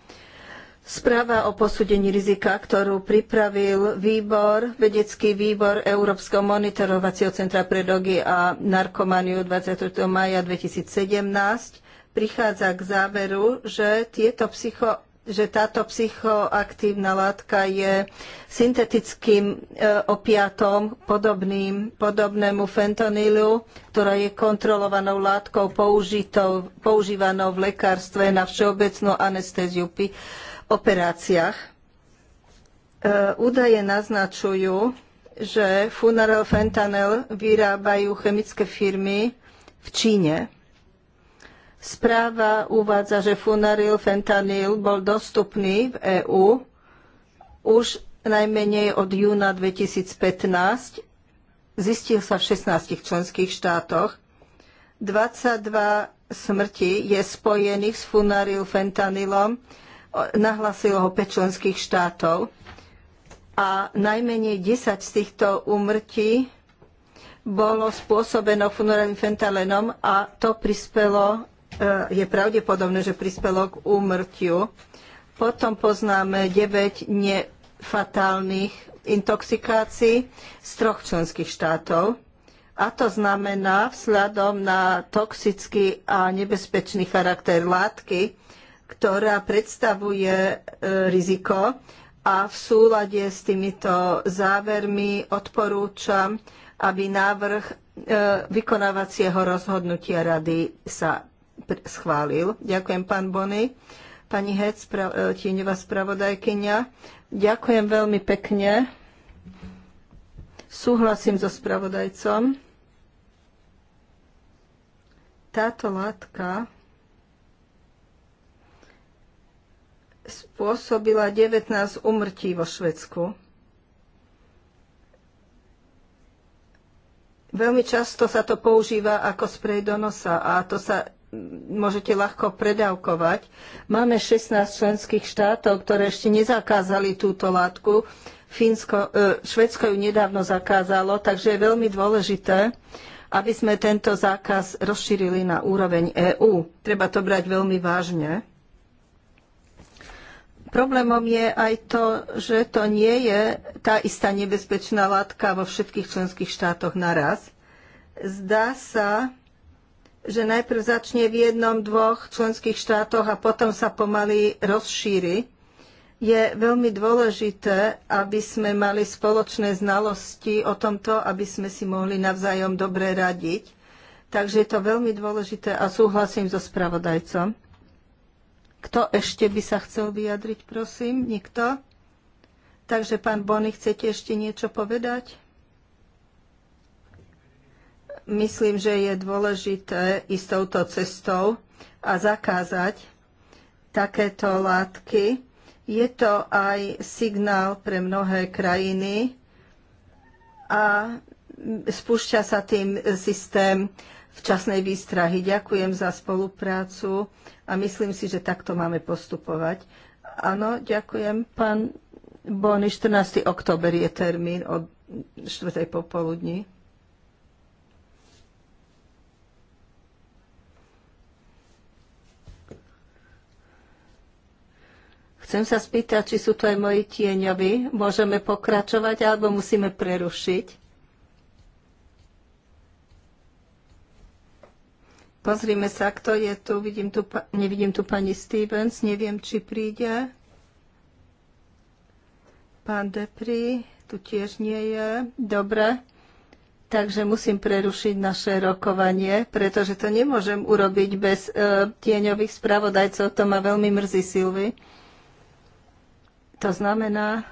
Správa o posúdení rizika, ktorú pripravil výbor, vedecký výbor Európskeho monitorovacieho centra pre drogy a narkomaniu 23. maja 2017, prichádza k záveru, že, psycho, že táto psychoaktívna látka je syntetickým e, opiatom podobným, podobnému fentanylu, ktorá je kontrolovanou látkou použitou, používanou v lekárstve na všeobecnú anestéziu. Pi- operáciách. E, údaje naznačujú, že Funeral Fentanyl vyrábajú chemické firmy v Číne. Správa uvádza, že Funeral Fentanyl bol dostupný v EÚ už najmenej od júna 2015. Zistil sa v 16 členských štátoch. 22 smrti je spojených s Funeral Fentanylom nahlasilo ho 5 členských štátov a najmenej 10 z týchto úmrtí bolo spôsobeno funorálnym fentalenom a to prispelo, e, je pravdepodobné, že prispelo k úmrtiu. Potom poznáme 9 nefatálnych intoxikácií z troch členských štátov. A to znamená vzhľadom na toxický a nebezpečný charakter látky, ktorá predstavuje e, riziko a v súlade s týmito závermi odporúčam, aby návrh e, vykonávacieho rozhodnutia rady sa schválil. Ďakujem, pán Bony. Pani Hec, spra- e, tieňová spravodajkynia. Ďakujem veľmi pekne. Súhlasím so spravodajcom. Táto látka spôsobila 19 umrtí vo Švedsku. Veľmi často sa to používa ako sprej do nosa a to sa môžete ľahko predávkovať. Máme 16 členských štátov, ktoré ešte nezakázali túto látku. Fínsko, e, Švedsko ju nedávno zakázalo, takže je veľmi dôležité, aby sme tento zákaz rozšírili na úroveň EÚ. Treba to brať veľmi vážne. Problémom je aj to, že to nie je tá istá nebezpečná látka vo všetkých členských štátoch naraz. Zdá sa, že najprv začne v jednom, dvoch členských štátoch a potom sa pomaly rozšíri. Je veľmi dôležité, aby sme mali spoločné znalosti o tomto, aby sme si mohli navzájom dobre radiť. Takže je to veľmi dôležité a súhlasím so spravodajcom. Kto ešte by sa chcel vyjadriť, prosím? Nikto? Takže, pán Bony, chcete ešte niečo povedať? Myslím, že je dôležité ísť touto cestou a zakázať takéto látky. Je to aj signál pre mnohé krajiny a spúšťa sa tým systém včasnej výstrahy. Ďakujem za spoluprácu a myslím si, že takto máme postupovať. Áno, ďakujem. Pán Bony, 14. október je termín od 4. popoludní. Chcem sa spýtať, či sú to aj moji tieňovi. Môžeme pokračovať alebo musíme prerušiť? Pozrime sa, kto je tu. Vidím tu nevidím tu pani Stevens, neviem, či príde. Pán Depri tu tiež nie je. Dobre. Takže musím prerušiť naše rokovanie, pretože to nemôžem urobiť bez e, tieňových spravodajcov. To ma veľmi mrzí, Silvy. To znamená,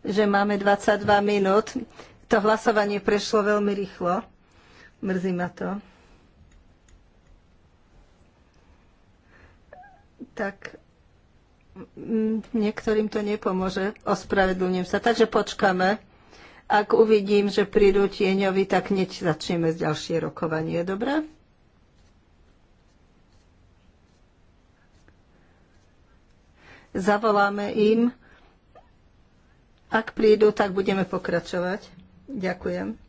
že máme 22 minút. To hlasovanie prešlo veľmi rýchlo. Mrzí ma to. tak niektorým to nepomôže. Ospravedlňujem sa. Takže počkáme. Ak uvidím, že prídu tieňovi, tak hneď začneme z ďalšie rokovanie. Dobre? Zavoláme im. Ak prídu, tak budeme pokračovať. Ďakujem.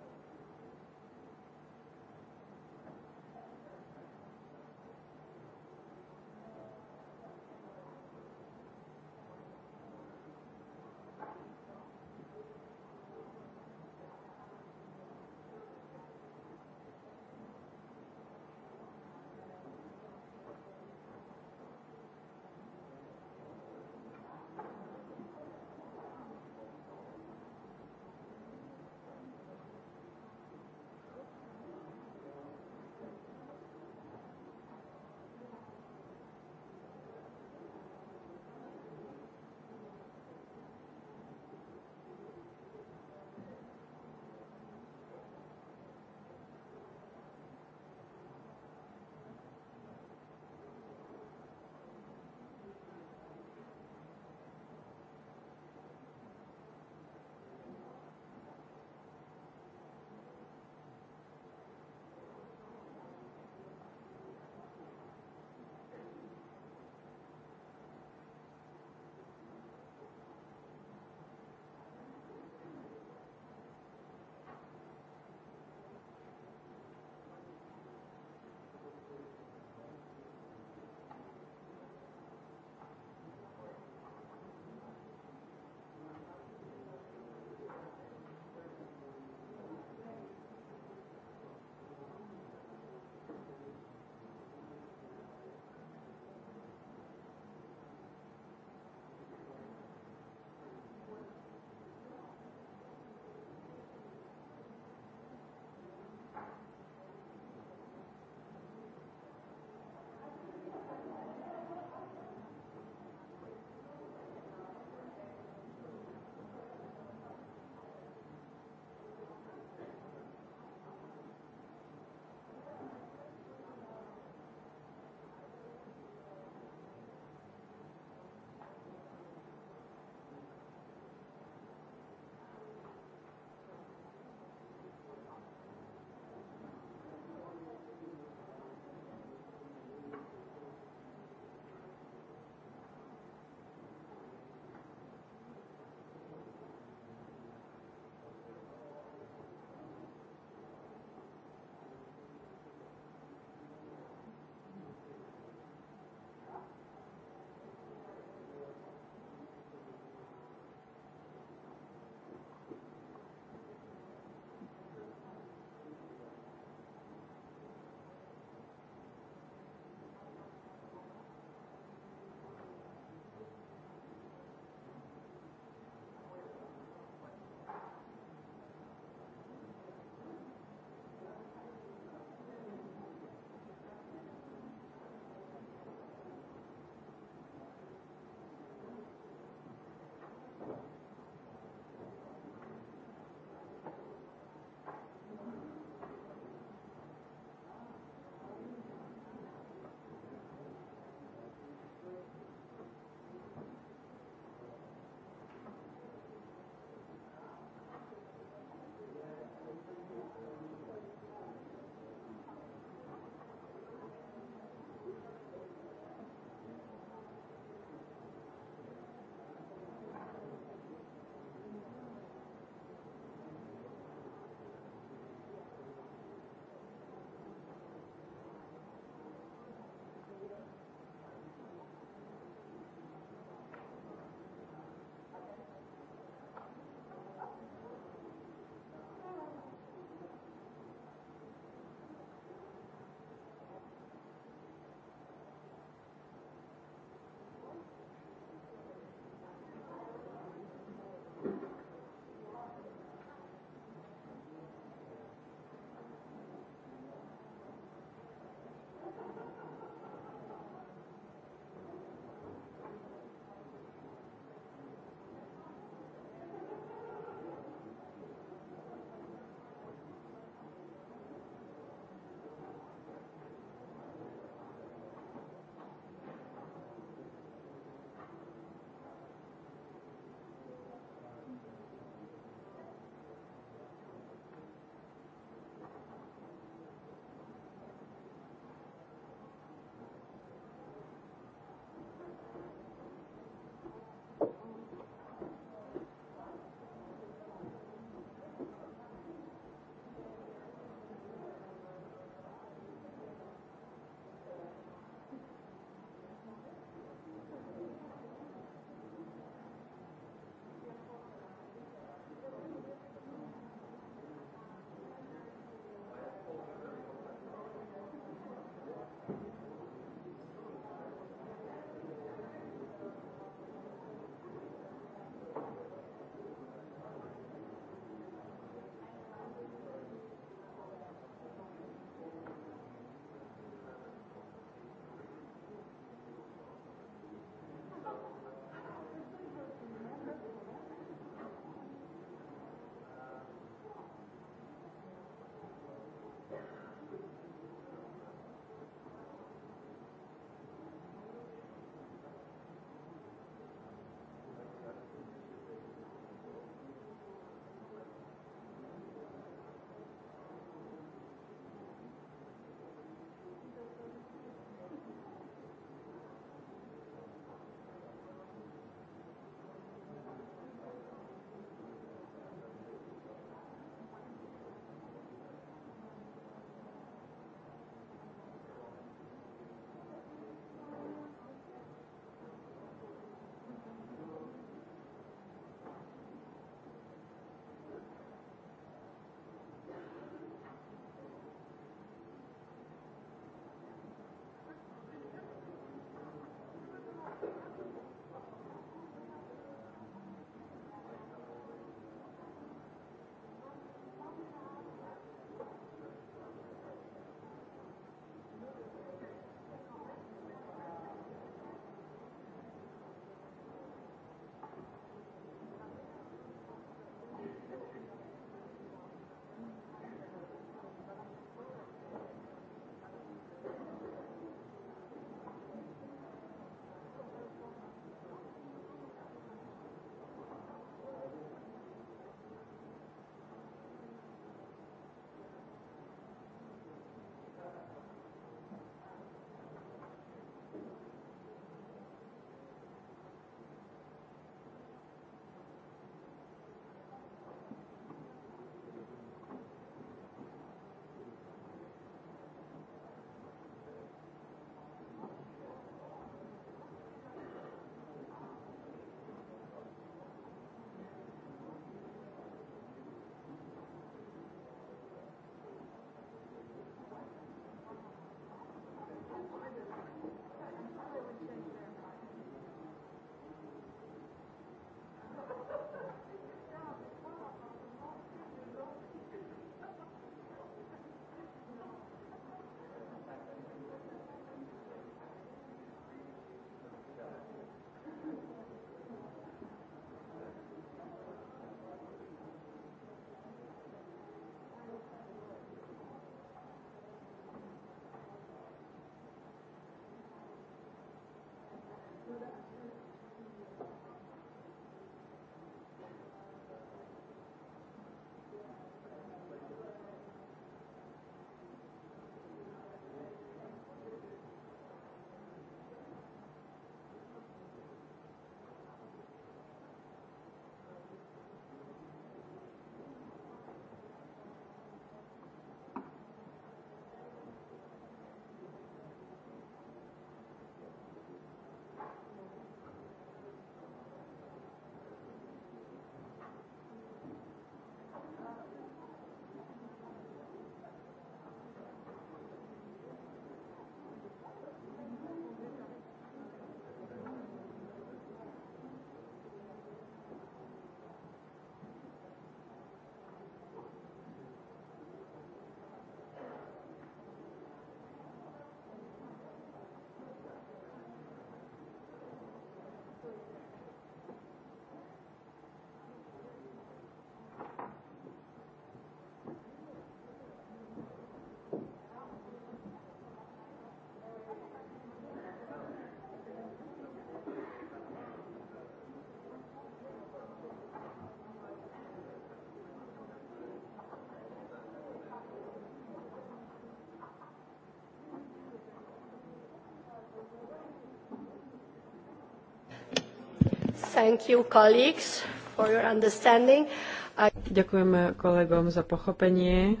Ďakujem kolegom za pochopenie.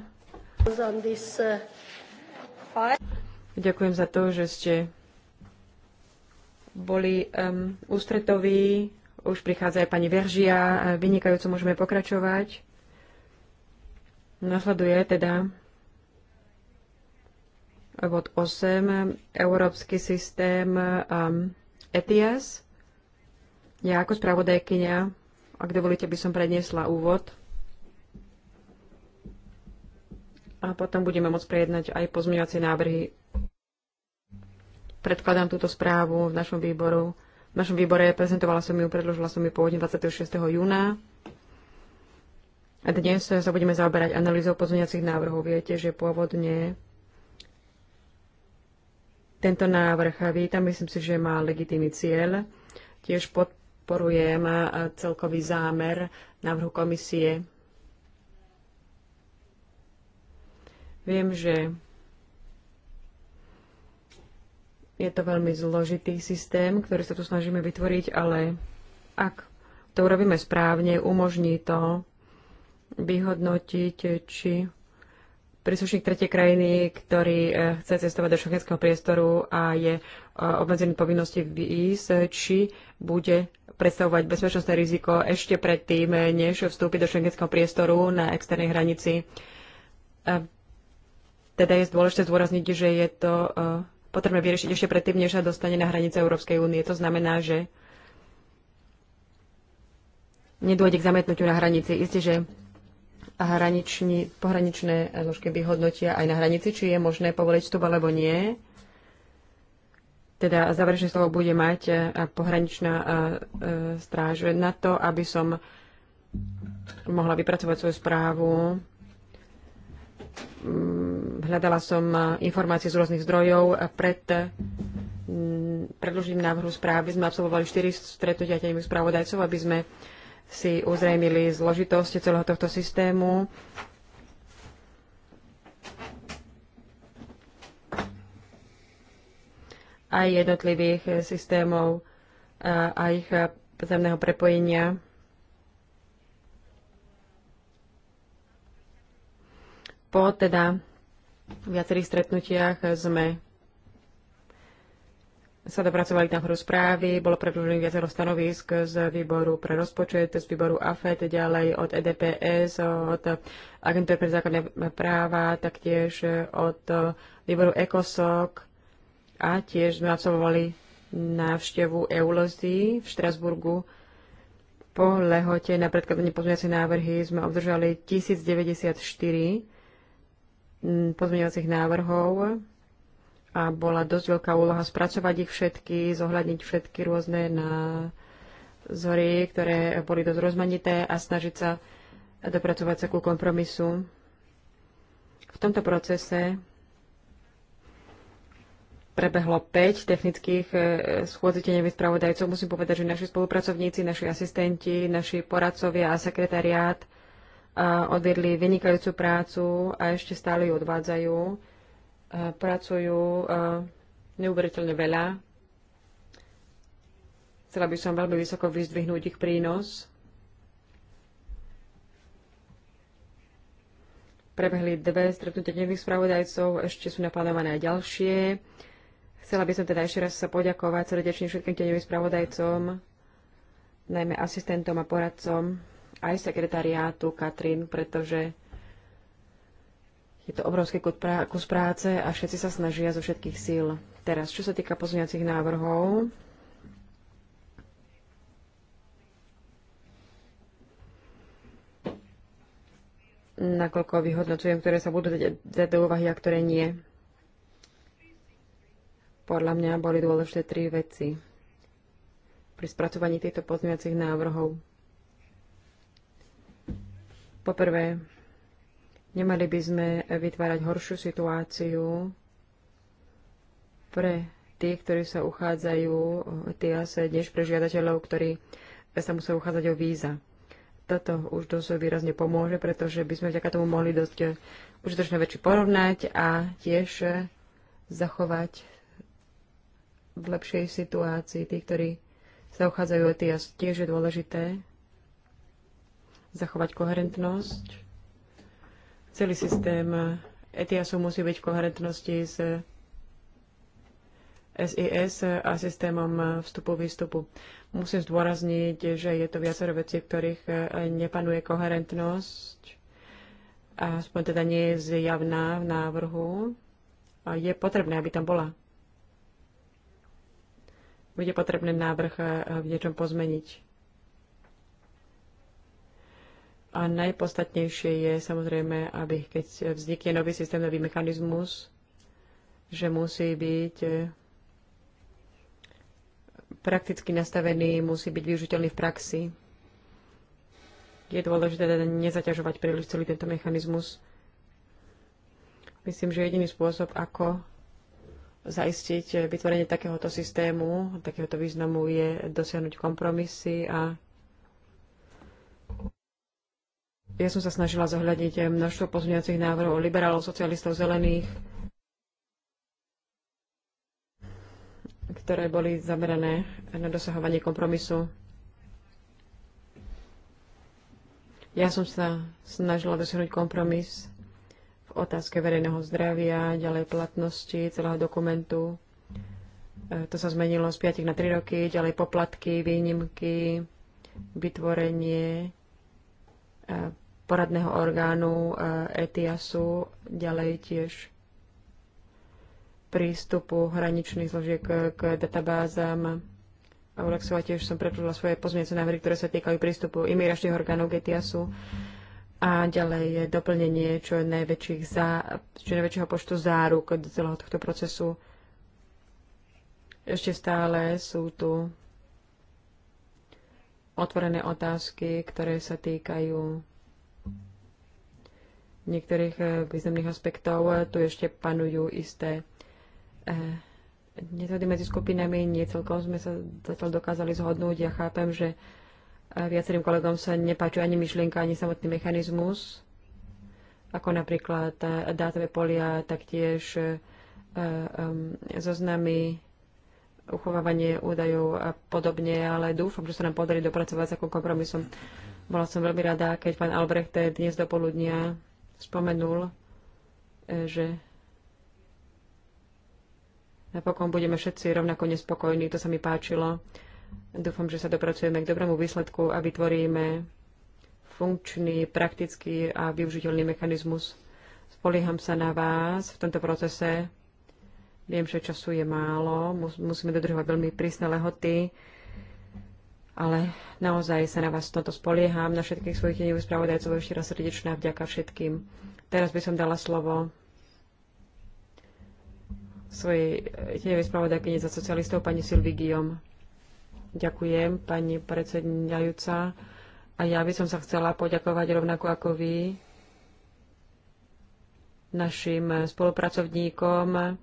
Uh, Ďakujem za to, že ste boli um, ústretoví. Už prichádza aj pani Veržia. Vynikajúco môžeme pokračovať. Nasleduje teda bod 8, Európsky systém um, ETIAS. Ja ako spravodajkynia, ak dovolíte, by som predniesla úvod a potom budeme môcť prejednať aj pozmeňovacie návrhy. Predkladám túto správu v našom výboru. V našom výbore prezentovala som ju, predložila som ju pôvodne 26. júna. A dnes sa budeme zaoberať analýzou pozmeňovacích návrhov. Viete, že pôvodne tento návrh vítam. Myslím si, že má legitímny cieľ. Tiež pod, podporujem celkový zámer návrhu komisie. Viem, že je to veľmi zložitý systém, ktorý sa tu snažíme vytvoriť, ale ak to urobíme správne, umožní to vyhodnotiť, či príslušník tretej krajiny, ktorý eh, chce cestovať do šochenského priestoru a je eh, obmedzený povinnosti výjsť, či bude predstavovať bezpečnostné riziko ešte predtým, než vstúpi do šengenského priestoru na externej hranici. Teda je dôležité zdôrazniť, že je to e, potrebné vyriešiť ešte predtým, než sa dostane na hranice Európskej únie. To znamená, že nedôjde k zametnutiu na hranici. Isté, že hraniční, pohraničné zložky by hodnotia aj na hranici, či je možné povoliť vstup alebo nie teda záverečné slovo bude mať e, pohraničná e, e, stráž na to, aby som mohla vypracovať svoju správu. Mm, hľadala som informácie z rôznych zdrojov. Pred mm, predložením návrhu správy sme absolvovali 4 stretnutia tajných správodajcov, aby sme si uzrejmili zložitosť celého tohto systému. aj jednotlivých eh, systémov a ich pozemného eh, prepojenia. Po teda viacerých stretnutiach eh, sme sa dopracovali na hru správy, bolo predložených viacero stanovisk z výboru pre rozpočet, z výboru AFET, ďalej od EDPS, od agentúry pre základné práva, taktiež od výboru ECOSOC, a tiež sme absolvovali návštevu Eulozy v Štrasburgu. Po lehote na predkladanie pozmeňovacích návrhy sme obdržali 1094 mm, pozmeňovacích návrhov a bola dosť veľká úloha spracovať ich všetky, zohľadniť všetky rôzne na zory, ktoré boli dosť rozmanité a snažiť sa dopracovať sa ku kompromisu. V tomto procese prebehlo 5 technických e, schôdzi tenevých spravodajcov. Musím povedať, že naši spolupracovníci, naši asistenti, naši poradcovia a sekretariát e, odvedli vynikajúcu prácu a ešte stále ju odvádzajú. E, pracujú neuveriteľne veľa. Chcela by som veľmi vysoko vyzdvihnúť ich prínos. Prebehli dve stretnutia dnevných spravodajcov, ešte sú naplánované aj ďalšie. Chcela by som teda ešte raz sa poďakovať srdečne všetkým tieňovým spravodajcom, najmä asistentom a poradcom, aj sekretariátu Katrin, pretože je to obrovský kus práce a všetci sa snažia zo všetkých síl. Teraz, čo sa týka pozmeňacích návrhov, nakoľko vyhodnocujem, ktoré sa budú dať do úvahy a ktoré nie. Podľa mňa boli dôležité tri veci pri spracovaní týchto pozmeňovacích návrhov. Poprvé, nemali by sme vytvárať horšiu situáciu pre tých, ktorí sa uchádzajú, asi než pre žiadateľov, ktorí sa musia uchádzať o víza. Toto už dosť výrazne pomôže, pretože by sme vďaka tomu mohli dosť užitočné väčšie porovnať a tiež zachovať v lepšej situácii. Tí, ktorí sa uchádzajú o tie, tiež je dôležité zachovať koherentnosť. Celý systém ETIASu musí byť v koherentnosti s SIS a systémom vstupu-výstupu. Musím zdôrazniť, že je to viacero vecí, ktorých e, nepanuje koherentnosť, aspoň teda nie je zjavná v návrhu. Je potrebné, aby tam bola bude potrebné návrh e, v niečom pozmeniť. A najpodstatnejšie je samozrejme, aby keď vznikne nový systémový mechanizmus, že musí byť e, prakticky nastavený, musí byť využiteľný v praxi. Je dôležité teda nezaťažovať príliš celý tento mechanizmus. Myslím, že jediný spôsob, ako zaistiť vytvorenie takéhoto systému, takéhoto významu je dosiahnuť kompromisy a ja som sa snažila zohľadiť množstvo pozmeňovacích návrhov liberálov, socialistov, zelených, ktoré boli zamerané na dosahovanie kompromisu. Ja som sa snažila dosiahnuť kompromis otázke verejného zdravia, ďalej platnosti celého dokumentu. E, to sa zmenilo z 5 na 3 roky, ďalej poplatky, výnimky, vytvorenie e, poradného orgánu ETIASu, e ďalej tiež prístupu hraničných zložiek k databázám. A tiež som predložila svoje pozmience návrhy, ktoré sa týkajú prístupu imigračných orgánov k ETIASu a ďalej je doplnenie čo, najväčších zá, čo najväčšieho počtu záruk do celého tohto procesu. Ešte stále sú tu otvorené otázky, ktoré sa týkajú niektorých eh, významných aspektov. Tu ešte panujú isté eh, nezhody medzi skupinami. Nie celkom sme sa zatiaľ dokázali zhodnúť. Ja chápem, že Viacerým kolegom sa nepáči ani myšlienka, ani samotný mechanizmus, ako napríklad e, dátové polia, taktiež e, e, zoznamy, uchovávanie údajov a podobne, ale dúfam, že sa nám podarí dopracovať s takým kompromisom. Bola som veľmi rada, keď pán Albrecht dnes do poludnia spomenul, že napokon budeme všetci rovnako nespokojní. To sa mi páčilo. Dúfam, že sa dopracujeme k dobrému výsledku a vytvoríme funkčný, praktický a využiteľný mechanizmus. Spolieham sa na vás v tomto procese. Viem, že času je málo, musíme dodržovať veľmi prísne lehoty, ale naozaj sa na vás toto spolieham. Na všetkých svojich tenivých spravodajcov ešte raz srdečná vďaka všetkým. Teraz by som dala slovo svojej tenivej spravodajkyni za socialistov pani Silvi Guillaume. Ďakujem, pani predsedňajúca. A ja by som sa chcela poďakovať rovnako ako vy našim spolupracovníkom,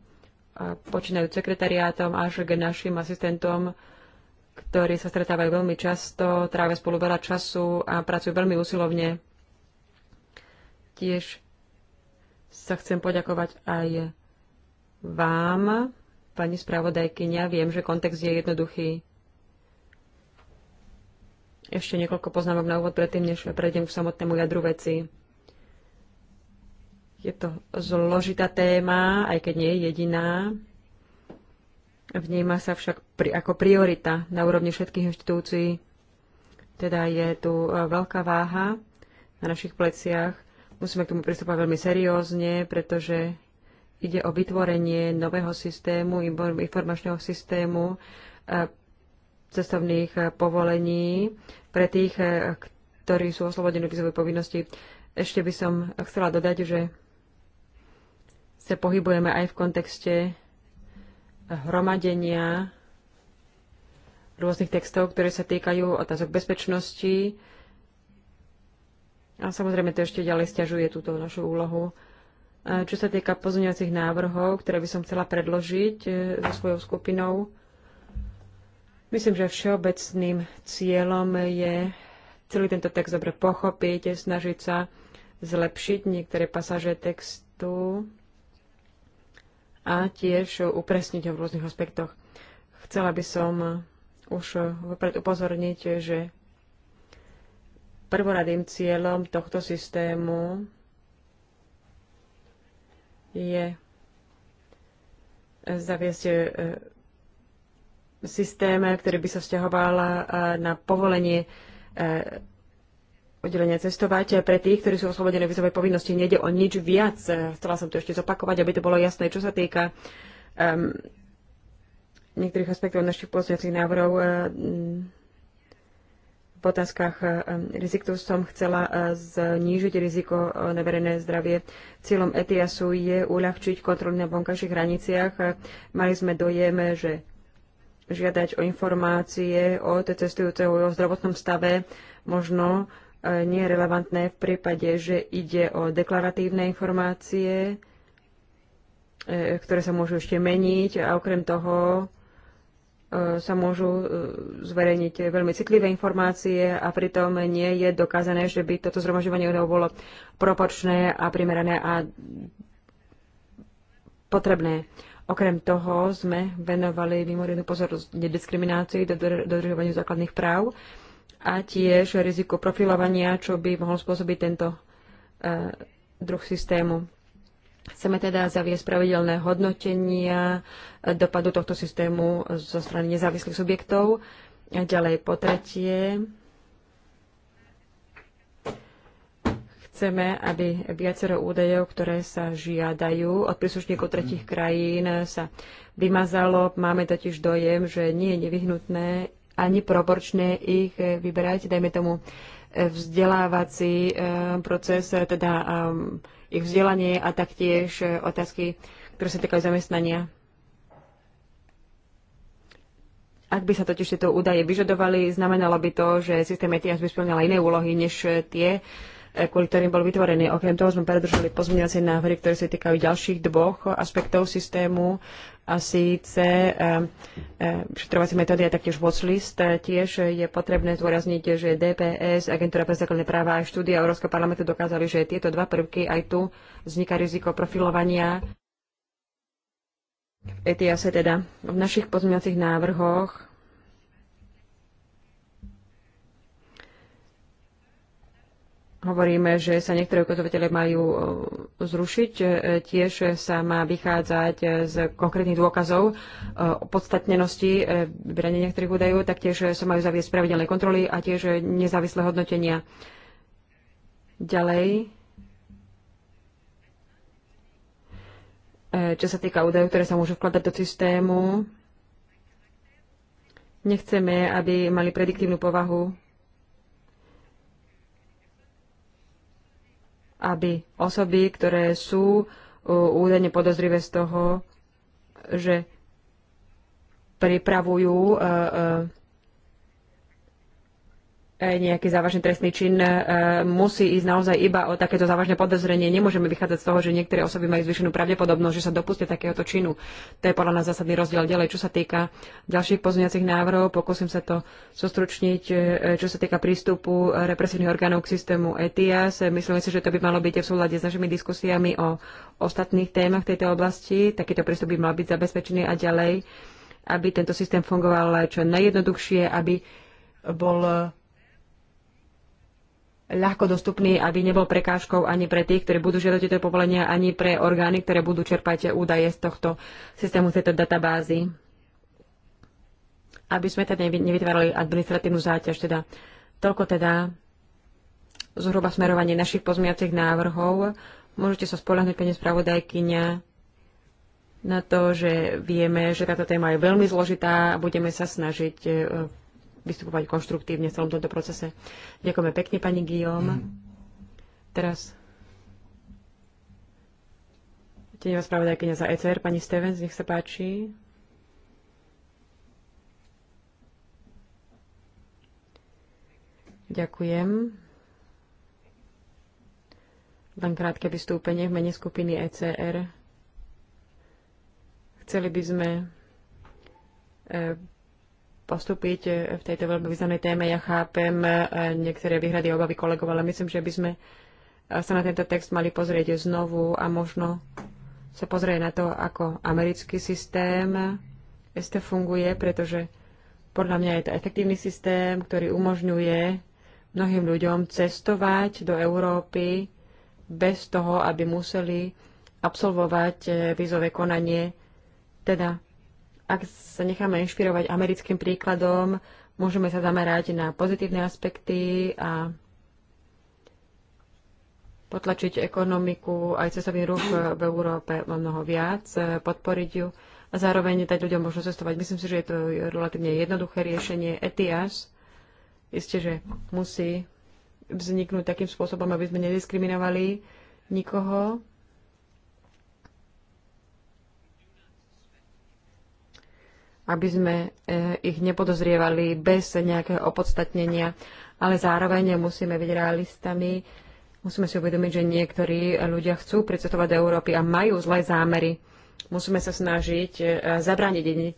počínajú sekretariátom až k našim asistentom, ktorí sa stretávajú veľmi často, trávia spolu veľa času a pracujú veľmi usilovne. Tiež sa chcem poďakovať aj vám, pani spravodajkynia. Viem, že kontext je jednoduchý. Ešte niekoľko poznámok na úvod, predtým než prejdem k samotnému jadru veci. Je to zložitá téma, aj keď nie je jediná. Vníma sa však pri, ako priorita na úrovni všetkých inštitúcií. Teda je tu e, veľká váha na našich pleciach. Musíme k tomu pristúpať veľmi seriózne, pretože ide o vytvorenie nového systému, informačného systému e, cestovných e, povolení pre tých, eh, ktorí sú oslobodení vizovej povinnosti. Ešte by som chcela dodať, že sa pohybujeme aj v kontexte hromadenia rôznych textov, ktoré sa týkajú otázok bezpečnosti. A samozrejme to ešte ďalej stiažuje túto našu úlohu. Eh, čo sa týka pozňovacích návrhov, ktoré by som chcela predložiť eh, so svojou skupinou, Myslím, že všeobecným cieľom je celý tento text dobre pochopiť, snažiť sa zlepšiť niektoré pasáže textu a tiež upresniť ho v rôznych aspektoch. Chcela by som už vopred upozorniť, že prvoradým cieľom tohto systému je zaviesť e, systém, ktorý by sa vzťahoval e, na povolenie e, oddelenia cestovať pre tých, ktorí sú oslobodení vizovej povinnosti. Nejde o nič viac. E, chcela som to ešte zopakovať, aby to bolo jasné, čo sa týka um, niektorých aspektov našich pozniacich návrhov. Um, v otázkach rizik tu som chcela znížiť riziko uh, neverené zdravie. Cieľom ETIASu je uľahčiť kontrolu na vonkajších hraniciach. Mali sme dojem, že žiadať o informácie o cestujúceho o zdravotnom stave, možno e, nie je relevantné v prípade, že ide o deklaratívne informácie, e, ktoré sa môžu ešte meniť a okrem toho e, sa môžu zverejniť veľmi citlivé informácie a pritom nie je dokázané, že by toto zhromažďovanie údajov bolo proporčné a primerané a potrebné. Okrem toho sme venovali mimoriadnu pozornosť nediskriminácii, dodržovaniu základných práv a tiež riziku profilovania, čo by mohol spôsobiť tento e, druh systému. Chceme teda zaviesť pravidelné hodnotenia e, dopadu tohto systému zo strany nezávislých subjektov. A ďalej po tretie, Chceme, aby viacero údajov, ktoré sa žiadajú od príslušníkov tretich krajín, sa vymazalo. Máme totiž dojem, že nie je nevyhnutné ani proporčné ich vyberať, dajme tomu eh, vzdelávací eh, proces, eh, teda ich vzdelanie a taktiež otázky, ktoré sa týkajú zamestnania. Ak by sa totiž tieto údaje vyžadovali, znamenalo by to, že systém ETIAS by splňal iné úlohy než tie, kvôli ktorým bol vytvorený. Okrem toho sme predržali pozmeňovacie návrhy, ktoré sa týkajú ďalších dvoch aspektov systému a síce eh, eh, vyšetrovacie metódy a taktiež list. Tiež je potrebné zdôrazniť, že DPS, Agentúra pre základné práva a štúdia Európskeho parlamentu dokázali, že tieto dva prvky aj tu vzniká riziko profilovania v ETIASe teda v našich pozmeňovacích návrhoch hovoríme, že sa niektoré ukazovatele majú e, zrušiť. E, tiež sa má vychádzať e, z konkrétnych dôkazov o podstatnenosti vybrania niektorých údajov, tak tiež sa majú zaviesť pravidelné kontroly a tiež nezávislé hodnotenia. Ďalej, čo sa týka údajov, ktoré sa môžu vkladať do systému, nechceme, aby mali prediktívnu povahu aby osoby, ktoré sú e, údajne podozrivé z toho, že pripravujú e, e, E, nejaký závažný trestný čin, e, musí ísť naozaj iba o takéto závažné podozrenie. Nemôžeme vychádzať z toho, že niektoré osoby majú zvýšenú pravdepodobnosť, že sa dopustia takéhoto činu. To je podľa nás zásadný rozdiel. Ďalej, čo sa týka ďalších pozňacích návrhov, pokúsim sa to sostručniť, e, čo sa týka prístupu represívnych orgánov k systému ETIAS. Myslím si, že to by malo byť v súlade s našimi diskusiami o ostatných témach v tejto oblasti. Takýto prístup by mal byť zabezpečený a ďalej aby tento systém fungoval čo najjednoduchšie, aby bol ľahko dostupný, aby nebol prekážkou ani pre tých, ktorí budú žiadať tieto povolenia, ani pre orgány, ktoré budú čerpať údaje z tohto systému, z tejto databázy. Aby sme teda nevytvárali administratívnu záťaž. Teda toľko teda zhruba smerovanie našich pozmiacich návrhov. Môžete sa spolahnuť, pani spravodajkyňa, na to, že vieme, že táto téma je veľmi zložitá a budeme sa snažiť e, vystupovať konštruktívne v celom tomto procese. Ďakujeme pekne, pani Guillaume. Mm. Teraz Teneva spravodajkynia za ECR, pani Stevens, nech sa páči. Ďakujem. Len krátke vystúpenie v mene skupiny ECR. Chceli by sme e, postúpiť eh, v tejto veľmi významnej téme. Ja chápem eh, niektoré výhrady a obavy kolegov, ale myslím, že by sme eh, sa na tento text mali pozrieť znovu a možno sa pozrieť na to, ako americký systém ST funguje, pretože podľa mňa je to efektívny systém, ktorý umožňuje mnohým ľuďom cestovať do Európy bez toho, aby museli absolvovať vízové konanie. Teda ak sa necháme inšpirovať americkým príkladom, môžeme sa zamerať na pozitívne aspekty a potlačiť ekonomiku aj cestovný ruch v Európe o mnoho viac, podporiť ju a zároveň dať ľuďom možnosť cestovať. Myslím si, že je to relatívne jednoduché riešenie. ETIAS isté, že musí vzniknúť takým spôsobom, aby sme nediskriminovali nikoho, aby sme e, ich nepodozrievali bez nejakého opodstatnenia, ale zároveň musíme byť realistami, musíme si uvedomiť, že niektorí ľudia chcú predsetovať do Európy a majú zlé zámery. Musíme sa snažiť e, zabrániť im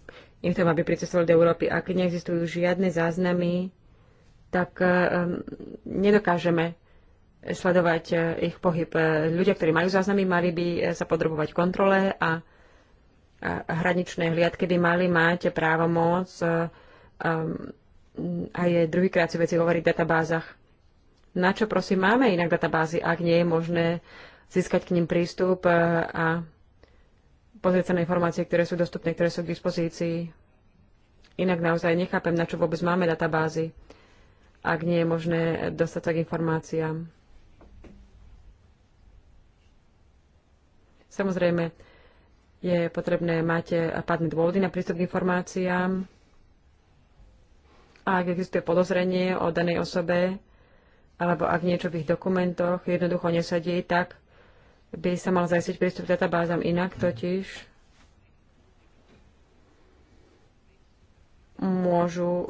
tomu, tom, aby pricestovali do Európy. Ak neexistujú žiadne záznamy, tak e, nedokážeme sledovať ich pohyb. Ľudia, ktorí majú záznamy, mali by sa podrobovať kontrole a hraničnej hliadky by mali mať právomoc e, aj druhýkrát si veci hovoriť v databázach. Na čo prosím máme inak databázy, ak nie je možné získať k ním prístup e, a pozrieť sa na informácie, ktoré sú dostupné, ktoré sú k dispozícii. Inak naozaj nechápem, na čo vôbec máme databázy, ak nie je možné dostať sa k informáciám. Samozrejme, je potrebné mať e, pádne dôvody na prístup k informáciám a ak existuje podozrenie o danej osobe, alebo ak niečo v ich dokumentoch jednoducho nesadí, tak by sa mal zajistiť prístup k databázam inak totiž môžu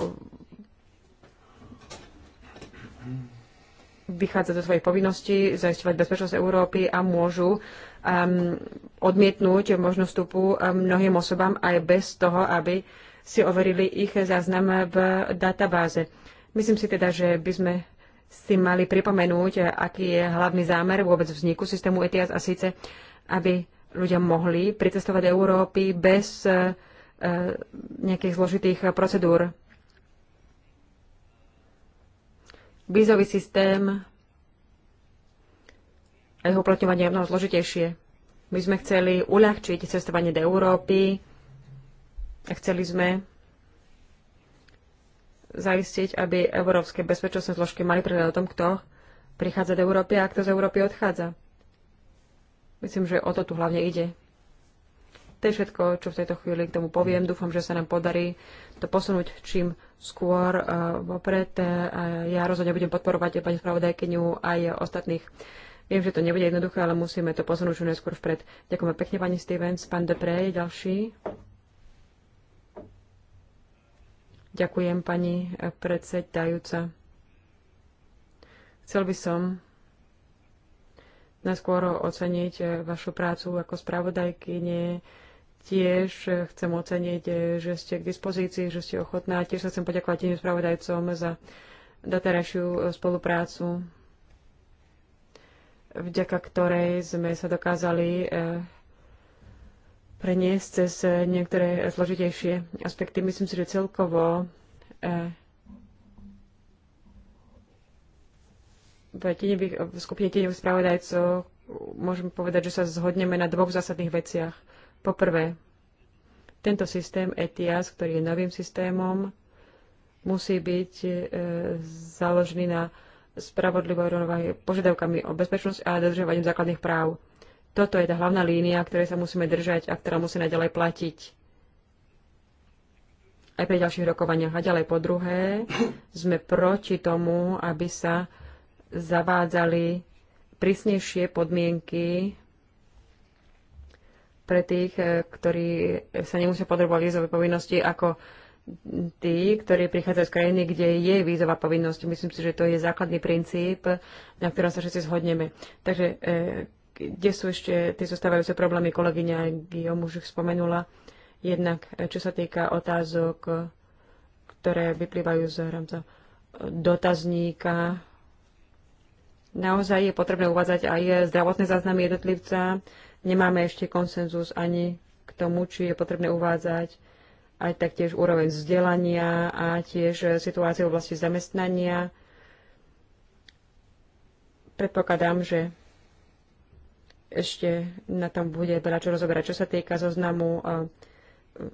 vychádzať zo svojich povinností, zaistovať bezpečnosť Európy a môžu Um, odmietnúť možnosť vstupu um, mnohým osobám aj bez toho, aby si overili ich záznam v databáze. Myslím si teda, že by sme si mali pripomenúť, aký je hlavný zámer vôbec vzniku systému ETIAS a síce, aby ľudia mohli pricestovať do Európy bez uh, uh, nejakých zložitých procedúr. Vízový systém a ich uplatňovanie je mnoho zložitejšie. My sme chceli uľahčiť cestovanie do Európy a chceli sme zaistiť, aby európske bezpečnostné zložky mali prehľad o tom, kto prichádza do Európy a kto z Európy odchádza. Myslím, že o to tu hlavne ide. To je všetko, čo v tejto chvíli k tomu poviem. Dúfam, že sa nám podarí to posunúť čím skôr uh, vopred. Uh, ja rozhodne budem podporovať pani spravodajkyňu aj ostatných uh, Viem, že to nebude jednoduché, ale musíme to pozornúť už neskôr vpred. Ďakujem pekne, pani Stevens. Pán Depré je ďalší. Ďakujem, pani predsedajúca. Chcel by som najskôr oceniť eh, vašu prácu ako Nie. Tiež eh, chcem oceniť, eh, že ste k dispozícii, že ste ochotná. Tiež sa chcem poďakovať tým spravodajcom za doterajšiu spoluprácu vďaka ktorej sme sa dokázali eh, preniesť cez niektoré zložitejšie aspekty. Myslím si, že celkovo eh, v, v skupine tieňových spravodajcov môžeme povedať, že sa zhodneme na dvoch zásadných veciach. Poprvé, tento systém ETIAS, ktorý je novým systémom, musí byť e, založený na spravodlivou rovnováhy požiadavkami o bezpečnosť a dodržovaním základných práv. Toto je tá hlavná línia, ktorej sa musíme držať a ktorá musí naďalej platiť aj pri ďalších rokovaniach. A ďalej po druhé, sme proti tomu, aby sa zavádzali prísnejšie podmienky pre tých, eh, ktorí sa nemusia podrobovať vízové povinnosti ako tí, ktorí prichádzajú z krajiny, kde je vízová povinnosť. Myslím si, že to je základný princíp, na ktorom sa všetci zhodneme. Takže e, kde sú ešte tie zostávajúce problémy, kolegyňa Guillaume už ich spomenula. Jednak, e, čo sa týka otázok, ktoré vyplývajú z rámca e, dotazníka, naozaj je potrebné uvádzať aj zdravotné záznamy jednotlivca. Nemáme ešte konsenzus ani k tomu, či je potrebné uvádzať aj taktiež úroveň vzdelania a tiež e, situáciu v oblasti zamestnania. Predpokladám, že ešte na tom bude veľa čo rozoberať. Čo sa týka zoznamu e,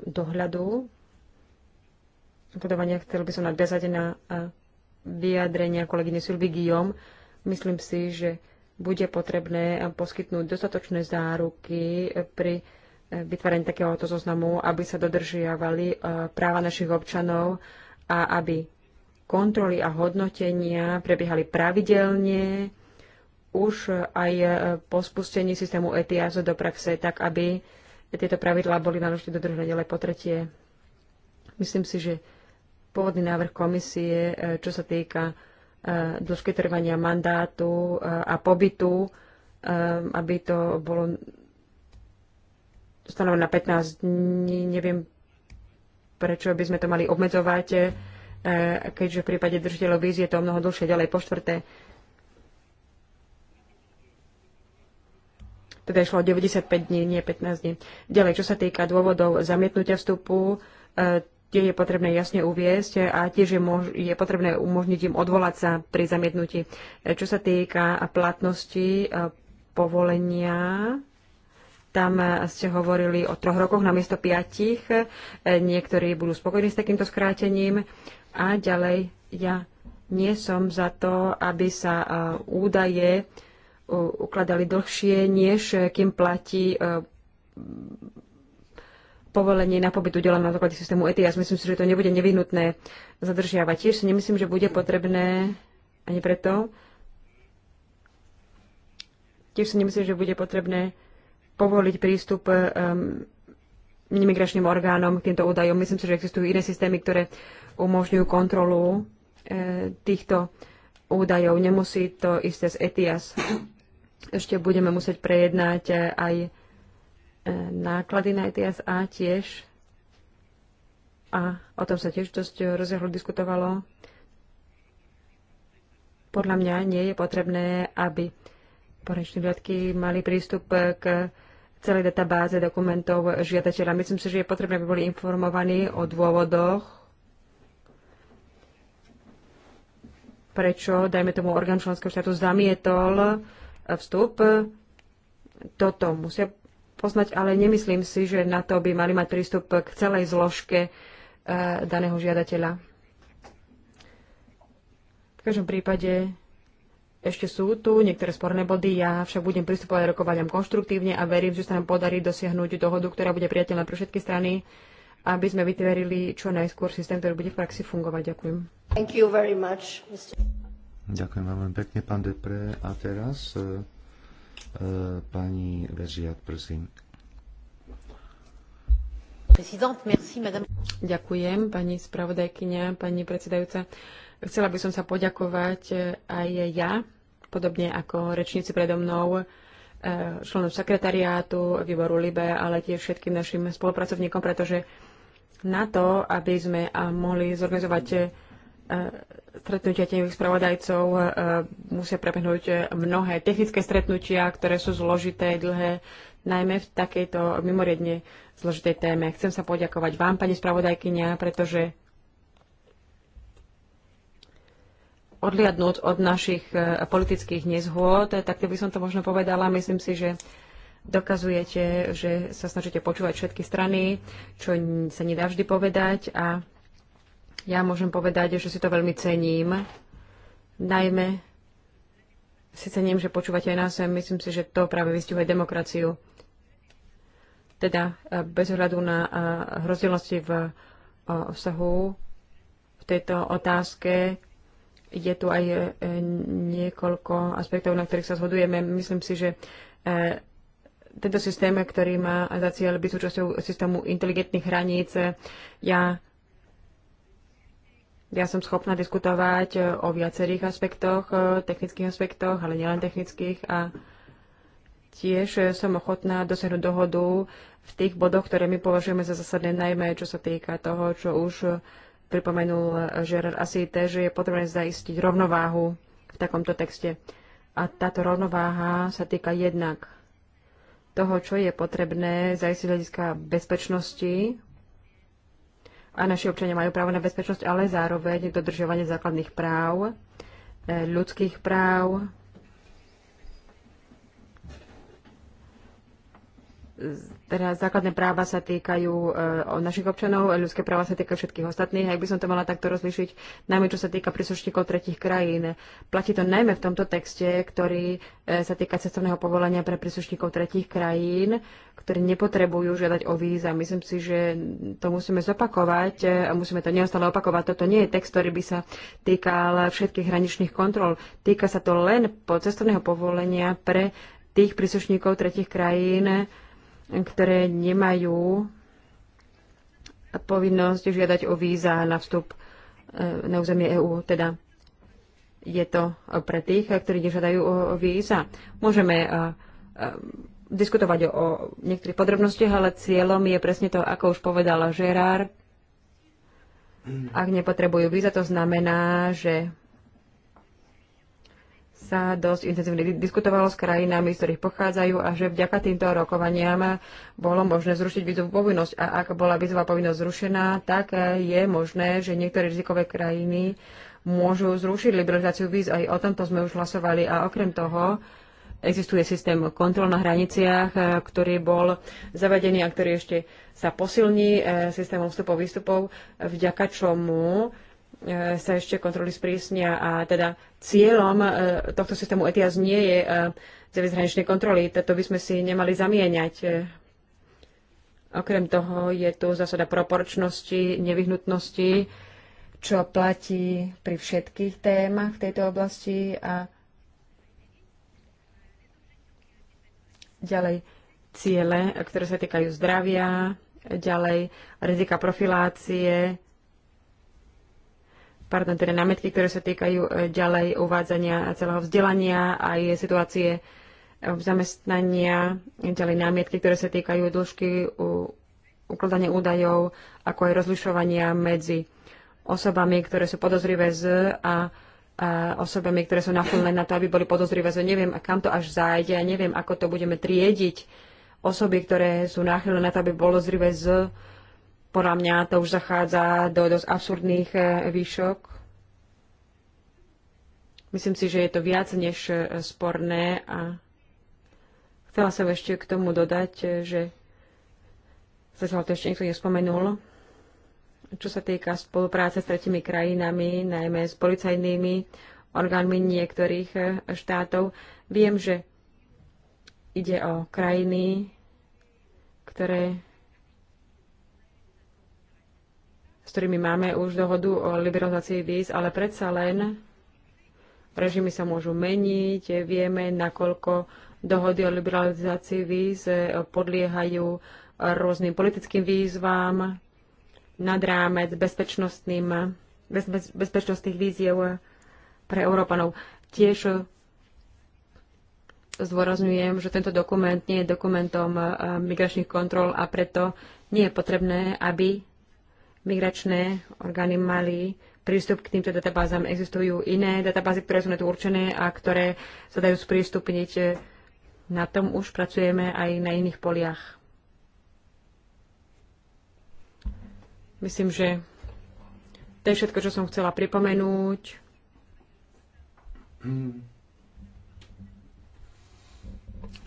dohľadu, Podobania chcel by som nadviazať na e, vyjadrenia kolegyne Sylvy Guillaume. Myslím si, že bude potrebné poskytnúť dostatočné záruky pri vytvorenie takéhoto zoznamu, aby sa dodržiavali e, práva našich občanov a aby kontroly a hodnotenia prebiehali pravidelne už aj e, po spustení systému ETIAS do praxe, tak aby tieto pravidlá boli nanožne dodržené ďalej po tretie. Myslím si, že pôvodný návrh komisie, e, čo sa týka dĺžky trvania mandátu a pobytu, aby to bolo stanovené na 15 dní. Neviem, prečo by sme to mali obmedzovať, e, keďže v prípade držiteľov víz je to mnoho dlhšie ďalej po štvrté. Teda išlo o 95 dní, nie 15 dní. Ďalej, čo sa týka dôvodov zamietnutia vstupu, e, tie je potrebné jasne uviesť a tiež je, mož- je potrebné umožniť im odvolať sa pri zamietnutí. E, čo sa týka platnosti povolenia, tam eh, ste hovorili o troch rokoch na miesto piatich. Eh, niektorí budú spokojní s takýmto skrátením. A ďalej, ja nie som za to, aby sa eh, údaje ukladali dlhšie, než kým platí povolenie na pobyt udelené na základe systému ETIAS. Myslím si, že to nebude nevyhnutné zadržiavať. Tiež si nemyslím, že bude potrebné ani preto. Tiež si nemyslím, že bude potrebné povoliť prístup nemigračným eh, orgánom k týmto údajom. Myslím si, že existujú iné systémy, ktoré umožňujú kontrolu eh, týchto údajov. Nemusí to isté z ETIAS. Ešte budeme musieť prejednať eh, aj náklady na ETIAS a tiež a o tom sa tiež dosť rozjahlo diskutovalo. Podľa mňa nie je potrebné, aby konečné dodatky mali prístup k celej databáze dokumentov žiadateľa. Myslím si, že je potrebné, aby boli informovaní o dôvodoch, prečo, dajme tomu, orgán členského štátu zamietol vstup. Toto musia poznať, ale nemyslím si, že na to by mali mať prístup k celej zložke eh, daného žiadateľa. V každom prípade ešte sú tu niektoré sporné body, ja však budem pristupovať rokovaniam konštruktívne a verím, že sa nám podarí dosiahnuť dohodu, ktorá bude priateľná pre všetky strany, aby sme vytvorili čo najskôr systém, ktorý bude v praxi fungovať. Ďakujem. Thank you very much, Mr. Ďakujem veľmi pekne, pán Depre. A teraz e, e, pani Vežiat, prosím. Merci, Ďakujem, pani spravodajkyňa, pani predsedajúca. Chcela by som sa poďakovať e, aj ja, podobne ako rečníci predo mnou, e, členom sekretariátu, výboru LIBE, ale tiež všetkým našim spolupracovníkom, pretože na to, aby sme mohli zorganizovať e, stretnutia tých spravodajcov musia prebehnúť mnohé technické stretnutia, ktoré sú zložité, dlhé, najmä v takejto mimoriadne zložitej téme. Chcem sa poďakovať vám, pani spravodajkynia, pretože odliadnúť od našich e, politických nezhôd, tak by som to možno povedala. Myslím si, že dokazujete, že sa snažíte počúvať všetky strany, čo sa nedá vždy povedať a ja môžem povedať, že si to veľmi cením. Najmä si cením, že počúvate aj nás a myslím si, že to práve vystihuje demokraciu. Teda e, bez ohľadu na e, rozdielnosti v obsahu v tejto otázke je tu aj e, niekoľko aspektov, na ktorých sa zhodujeme. Myslím si, že e, tento systém, ktorý má za cieľ byť súčasťou systému inteligentných hraníc, e, ja, ja som schopná diskutovať o viacerých aspektoch, technických aspektoch, ale nielen technických a tiež som ochotná dosiahnuť dohodu v tých bodoch, ktoré my považujeme za zásadné, najmä čo sa týka toho, čo už pripomenul Gerard Asite, že je potrebné zaistiť rovnováhu v takomto texte. A táto rovnováha sa týka jednak toho, čo je potrebné zaistiť hľadiska bezpečnosti a naši občania majú právo na bezpečnosť, ale zároveň dodržovanie základných práv, eh, ľudských práv, teda základné práva sa týkajú uh, našich občanov, ľudské práva sa týkajú všetkých ostatných. Ak by som to mala takto rozlišiť, najmä čo sa týka príslušníkov tretich krajín. Platí to najmä v tomto texte, ktorý uh, sa týka cestovného povolenia pre príslušníkov tretich krajín, ktorí nepotrebujú žiadať o víza. Myslím si, že to musíme zopakovať e, a musíme to neustále opakovať. Toto nie je text, ktorý by sa týkal všetkých hraničných kontrol. Týka sa to len po cestovného povolenia pre tých príslušníkov tretich krajín, ktoré nemajú povinnosť žiadať o víza na vstup e, na územie EÚ. Teda je to pre tých, ktorí nežiadajú o víza. Môžeme e, e, diskutovať o niektorých podrobnostiach, ale cieľom je presne to, ako už povedala Žerár, Ak nepotrebujú víza, to znamená, že sa dosť intenzívne diskutovalo s krajinami, z ktorých pochádzajú a že vďaka týmto rokovaniam bolo možné zrušiť vízovú povinnosť. A ak bola vízová povinnosť zrušená, tak e, je možné, že niektoré rizikové krajiny môžu zrušiť liberalizáciu víz. Aj o tomto sme už hlasovali. A okrem toho, Existuje systém kontrol na hraniciach, e, ktorý bol zavedený a ktorý ešte sa posilní e, systémom vstupov výstupov, vďaka čomu E, sa ešte kontroly sprísnia a teda cieľom e, tohto systému ETIAS nie je e, zaviesť kontroly. Toto by sme si nemali zamieňať. Okrem toho je tu zásada proporčnosti, nevyhnutnosti, čo platí pri všetkých témach v tejto oblasti a ďalej ciele, ktoré sa týkajú zdravia, ďalej rizika profilácie, pardon, teda námetky, ktoré sa týkajú e, ďalej uvádzania celého vzdelania a aj situácie v e, zamestnania, ďalej námietky, ktoré sa týkajú dĺžky ukladania údajov, ako aj rozlišovania medzi osobami, ktoré sú podozrivé z a, a osobami, ktoré sú nachylné na to, aby boli podozrivé z. Neviem, kam to až zájde a neviem, ako to budeme triediť. Osoby, ktoré sú náchylné na to, aby bolo zrivé z, podľa mňa to už zachádza do dosť absurdných e, výšok. Myslím si, že je to viac než e, sporné a chcela som ešte k tomu dodať, e, že sa to ešte niekto nespomenul, čo sa týka spolupráce s tretimi krajinami, najmä s policajnými orgánmi niektorých štátov. Viem, že ide o krajiny, ktoré s ktorými máme už dohodu o liberalizácii víz, ale predsa len režimy sa môžu meniť, vieme, nakoľko dohody o liberalizácii víz e, podliehajú rôznym politickým výzvám nad rámec bezpečnostným, bez, bez, bezpečnostných víziev pre Európanov. Tiež zdôrazňujem, že tento dokument nie je dokumentom e, migračných kontrol a preto nie je potrebné, aby migračné orgány mali prístup k týmto databázam. Existujú iné databázy, ktoré sú na to určené a ktoré sa dajú sprístupniť. Na tom už pracujeme aj na iných poliach. Myslím, že to je všetko, čo som chcela pripomenúť. Mm.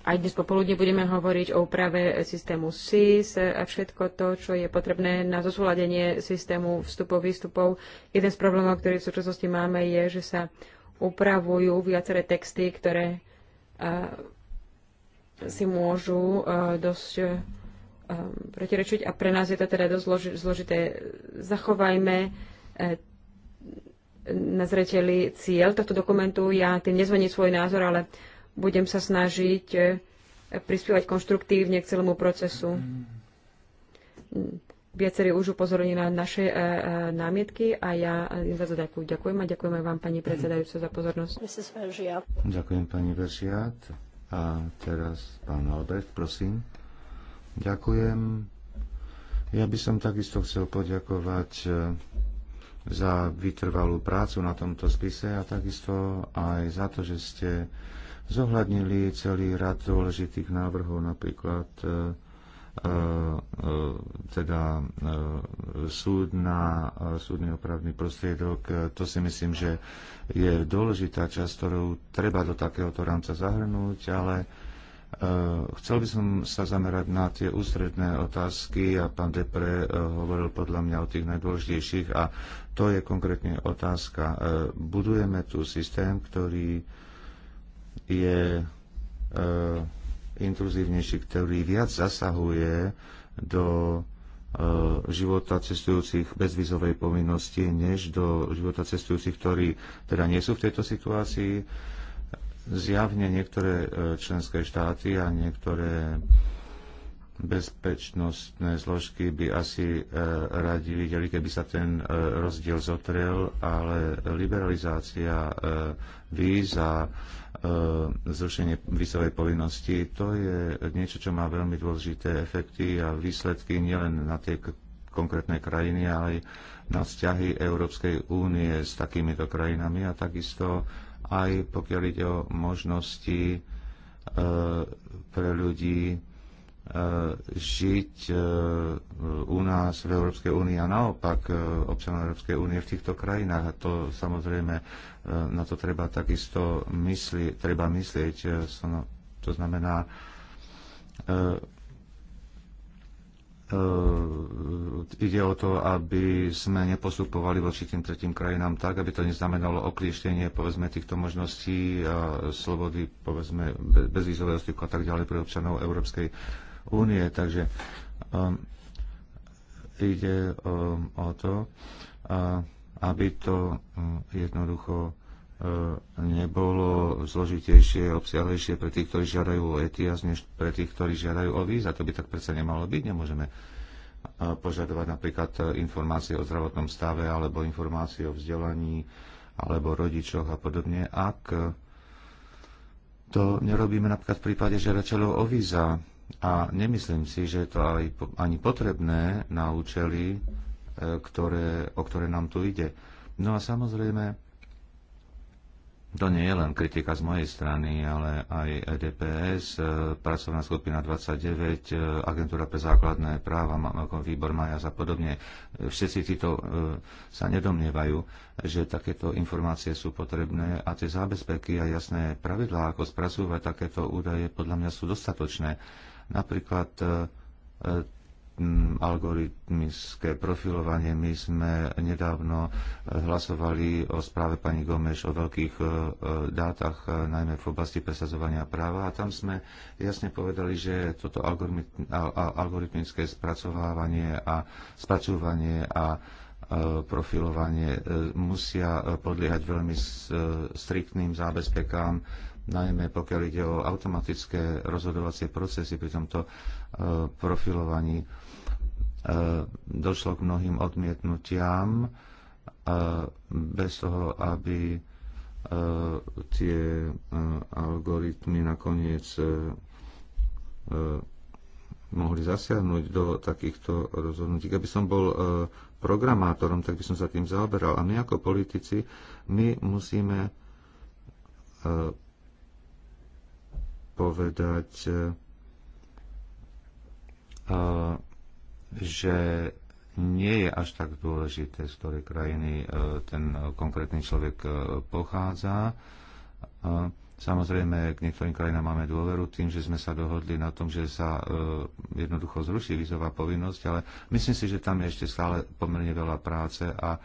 Aj dnes popoludne budeme hovoriť o úprave systému SIS a všetko to, čo je potrebné na zosúladenie systému vstupov, výstupov. Jeden z problémov, ktorý v súčasnosti máme, je, že sa upravujú viaceré texty, ktoré si môžu dosť protirečiť a pre nás je to teda dosť zložité. Zachovajme e, na zreteli cieľ tohto dokumentu. Ja tým nezmení svoj názor, ale budem sa snažiť e, prispievať konštruktívne k celému procesu. Viacerí už upozorili na naše e, e, námietky a ja im za to ďakujem a ďakujem aj vám, pani predsedajúca, za pozornosť. Ďakujem, pani Veržiat. A teraz pán Albert, prosím. Ďakujem. Ja by som takisto chcel poďakovať za vytrvalú prácu na tomto spise a takisto aj za to, že ste zohľadnili celý rad dôležitých návrhov, napríklad e, e, teda e, e, súdny opravný prostriedok. To si myslím, že je dôležitá časť, ktorú treba do takéhoto rámca zahrnúť, ale chcel by som sa zamerať na tie ústredné otázky a pán Depre hovoril podľa mňa o tých najdôležitejších a to je konkrétne otázka. Budujeme tu systém, ktorý je e, intruzívnejší, ktorý viac zasahuje do eh, života cestujúcich bez povinnosti, než do života cestujúcich, ktorí teda nie sú v tejto situácii. Zjavne niektoré eh, členské štáty a niektoré bezpečnostné zložky by asi radi videli, keby sa ten rozdiel zotrel, ale liberalizácia víza E, zrušenie výsovej povinnosti, to je niečo, čo má veľmi dôležité efekty a výsledky nielen na tie konkrétne krajiny, ale aj na vzťahy Európskej únie s takýmito krajinami a takisto aj pokiaľ ide o možnosti e, pre ľudí e, žiť u nás v Európskej únii a naopak občanov Európskej únie v týchto krajinách. A to samozrejme na to treba takisto mysli, treba myslieť. E, to znamená, e, e, ide o to, aby sme nepostupovali voči tým tretím krajinám tak, aby to neznamenalo oklieštenie povedzme týchto možností a slobody povedzme bezvýzového styku a tak ďalej pre občanov Európskej únie. Takže um, ide um, o to, uh, aby to hm, jednoducho e, nebolo zložitejšie, obsiahlejšie pre tých, ktorí žiadajú o ETIAS, než pre tých, ktorí žiadajú o víza. To by tak predsa nemalo byť. Nemôžeme e, požadovať napríklad e, informácie o zdravotnom stave alebo informácie o vzdelaní alebo rodičoch a podobne, ak to nerobíme napríklad v prípade žiadateľov o víza. A nemyslím si, že je to aj, ani potrebné na účely E, ktoré, o ktoré nám tu ide. No a samozrejme, to nie je len kritika z mojej strany, ale aj e DPS, e, pracovná skupina 29, agentúra pre základné práva, výbor Maja a podobne. Všetci títo sa nedomnievajú, že takéto informácie sú potrebné a tie zábezpeky a jasné pravidlá, ako spracúvať takéto údaje, podľa mňa sú dostatočné. Napríklad algoritmické profilovanie. My sme nedávno e, hlasovali o správe pani Gomeš o veľkých e, e, dátach, najmä v oblasti presadzovania práva. A tam sme jasne povedali, že toto algoritmické spracovávanie a spracovanie a profilovanie musia podliehať veľmi striktným zábezpekám najmä pokiaľ ide o automatické rozhodovacie procesy pri tomto e, profilovaní. E, došlo k mnohým odmietnutiam e, bez toho, aby tie algoritmy nakoniec mohli zasiahnuť do takýchto rozhodnutí. Keby som bol programátorom, tak by som sa tým zaoberal. A my ako politici, my musíme povedať, e, že nie je až tak dôležité, z ktorej krajiny e, ten konkrétny človek e, pochádza. Samozrejme, k niektorým krajinám máme dôveru tým, že sme sa dohodli na tom, že sa jednoducho zruší vizová povinnosť, ale myslím si, že tam je ešte stále pomerne veľa práce a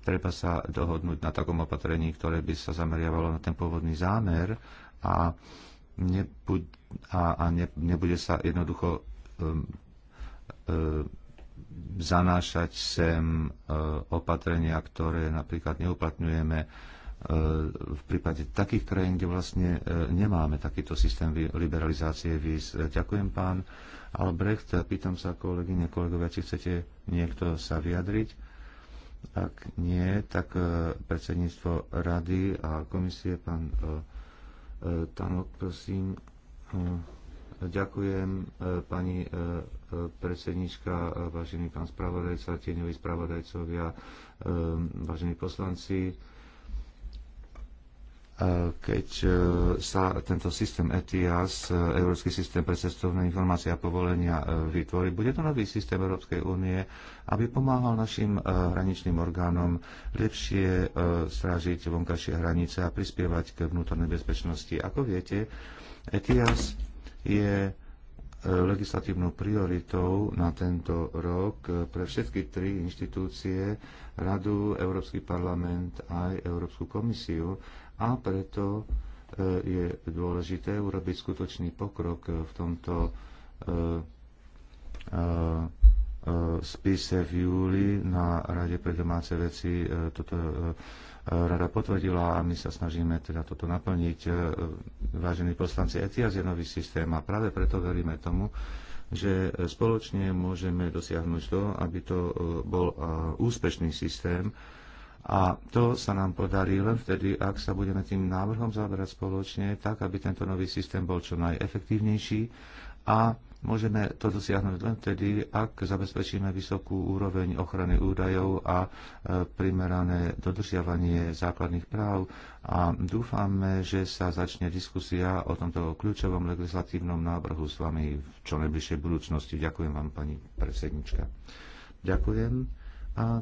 treba sa dohodnúť na takom opatrení, ktoré by sa zameriavalo na ten pôvodný zámer a, nebu- a, a ne, nebude sa jednoducho um, um, zanášať sem um, opatrenia, ktoré napríklad neuplatňujeme uh, v prípade takých krajín, kde vlastne uh, nemáme takýto systém liberalizácie víz. Ďakujem pán Albrecht. Pýtam sa kolegyne, kolegovia, či chcete niekto sa vyjadriť. Ak nie, tak predsedníctvo rady a komisie, pán tam prosím. Hm. Ďakujem, e, pani e, e, predsednička, vážený pán spravodajca, tieňoví spravodajcovia, vážení poslanci. E, keď e, sa tento systém ETIAS, e, Európsky systém pre cestovné informácie a povolenia vytvorí. Bude to nový systém Európskej únie, aby pomáhal našim hraničným orgánom lepšie strážiť vonkajšie hranice a prispievať k vnútornej bezpečnosti. Ako viete, ETIAS je legislatívnou prioritou na tento rok pre všetky tri inštitúcie, Radu, Európsky parlament aj Európsku komisiu a preto e, je dôležité urobiť skutočný pokrok v tomto e, e, spise v júli na Rade pre domáce veci toto rada potvrdila a my sa snažíme teda toto naplniť. Vážení poslanci, ETIAS je nový systém a práve preto veríme tomu, že spoločne môžeme dosiahnuť to, aby to bol úspešný systém, a to sa nám podarí len vtedy, ak sa budeme tým návrhom zaoberať spoločne, tak aby tento nový systém bol čo najefektívnejší a Môžeme to dosiahnuť len vtedy, ak zabezpečíme vysokú úroveň ochrany údajov a e, primerané dodržiavanie základných práv. A dúfame, že sa začne diskusia o tomto kľúčovom legislatívnom návrhu s vami v čo najbližšej budúcnosti. Ďakujem vám, pani predsednička. Ďakujem. A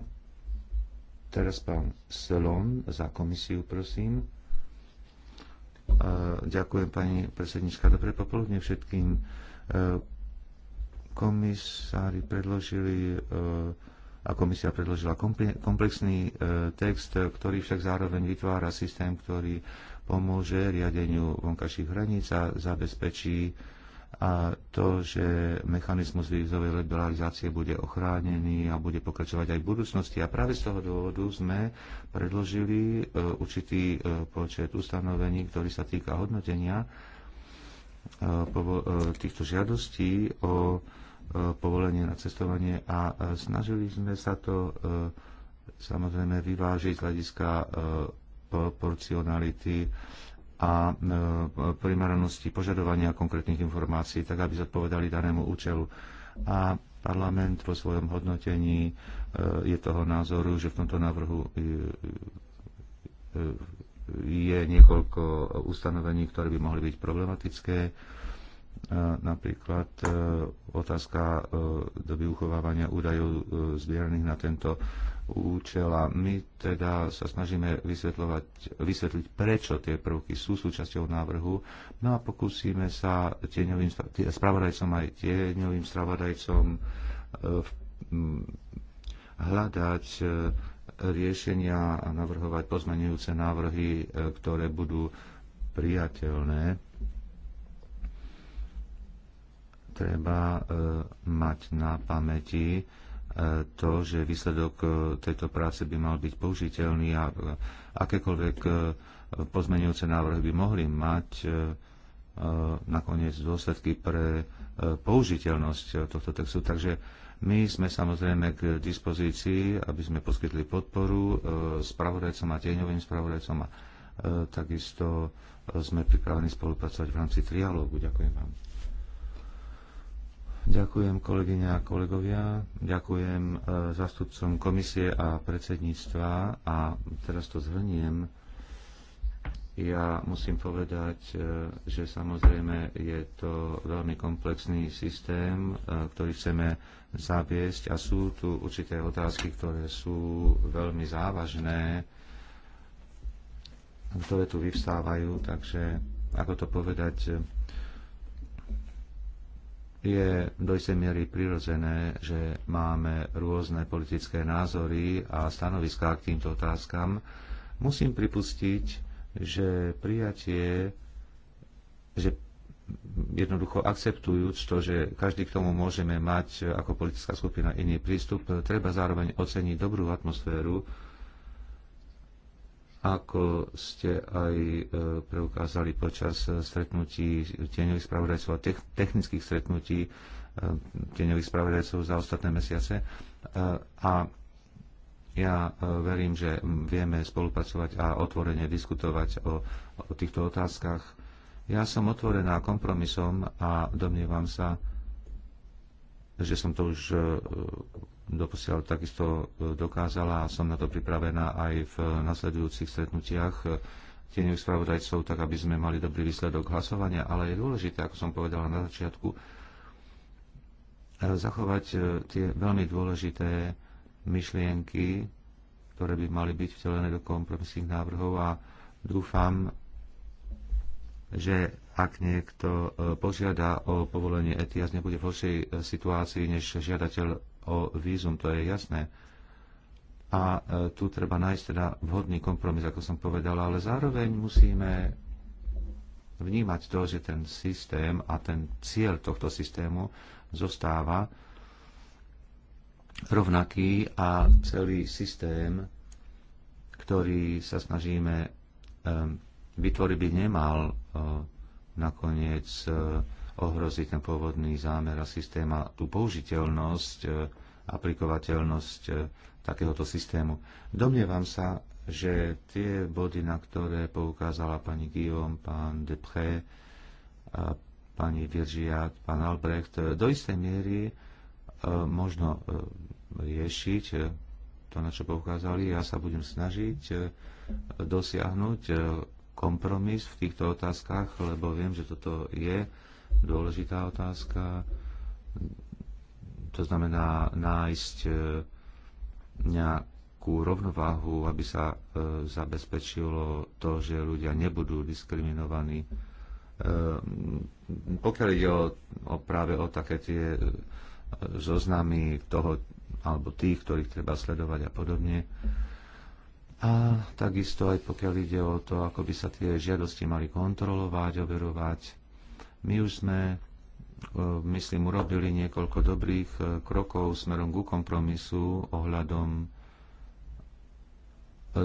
Teraz pán Selon za komisiu, prosím. Ďakujem, pani predsednička. Dobre popoludne všetkým. E, komisári predložili e, a komisia predložila komplexný e, text, ktorý však zároveň vytvára systém, ktorý pomôže riadeniu vonkajších hraníc a zabezpečí a to, že mechanizmus vízovej liberalizácie bude ochránený a bude pokračovať aj v budúcnosti. A práve z toho dôvodu sme predložili e, určitý e, počet ustanovení, ktorý sa týka hodnotenia e, týchto žiadostí o povolenie na cestovanie a snažili sme sa to samozrejme vyvážiť z hľadiska proporcionality a e, primeranosti požadovania konkrétnych informácií, tak aby zodpovedali danému účelu. A parlament vo svojom hodnotení e, je toho názoru, že v tomto návrhu e, je niekoľko ustanovení, ktoré by mohli byť problematické. Napríklad otázka doby uchovávania údajov zbieraných na tento účela. My teda sa snažíme vysvetľovať, vysvetliť, prečo tie prvky sú súčasťou návrhu. No a pokúsime sa tieňovým spravodajcom aj tieňovým spravodajcom eh, mm, hľadať eh, riešenia a navrhovať pozmenujúce návrhy, eh, ktoré budú priateľné. Treba mať na pamäti, to, že výsledok e, tejto práce by mal byť použiteľný a e, akékoľvek e, pozmenujúce návrhy by mohli mať nakoniec dôsledky pre použiteľnosť tohto textu. Takže my sme samozrejme k dispozícii, aby sme poskytli podporu spravodajcom a tieňovým spravodajcom a takisto sme pripravení spolupracovať v rámci trialógu. Ďakujem vám. Ďakujem kolegyňa a kolegovia, ďakujem e, zastupcom komisie a predsedníctva a teraz to zhrniem. Ja musím povedať, e, že samozrejme je to veľmi komplexný systém, e, ktorý chceme zaviesť a sú tu určité otázky, ktoré sú veľmi závažné, ktoré tu vyvstávajú, takže ako to povedať, je do istej miery prirodzené, že máme rôzne politické názory a stanoviská k týmto otázkam. Musím pripustiť, že prijatie, že jednoducho akceptujúc to, že každý k tomu môžeme mať ako politická skupina iný prístup, treba zároveň oceniť dobrú atmosféru, ako ste aj e, preukázali počas e, stretnutí tieňových spravodajcov a technických stretnutí e, tieňových spravodajcov za ostatné mesiace. A ja verím, že vieme spolupracovať a otvorene diskutovať o, o týchto otázkach. Ja som otvorená kompromisom a domnievam sa, že som to už e, doposiaľ takisto e, dokázala a som na to pripravená aj v nasledujúcich stretnutiach e, tieňových spravodajcov, tak aby sme mali dobrý výsledok hlasovania, ale je dôležité, ako som povedala na začiatku, zachovať tie veľmi dôležité myšlienky, ktoré by mali byť vtelené do kompromisných návrhov a dúfam, že ak niekto e, požiada o povolenie ETIAS, nebude v horšej e, situácii než žiadateľ o vízum, to je jasné. A e, tu treba nájsť teda vhodný kompromis, ako som povedal, ale zároveň musíme vnímať to, že ten systém a ten cieľ tohto systému zostáva rovnaký a celý systém, ktorý sa snažíme vytvoriť, by nemal nakoniec e, ohroziť ten pôvodný zámer a systém a tú použiteľnosť, e, aplikovateľnosť e, takéhoto systému. Domnievam sa, že tie body, na ktoré poukázala pani Guillaume, pán Depré, pani Viržiat, pán Albrecht, do istej miery možno riešiť to, na čo poukázali. Ja sa budem snažiť dosiahnuť kompromis v týchto otázkach, lebo viem, že toto je dôležitá otázka. To znamená nájsť e, nejakú rovnováhu, aby sa e, zabezpečilo to, že ľudia nebudú diskriminovaní. E, pokiaľ ide o, o práve o také tie zoznamy toho alebo tých, ktorých treba sledovať a podobne, a takisto aj pokiaľ ide o to, ako by sa tie žiadosti mali kontrolovať, overovať. My už sme, e, myslím, urobili niekoľko dobrých e, krokov smerom ku kompromisu ohľadom e,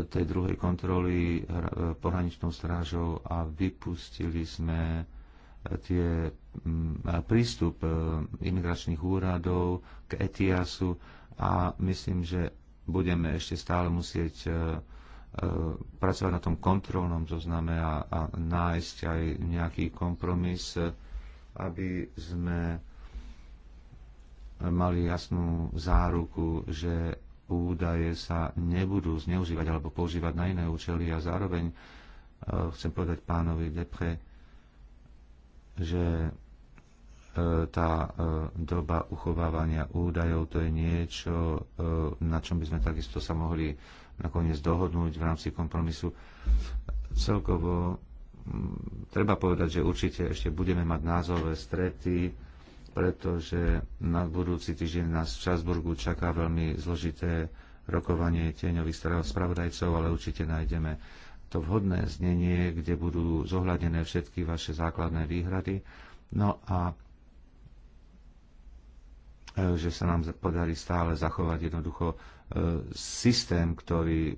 tej druhej kontroly pohraničnou strážou a vypustili sme tie mm, prístup imigračných úradov k ETIASu a myslím, že budeme ešte stále musieť e, e, pracovať na tom kontrolnom zozname a, a nájsť aj nejaký kompromis, e, aby sme mali jasnú záruku, že údaje sa nebudú zneužívať alebo používať na iné účely a zároveň chcem povedať pánovi Depre, že tá e, doba uchovávania údajov, to je niečo, e, na čom by sme takisto sa mohli nakoniec dohodnúť v rámci kompromisu. Celkovo mm, treba povedať, že určite ešte budeme mať názové strety, pretože na budúci týždeň nás v Štrasburgu čaká veľmi zložité rokovanie tieňových spravodajcov, ale určite nájdeme to vhodné znenie, kde budú zohľadené všetky vaše základné výhrady. No a E, že sa nám podarí stále zachovať jednoducho e, systém, ktorý e,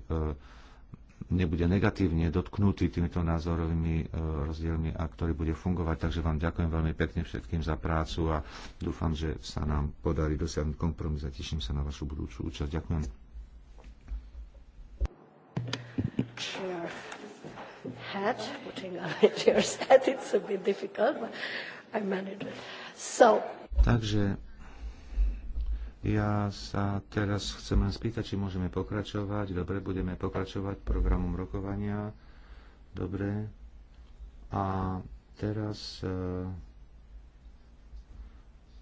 nebude negatívne dotknutý týmito názorovými rozdielmi a ktorý bude fungovať. Takže vám ďakujem veľmi pekne všetkým za prácu a dúfam, že sa nám podarí dosiahnuť kompromis a teším sa na vašu budúcu účasť. Ďakujem. Hat, putting on *laughs* hat, it's a bit difficult, but I managed it. So. Takže ja sa teraz chcem len spýtať, či môžeme pokračovať. Dobre, budeme pokračovať programom rokovania. Dobre. A teraz e,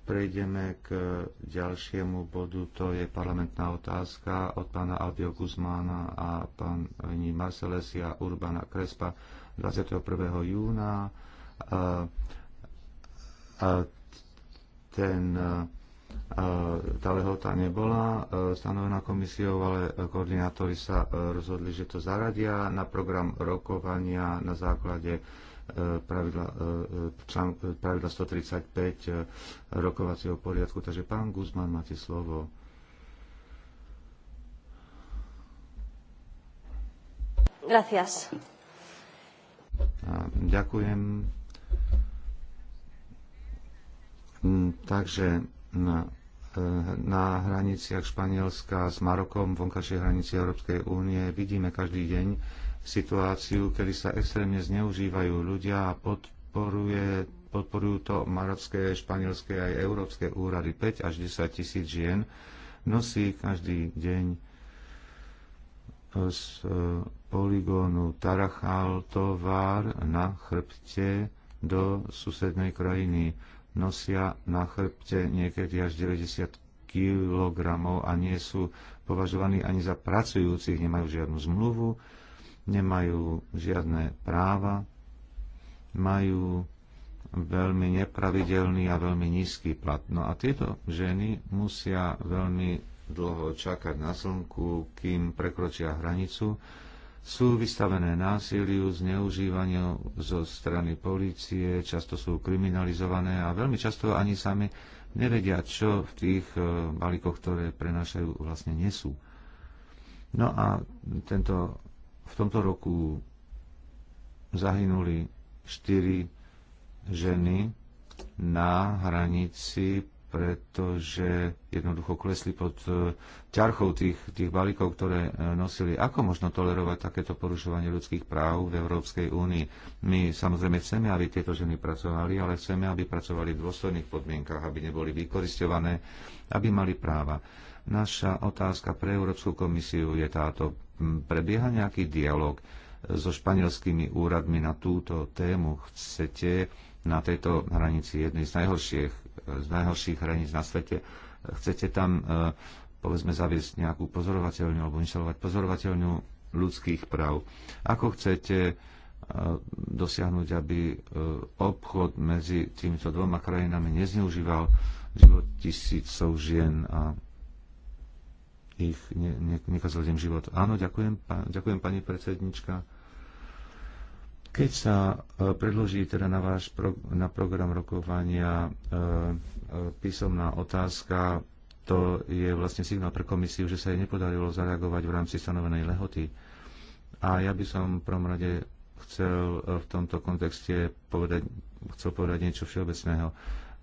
prejdeme k ďalšiemu bodu. To je parlamentná otázka od pána Albio Guzmána a pani Marcelesia Urbana Krespa 21. júna. E, e, ten tá lehota nebola e, stanovená komisiou, ale koordinátori sa e, rozhodli, že to zaradia na program rokovania na základe e, pravidla, pravidla 135 rokovacieho poriadku. Takže pán Guzman, máte slovo. Gracias. Ďakujem. Mm, takže na, e, na hraniciach Španielska s Marokom, vonkajšej hranici Európskej únie. Vidíme každý deň situáciu, kedy sa extrémne zneužívajú ľudia a podporuje, podporujú to marocké, španielské aj európske úrady. 5 až 10 tisíc žien nosí každý deň e, z e, poligónu Tarachal tovar na chrbte do susednej krajiny nosia na chrbte niekedy až 90 kg a nie sú považovaní ani za pracujúcich, nemajú žiadnu zmluvu, nemajú žiadne práva, majú veľmi nepravidelný a veľmi nízky plat. No a tieto ženy musia veľmi dlho čakať na slnku, kým prekročia hranicu sú vystavené násiliu, zneužívaniu zo strany polície, často sú kriminalizované a veľmi často ani sami nevedia, čo v tých e, balíkoch, ktoré prenášajú, vlastne nesú. No a tento, v tomto roku zahynuli štyri ženy na hranici pretože jednoducho klesli pod e, ťarchou tých, tých balíkov, ktoré e, nosili. Ako možno tolerovať takéto porušovanie ľudských práv v Európskej únii? My samozrejme chceme, aby tieto ženy pracovali, ale chceme, aby pracovali v dôstojných podmienkach, aby neboli vykoristované, aby mali práva. Naša otázka pre Európsku komisiu je táto. Prebieha nejaký dialog e, so španielskými úradmi na túto tému? Chcete na tejto hranici jednej z najhorších z najhorších hraníc na svete. Chcete tam e, povedzme zaviesť nejakú pozorovateľňu alebo inštalovať pozorovateľňu ľudských práv. Ako chcete e, dosiahnuť, aby e, obchod medzi týmito dvoma krajinami nezneužíval život tisícov žien a ich ne, ne, nekazil život. Áno, ďakujem, pa- ďakujem pani predsednička. Keď sa e, predloží teda na váš pro, na program rokovania e, e, písomná otázka, to je vlastne signál pre komisiu, že sa jej nepodarilo zareagovať v rámci stanovenej lehoty. A ja by som v prvom rade chcel v tomto kontexte povedať, chcel povedať niečo všeobecného.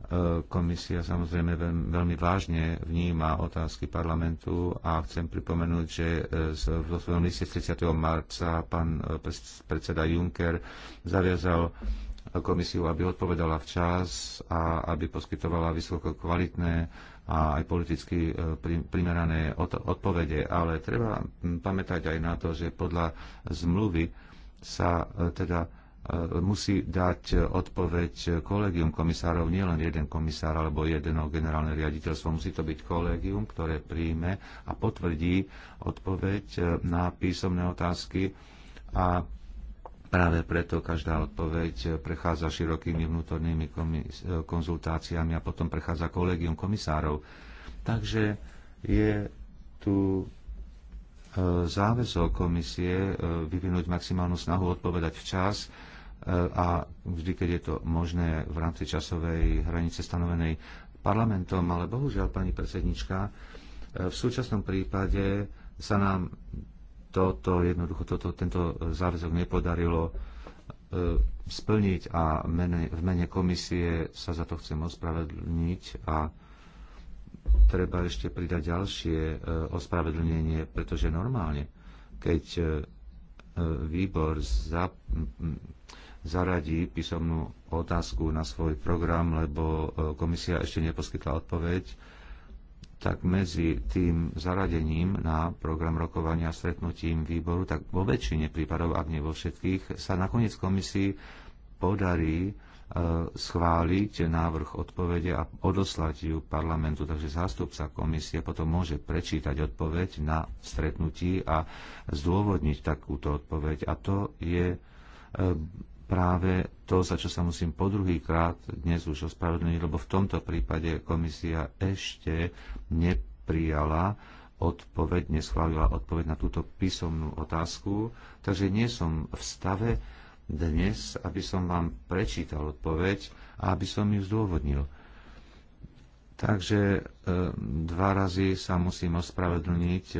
E, komisia samozrejme veľmi vážne vníma otázky parlamentu a chcem pripomenúť, že e, vo svojom liste 30. marca pán e, predseda Juncker zaviazal komisiu, aby odpovedala včas a aby poskytovala vysoko kvalitné a aj politicky primerané odpovede. Ale treba pamätať aj na to, že podľa zmluvy sa teda E, musí dať e, odpoveď kolegium komisárov, nielen jeden komisár alebo jedno generálne riaditeľstvo. Musí to byť kolegium, ktoré príjme a potvrdí odpoveď e, na písomné otázky a Práve preto každá odpoveď prechádza širokými vnútornými konzultáciami a potom prechádza kolegium komisárov. Takže je tu záväzok komisie vyvinúť maximálnu snahu odpovedať včas a vždy, keď je to možné v rámci časovej hranice stanovenej parlamentom, ale bohužiaľ, pani predsednička, e, v súčasnom prípade sa nám toto, jednoducho toto, tento záväzok nepodarilo e, splniť a mene, v mene komisie sa za to chcem ospravedlniť a treba ešte pridať ďalšie e, ospravedlnenie, pretože normálne, keď výbor za, zaradí písomnú otázku na svoj program, lebo e, komisia ešte neposkytla odpoveď, tak medzi tým zaradením na program rokovania a stretnutím výboru, tak vo väčšine prípadov, ak nie vo všetkých, sa nakoniec komisii podarí e, schváliť návrh odpovede a odoslať ju parlamentu. Takže zástupca komisie potom môže prečítať odpoveď na stretnutí a zdôvodniť takúto odpoveď. A to je e, práve to, za čo sa musím po druhýkrát dnes už ospravedlniť, lebo v tomto prípade komisia ešte neprijala odpoveď, neschválila odpoveď na túto písomnú otázku, takže nie som v stave dnes, aby som vám prečítal odpoveď a aby som ju zdôvodnil. Takže e, dva razy sa musím ospravedlniť, e,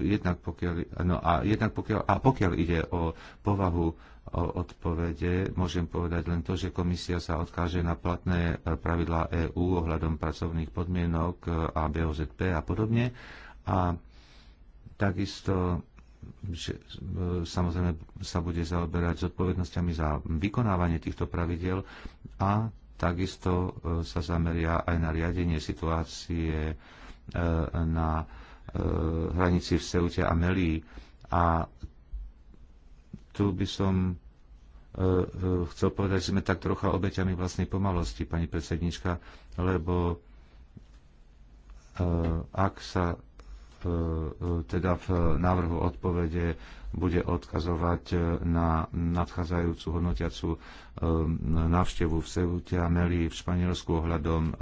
jednak pokiaľ, no a, jednak pokiaľ, a pokiaľ ide o povahu o odpovede môžem povedať len to, že komisia sa odkáže na platné e, pravidlá EÚ ohľadom pracovných podmienok e, a BOZP a podobne. A takisto že e, samozrejme sa bude zaoberať s odpovednosťami za vykonávanie týchto pravidel a takisto sa zameria aj na riadenie situácie na hranici v Seute a Melí. A tu by som Eh, chcel povedať, že sme tak trocha obeťami vlastnej pomalosti, pani predsednička, lebo eh, ak sa eh, teda v návrhu odpovede bude odkazovať na nadchádzajúcu hodnotiacu návštevu v Sevute a Meli v Španielsku ohľadom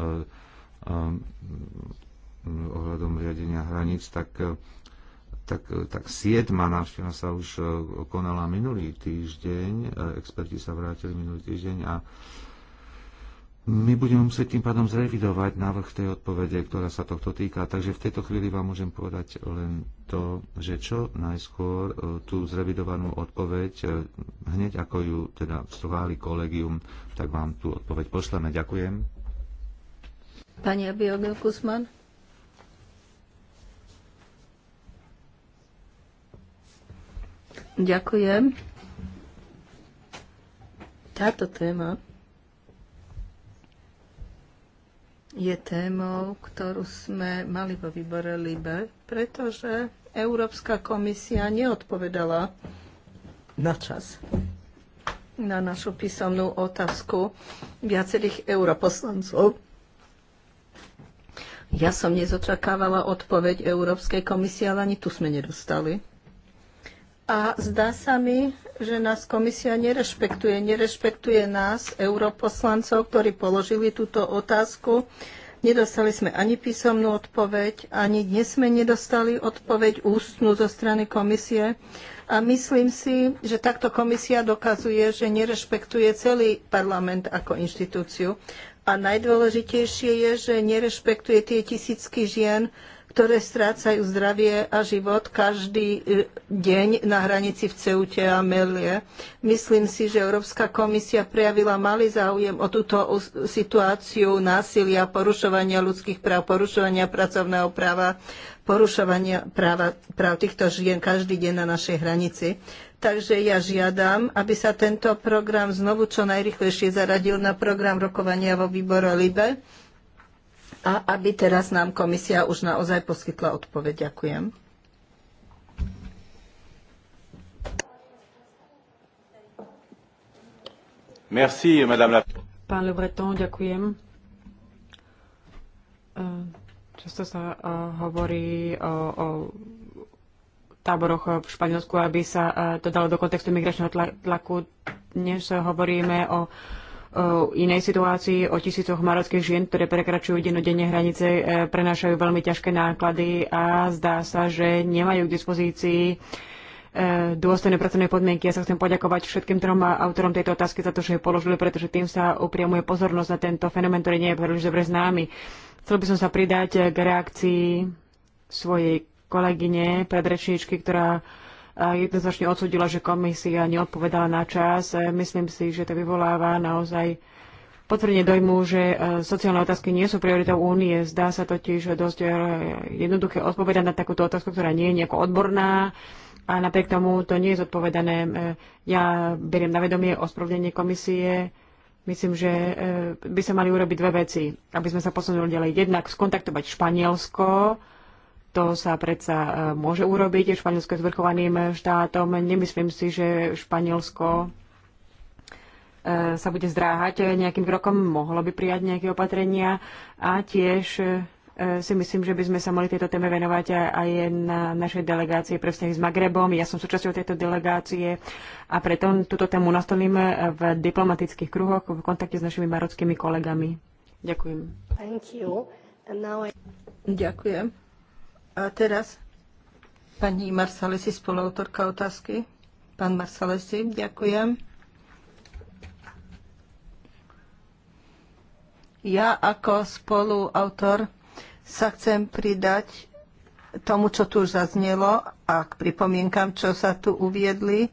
ohľadom riadenia hraníc, tak tak, e, tak siedma návšteva sa už e, konala minulý týždeň, e, experti sa vrátili minulý týždeň a my budeme musieť tým pádom zrevidovať návrh tej odpovede, ktorá sa tohto týka. Takže v tejto chvíli vám môžem povedať len to, že čo najskôr tú zrevidovanú odpoveď, hneď ako ju teda vstrohali kolegium, tak vám tú odpoveď pošleme. Ďakujem. Pani Abiodel Kusman. Ďakujem. Táto téma je témou, ktorú sme mali vo výbore LIBE, pretože Európska komisia neodpovedala na čas na našu písomnú otázku viacerých europoslancov. Ja som nezočakávala odpoveď Európskej komisie, ale ani tu sme nedostali. A zdá sa mi, že nás komisia nerešpektuje. Nerešpektuje nás, europoslancov, ktorí položili túto otázku. Nedostali sme ani písomnú odpoveď, ani dnes sme nedostali odpoveď ústnu zo strany komisie. A myslím si, že takto komisia dokazuje, že nerešpektuje celý parlament ako inštitúciu. A najdôležitejšie je, že nerešpektuje tie tisícky žien, ktoré strácajú zdravie a život každý e, deň na hranici v Ceute a Melie. Myslím si, že Európska komisia prejavila malý záujem o túto situáciu násilia, porušovania ľudských práv, porušovania pracovného práva, porušovania práva, práv týchto žien každý deň na našej hranici. Takže ja žiadam, aby sa tento program znovu čo najrychlejšie zaradil na program rokovania vo výbore LIBE a aby teraz nám komisia už naozaj poskytla odpoveď. Ďakujem. Merci, madame la... Pán Le Breton, ďakujem. E, často sa e, hovorí o, e, o táboroch v Španielsku, aby sa to dalo do kontextu migračného tlaku. Dnes hovoríme o inej situácii, o tisícoch marockých žien, ktoré prekračujú denodenne hranice, e, prenášajú veľmi ťažké náklady a zdá sa, že nemajú k dispozícii e, dôstojné pracovné podmienky. Ja sa chcem poďakovať všetkým trom autorom tejto otázky za to, že ju položili, pretože tým sa upriamuje pozornosť na tento fenomén, ktorý nie je príliš dobre známy. Chcel by som sa pridať k reakcii svojej kolegyne, predrečníčky, ktorá jednoznačne odsudila, že komisia neodpovedala na čas. Myslím si, že to vyvoláva naozaj potvrdenie dojmu, že e, sociálne otázky nie sú prioritou únie. Zdá sa totiž dosť e, jednoduché odpovedať na takúto otázku, ktorá nie je nejako odborná a napriek tomu to nie je zodpovedané. E, ja beriem na vedomie ospravedlenie komisie. Myslím, že by sa mali urobiť dve veci, aby sme sa posunuli ďalej. Jednak skontaktovať Španielsko, to sa predsa e, môže urobiť. Španielsko zvrchovaným štátom. Nemyslím si, že Španielsko e, sa bude zdráhať nejakým krokom, mohlo by prijať nejaké opatrenia a tiež e, si myslím, že by sme sa mali tejto téme venovať aj na našej delegácie pre vzťahy s Magrebom. Ja som súčasťou tejto delegácie a preto túto tému nastolím v diplomatických kruhoch v kontakte s našimi marockými kolegami. Ďakujem. Thank you. I... Ďakujem. A teraz pani Marsalesi, spoluautorka otázky. Pán Marsalesi, ďakujem. Ja ako spoluautor sa chcem pridať tomu, čo tu už zaznelo a k pripomienkam, čo sa tu uviedli.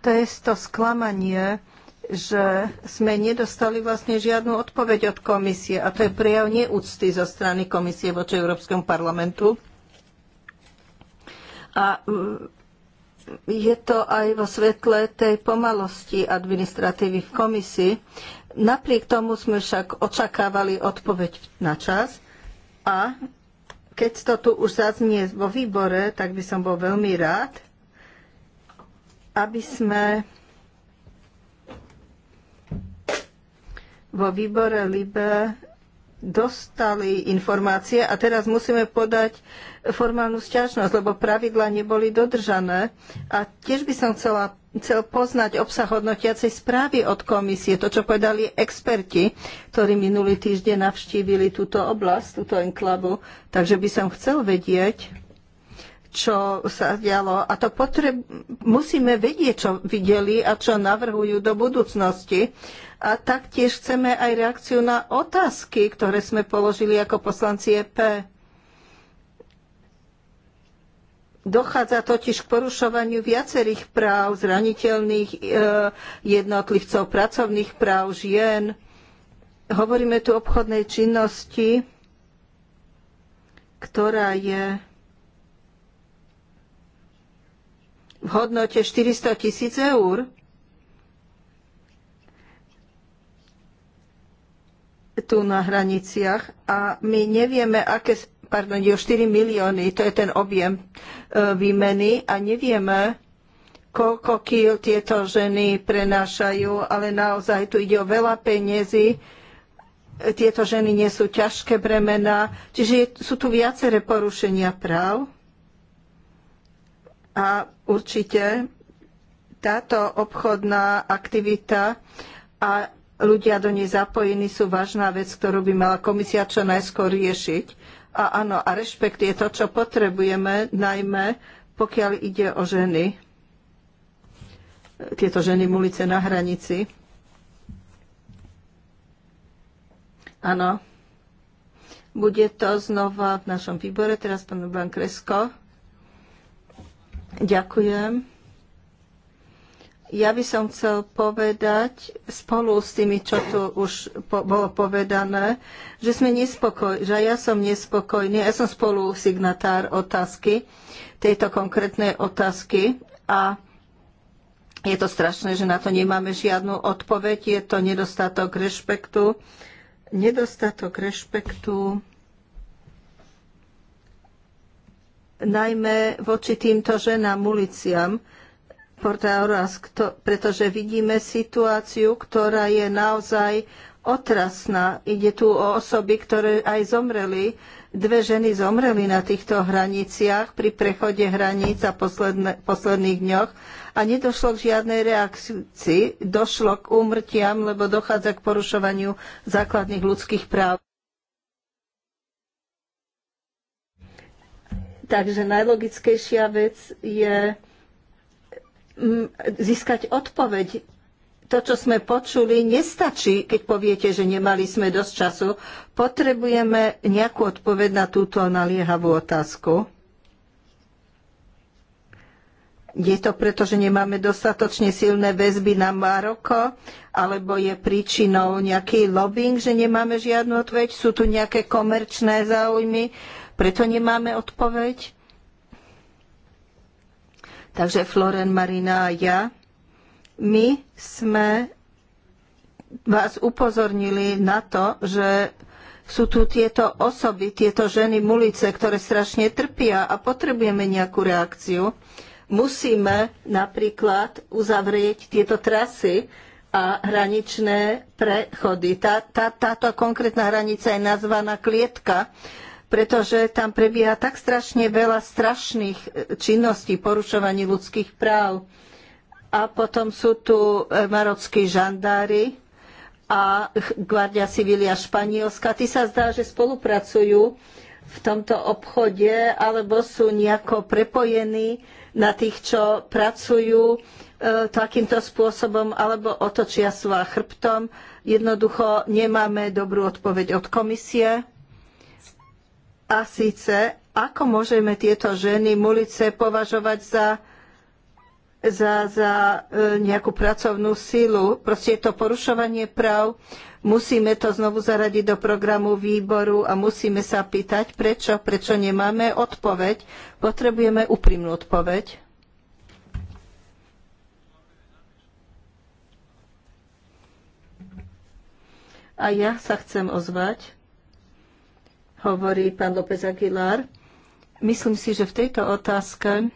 To je to sklamanie, že sme nedostali vlastne žiadnu odpoveď od komisie a to je prejav neúcty zo strany komisie voči Európskemu parlamentu a mm, je to aj vo svetle tej pomalosti administratívy v komisii. Napriek tomu sme však očakávali odpoveď na čas a keď to tu už zaznie vo výbore, tak by som bol veľmi rád, aby sme vo výbore LIBE dostali informácie a teraz musíme podať formálnu sťažnosť, lebo pravidla neboli dodržané. A tiež by som chcela chcel poznať obsah hodnotiacej správy od komisie, to, čo povedali experti, ktorí minulý týždeň navštívili túto oblasť, túto enklavu. Takže by som chcel vedieť, čo sa dialo. A to potreb... musíme vedieť, čo videli a čo navrhujú do budúcnosti. A taktiež chceme aj reakciu na otázky, ktoré sme položili ako poslanci EP. Dochádza totiž k porušovaniu viacerých práv, zraniteľných e, jednotlivcov, pracovných práv, žien. Hovoríme tu o obchodnej činnosti, ktorá je v hodnote 400 tisíc eur. tu na hraniciach a my nevieme, aké, pardon, je 4 milióny, to je ten objem e, výmeny a nevieme, koľko kýl tieto ženy prenášajú, ale naozaj tu ide o veľa peniazy. Tieto ženy nie sú ťažké bremena, čiže sú tu viaceré porušenia práv. A určite táto obchodná aktivita a ľudia do nej zapojení sú vážna vec, ktorú by mala komisia čo najskôr riešiť. A áno, a rešpekt je to, čo potrebujeme, najmä pokiaľ ide o ženy. Tieto ženy mulice na hranici. Áno. Bude to znova v našom výbore, teraz pán Blan Kresko. Ďakujem. Ja by som chcel povedať spolu s tými, čo tu už po, bolo povedané, že sme nespokojní, že ja som nespokojný, ja som spolu signatár otázky, tejto konkrétnej otázky a je to strašné, že na to nemáme žiadnu odpoveď, je to nedostatok rešpektu, nedostatok rešpektu najmä voči týmto ženám uliciam, pretože vidíme situáciu, ktorá je naozaj otrasná. Ide tu o osoby, ktoré aj zomreli. Dve ženy zomreli na týchto hraniciach pri prechode hraníc a posledne, posledných dňoch a nedošlo k žiadnej reakcii. Došlo k úmrtiam, lebo dochádza k porušovaniu základných ľudských práv. Takže najlogickejšia vec je mm, získať odpoveď. To, čo sme počuli, nestačí, keď poviete, že nemali sme dosť času. Potrebujeme nejakú odpoveď na túto naliehavú otázku. Je to preto, že nemáme dostatočne silné väzby na Maroko? Alebo je príčinou nejaký lobbying, že nemáme žiadnu odpoveď? Sú tu nejaké komerčné záujmy? Preto nemáme odpoveď. Takže Floren, Marina a ja, my sme vás upozornili na to, že sú tu tieto osoby, tieto ženy mulice, ktoré strašne trpia a potrebujeme nejakú reakciu. Musíme napríklad uzavrieť tieto trasy a hraničné prechody. Tá, tá, táto konkrétna hranica je nazvaná klietka pretože tam prebieha tak strašne veľa strašných e, činností porušovaní ľudských práv. A potom sú tu e, marockí žandári a Guardia Civilia Španielska. Ty sa zdá, že spolupracujú v tomto obchode, alebo sú nejako prepojení na tých, čo pracujú e, takýmto spôsobom alebo otočia svoj chrbtom. Jednoducho nemáme dobrú odpoveď od komisie. A síce, ako môžeme tieto ženy mulice považovať za, za, za e, nejakú pracovnú sílu? Proste je to porušovanie práv. Musíme to znovu zaradiť do programu výboru a musíme sa pýtať, prečo, prečo nemáme odpoveď. Potrebujeme úprimnú odpoveď. A ja sa chcem ozvať hovorí pán López Aguilar. Myslím si, že v tejto otázke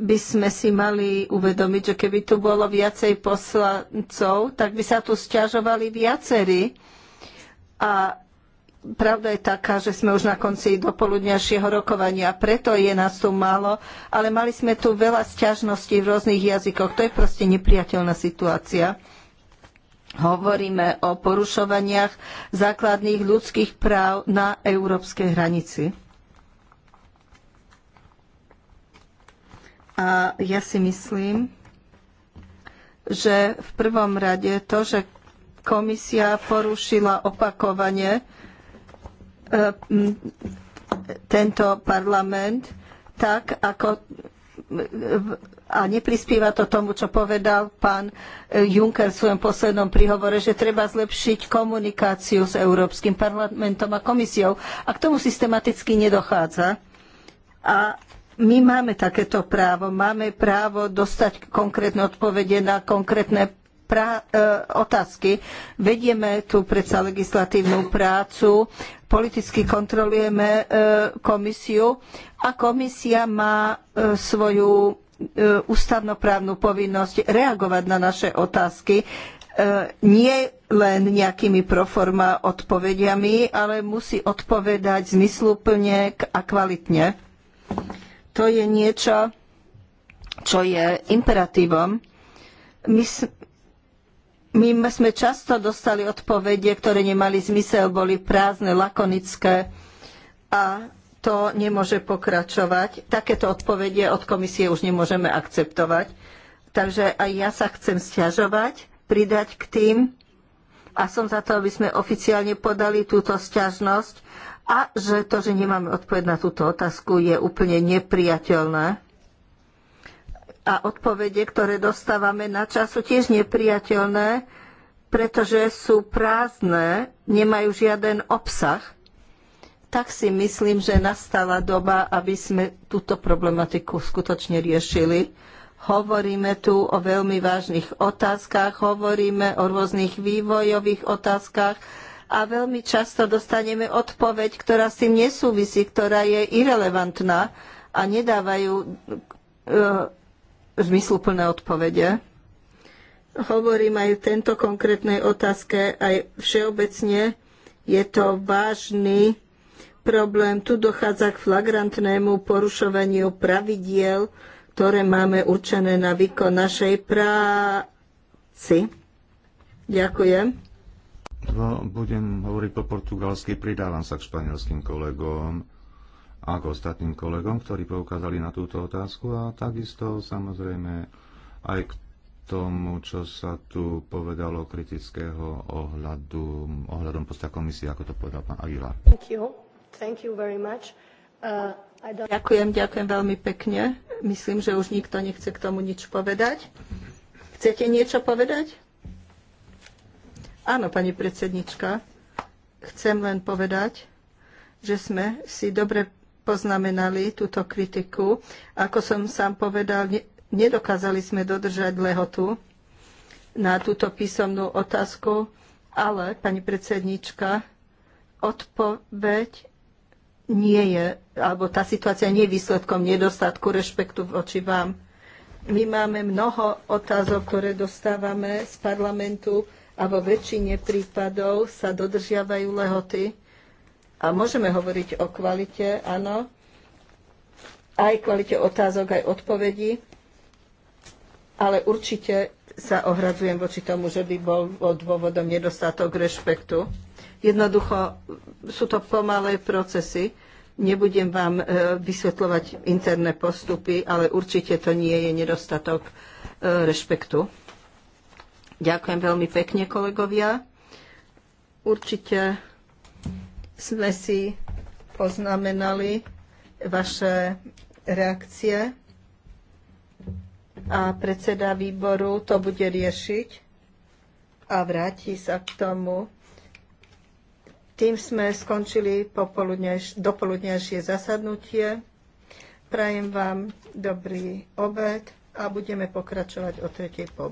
by sme si mali uvedomiť, že keby tu bolo viacej poslancov, tak by sa tu stiažovali viacerí. A pravda je taká, že sme už na konci dopoludňajšieho rokovania, preto je nás tu málo, ale mali sme tu veľa sťažností v rôznych jazykoch. To je proste nepriateľná situácia hovoríme o porušovaniach základných ľudských práv na európskej hranici. A ja si myslím, že v prvom rade to, že komisia porušila opakovane e, tento parlament, tak ako a neprispieva to tomu, čo povedal pán e, Juncker v svojom poslednom príhovore, že treba zlepšiť komunikáciu s Európskym parlamentom a komisiou. A k tomu systematicky nedochádza. A my máme takéto právo. Máme právo dostať konkrétne odpovede na konkrétne e, otázky. Vedieme tu predsa legislatívnu prácu, politicky kontrolujeme e, komisiu a komisia má svoju E, ústavnoprávnu povinnosť reagovať na naše otázky, e, nie len nejakými proforma odpovediami, ale musí odpovedať zmysluplne a kvalitne. To je niečo, čo je imperatívom. My, my sme často dostali odpovede, ktoré nemali zmysel, boli prázdne, lakonické a to nemôže pokračovať. Takéto odpovede od komisie už nemôžeme akceptovať. Takže aj ja sa chcem stiažovať, pridať k tým a som za to, aby sme oficiálne podali túto stiažnosť a že to, že nemáme odpoveď na túto otázku, je úplne nepriateľné. A odpovede, ktoré dostávame na čas, sú tiež nepriateľné, pretože sú prázdne, nemajú žiaden obsah tak si myslím, že nastala doba, aby sme túto problematiku skutočne riešili. Hovoríme tu o veľmi vážnych otázkach, hovoríme o rôznych vývojových otázkach a veľmi často dostaneme odpoveď, ktorá s tým nesúvisí, ktorá je irrelevantná a nedávajú e, zmysluplné odpovede. Hovorím aj v tento konkrétnej otázke, aj všeobecne je to vážny problém. Tu dochádza k flagrantnému porušovaniu pravidiel, ktoré máme určené na výkon našej práci. Ďakujem. No, budem hovoriť po portugalsky, pridávam sa k španielským kolegom a k ostatným kolegom, ktorí poukázali na túto otázku a takisto samozrejme aj k tomu, čo sa tu povedalo kritického ohľadu, ohľadom posta komisie, ako to povedal pán Aguilar. Thank you. Uh, ďakujem, ďakujem veľmi pekne. Myslím, že už nikto nechce k tomu nič povedať. Chcete niečo povedať? Áno, pani predsednička. Chcem len povedať, že sme si dobre poznamenali túto kritiku. Ako som sám povedal, nedokázali sme dodržať lehotu na túto písomnú otázku, ale, pani predsednička, odpoveď nie je, alebo tá situácia nie je výsledkom nedostatku rešpektu voči vám. My máme mnoho otázok, ktoré dostávame z parlamentu a vo väčšine prípadov sa dodržiavajú lehoty. A môžeme hovoriť o kvalite, áno, aj kvalite otázok, aj odpovedí, ale určite sa ohradzujem voči tomu, že by bol dôvodom nedostatok rešpektu. Jednoducho sú to pomalé procesy. Nebudem vám e, vysvetľovať interné postupy, ale určite to nie je nedostatok e, rešpektu. Ďakujem veľmi pekne, kolegovia. Určite sme si poznamenali vaše reakcie a predseda výboru to bude riešiť a vráti sa k tomu tým sme skončili dopoludnejšie zasadnutie. Prajem vám dobrý obed a budeme pokračovať o tretej po